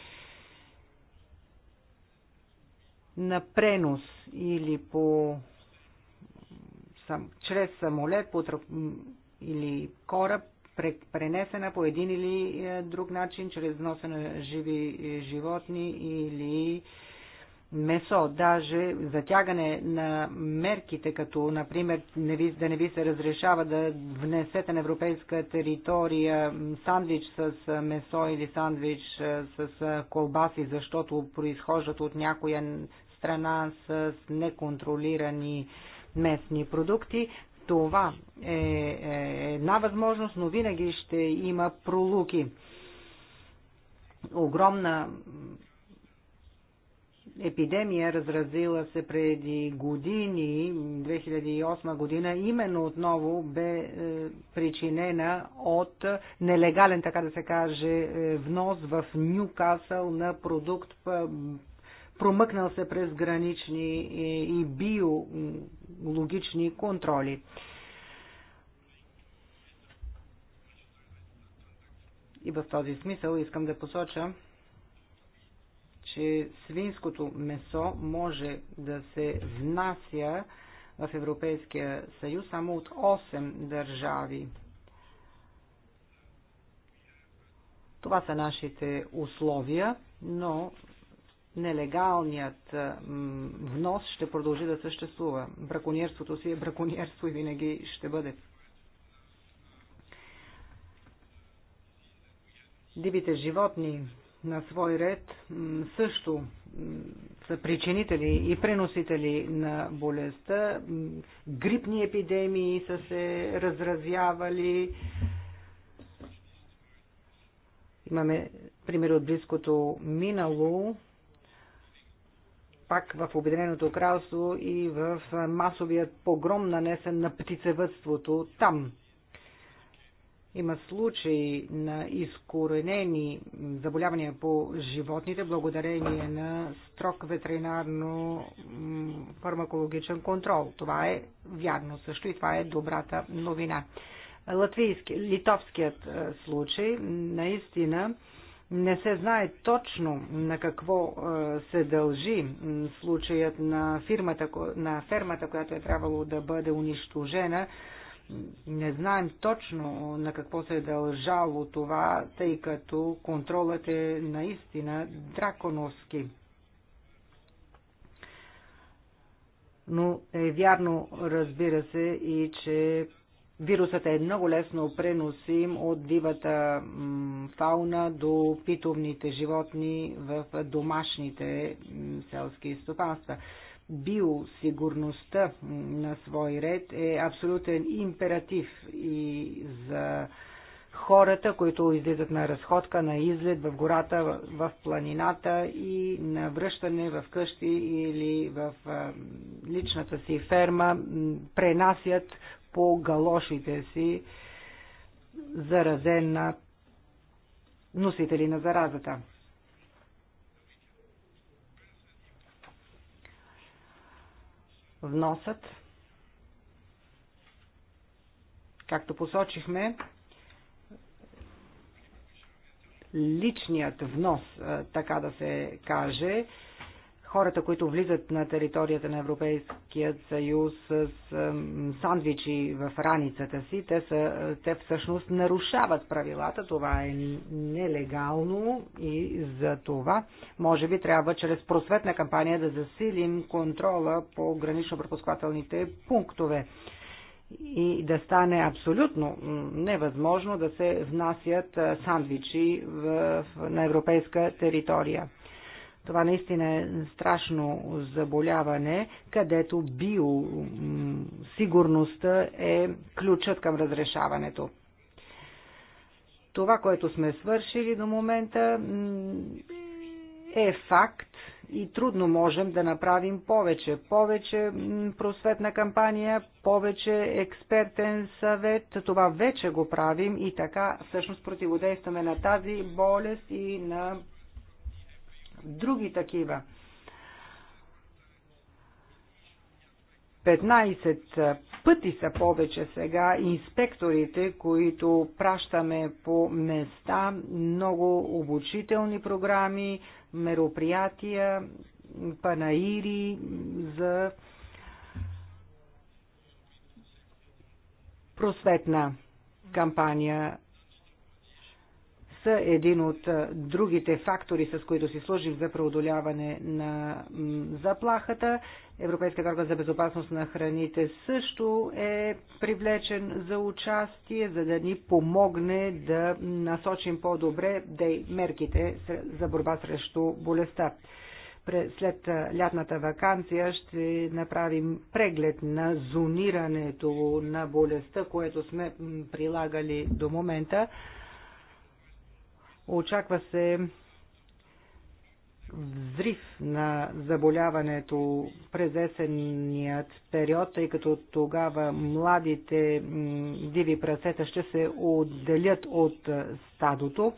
на пренос или по сам, чрез самолет потръп или кораб, пренесена по един или е, друг начин, чрез носене на живи е, животни или месо, даже затягане на мерките, като, например, не ви, да не ви се разрешава да внесете на европейска територия сандвич с е, месо или сандвич с колбаси, защото произхождат от някоя страна с неконтролирани местни продукти. Това е, е една възможност, но винаги ще има пролуки. Огромна епидемия, разразила се преди години, 2008 година, именно отново бе е, причинена от нелегален, така да се каже, е, внос в Нюкасъл на продукт промъкнал се през гранични и биологични контроли. И в този смисъл искам да посоча, че свинското месо може да се внася в Европейския съюз само от 8 държави. Това са нашите условия, но нелегалният внос ще продължи да съществува. Браконьерството си е браконьерство и винаги ще бъде. Дивите животни на свой ред също са причинители и преносители на болестта. Грипни епидемии са се разразявали. Имаме пример от близкото минало пак в Обединеното кралство и в масовият погром нанесен на птицевътството там. Има случаи на изкоренени заболявания по животните благодарение на строг ветеринарно-фармакологичен контрол. Това е вярно също и това е добрата новина. Латвийски, литовският случай наистина не се знае точно на какво е, се дължи случаят на, фирмата, на фермата, която е трябвало да бъде унищожена. Не знаем точно на какво се е дължало това, тъй като контролът е наистина драконовски. Но е вярно, разбира се, и че Вирусът е много лесно преносим от дивата фауна до питомните животни в домашните селски стопанства. Биосигурността на свой ред е абсолютен императив и за хората, които излизат на разходка, на излет в гората, в планината и на връщане в къщи или в личната си ферма, пренасят по галошите си заразен на носители на заразата. Вносът, както посочихме, личният внос, така да се каже, хората, които влизат на територията на Европейския съюз с сандвичи в раницата си, те, са, те всъщност нарушават правилата. Това е нелегално и за това може би трябва чрез просветна кампания да засилим контрола по гранично-пропускателните пунктове и да стане абсолютно невъзможно да се внасят сандвичи в, на европейска територия. Това наистина е страшно заболяване, където биосигурността е ключът към разрешаването. Това, което сме свършили до момента, е факт и трудно можем да направим повече. Повече просветна кампания, повече експертен съвет. Това вече го правим и така всъщност противодействаме на тази болест и на други такива. 15 пъти са повече сега инспекторите, които пращаме по места, много обучителни програми, мероприятия, панаири за просветна кампания са един от другите фактори, с които си служим за преодоляване на заплахата. Европейската орган за безопасност на храните също е привлечен за участие, за да ни помогне да насочим по-добре мерките за борба срещу болестта след лятната вакансия ще направим преглед на зонирането на болестта, което сме прилагали до момента. Очаква се взрив на заболяването през есенният период, тъй като тогава младите диви прасета ще се отделят от стадото,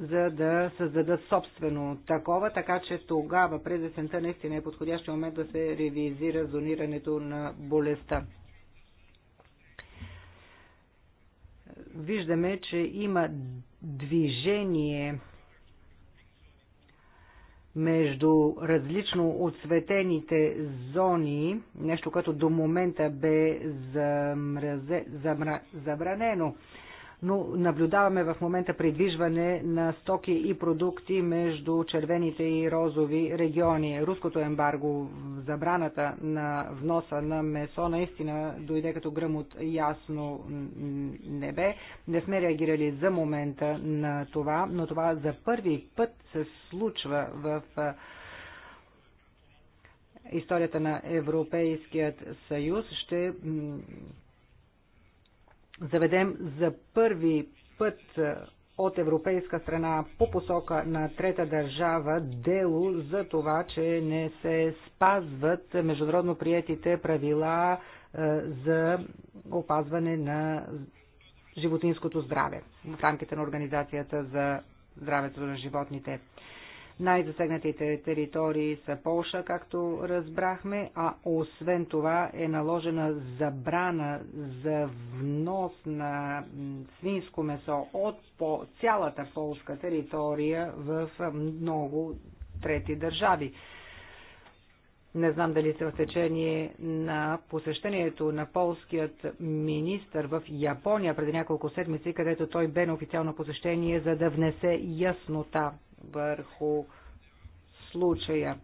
за да създадат собствено такова, така че тогава през есента наистина е подходящия момент да се ревизира зонирането на болестта. Виждаме, че има движение между различно отсветените зони, нещо, което до момента бе замразе, замра, забранено но наблюдаваме в момента придвижване на стоки и продукти между червените и розови региони. Руското ембарго, забраната на вноса на месо, наистина дойде като гръм от ясно небе. Не сме реагирали за момента на това, но това за първи път се случва в историята на Европейският съюз ще заведем за първи път е, от европейска страна по посока на трета държава дело за това, че не се спазват международно приетите правила е, за опазване на животинското здраве в рамките на Организацията за здравето на животните. Най-засегнатите територии са Полша, както разбрахме, а освен това е наложена забрана за внос на свинско месо от по цялата полска територия в много трети държави. Не знам дали сте в течение на посещението на полският министр в Япония преди няколко седмици, където той бе на официално посещение, за да внесе яснота върху случая.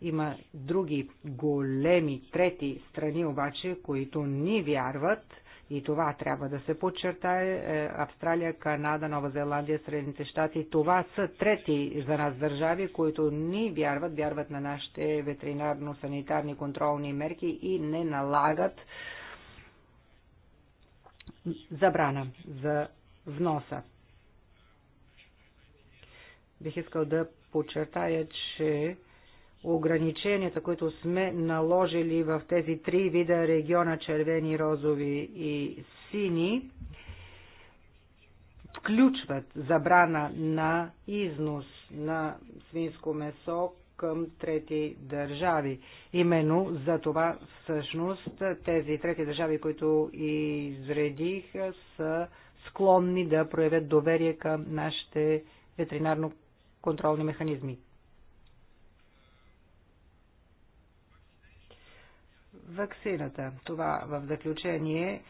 Има други големи трети страни обаче, които ни вярват и това трябва да се подчертае. Е, Австралия, Канада, Нова Зеландия, Средните щати, това са трети за нас държави, които ни вярват, вярват на нашите ветеринарно-санитарни контролни мерки и не налагат забрана за вноса. Бих искал да подчертая, че ограниченията, които сме наложили в тези три вида региона червени, розови и сини, включват забрана на износ на свинско месо към трети държави. Именно за това всъщност тези трети държави, които изредих, са склонни да проявят доверие към нашите ветеринарно контролни механизми. Ваксината. Това в заключение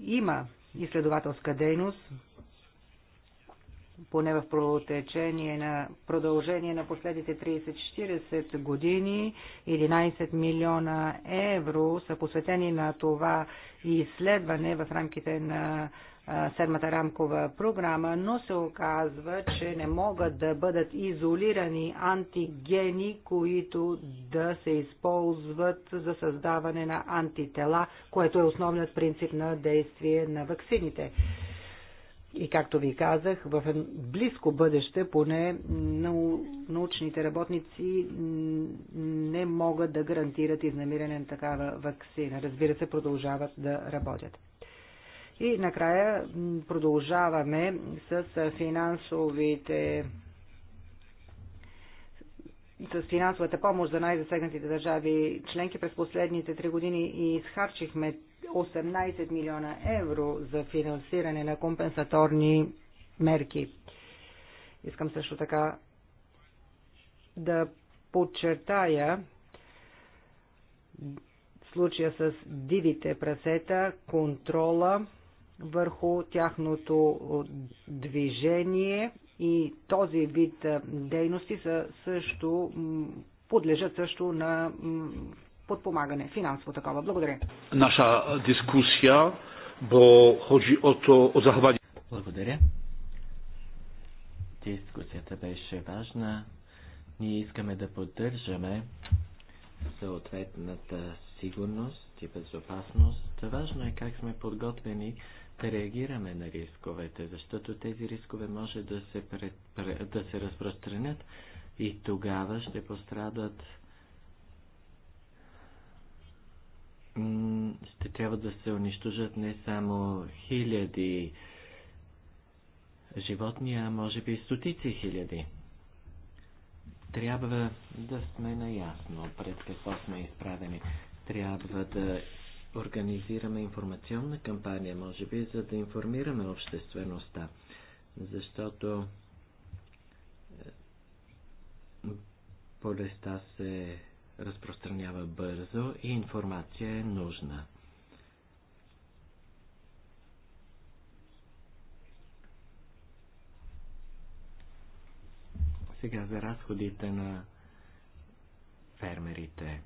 има изследователска дейност, поне в протечение на продължение на последните 30-40 години. 11 милиона евро са посветени на това изследване в рамките на седмата рамкова програма, но се оказва, че не могат да бъдат изолирани антигени, които да се използват за създаване на антитела, което е основният принцип на действие на ваксините. И както ви казах, в близко бъдеще поне научните работници не могат да гарантират изнамиране на такава вакцина. Разбира се, продължават да работят. И накрая продължаваме с финансовите с финансовата помощ за най-засегнатите държави членки през последните три години и изхарчихме 18 милиона евро за финансиране на компенсаторни мерки. Искам също така да подчертая случая с дивите прасета, контрола върху тяхното движение и този вид дейности са също, подлежат също на подпомагане, финансово такова. Благодаря. Наша дискусия, бо ходи от, то, Благодаря. Дискусията беше важна. Ние искаме да поддържаме съответната сигурност и безопасност. Важно е как сме подготвени да реагираме на рисковете, защото тези рискове може да се, пред, да се разпространят и тогава ще пострадат ще трябва да се унищожат не само хиляди животни, а може би стотици хиляди. Трябва да сме наясно пред какво сме изправени. Трябва да организираме информационна кампания, може би, за да информираме обществеността, защото е, болестта се разпространява бързо и информация е нужна. Сега за разходите на фермерите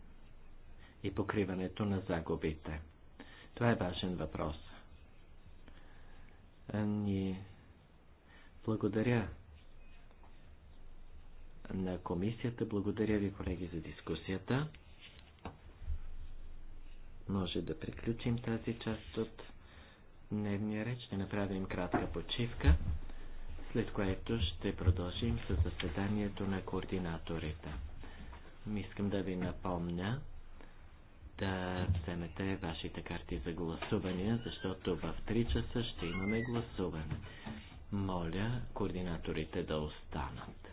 и покриването на загубите. Това е важен въпрос. Ние благодаря на комисията. Благодаря ви, колеги, за дискусията. Може да приключим тази част от дневния реч. Ще направим кратка почивка, след което ще продължим с заседанието на координаторите. Искам да ви напомня, да вземете вашите карти за гласувания, защото в 3 часа ще имаме гласуване. Моля координаторите да останат.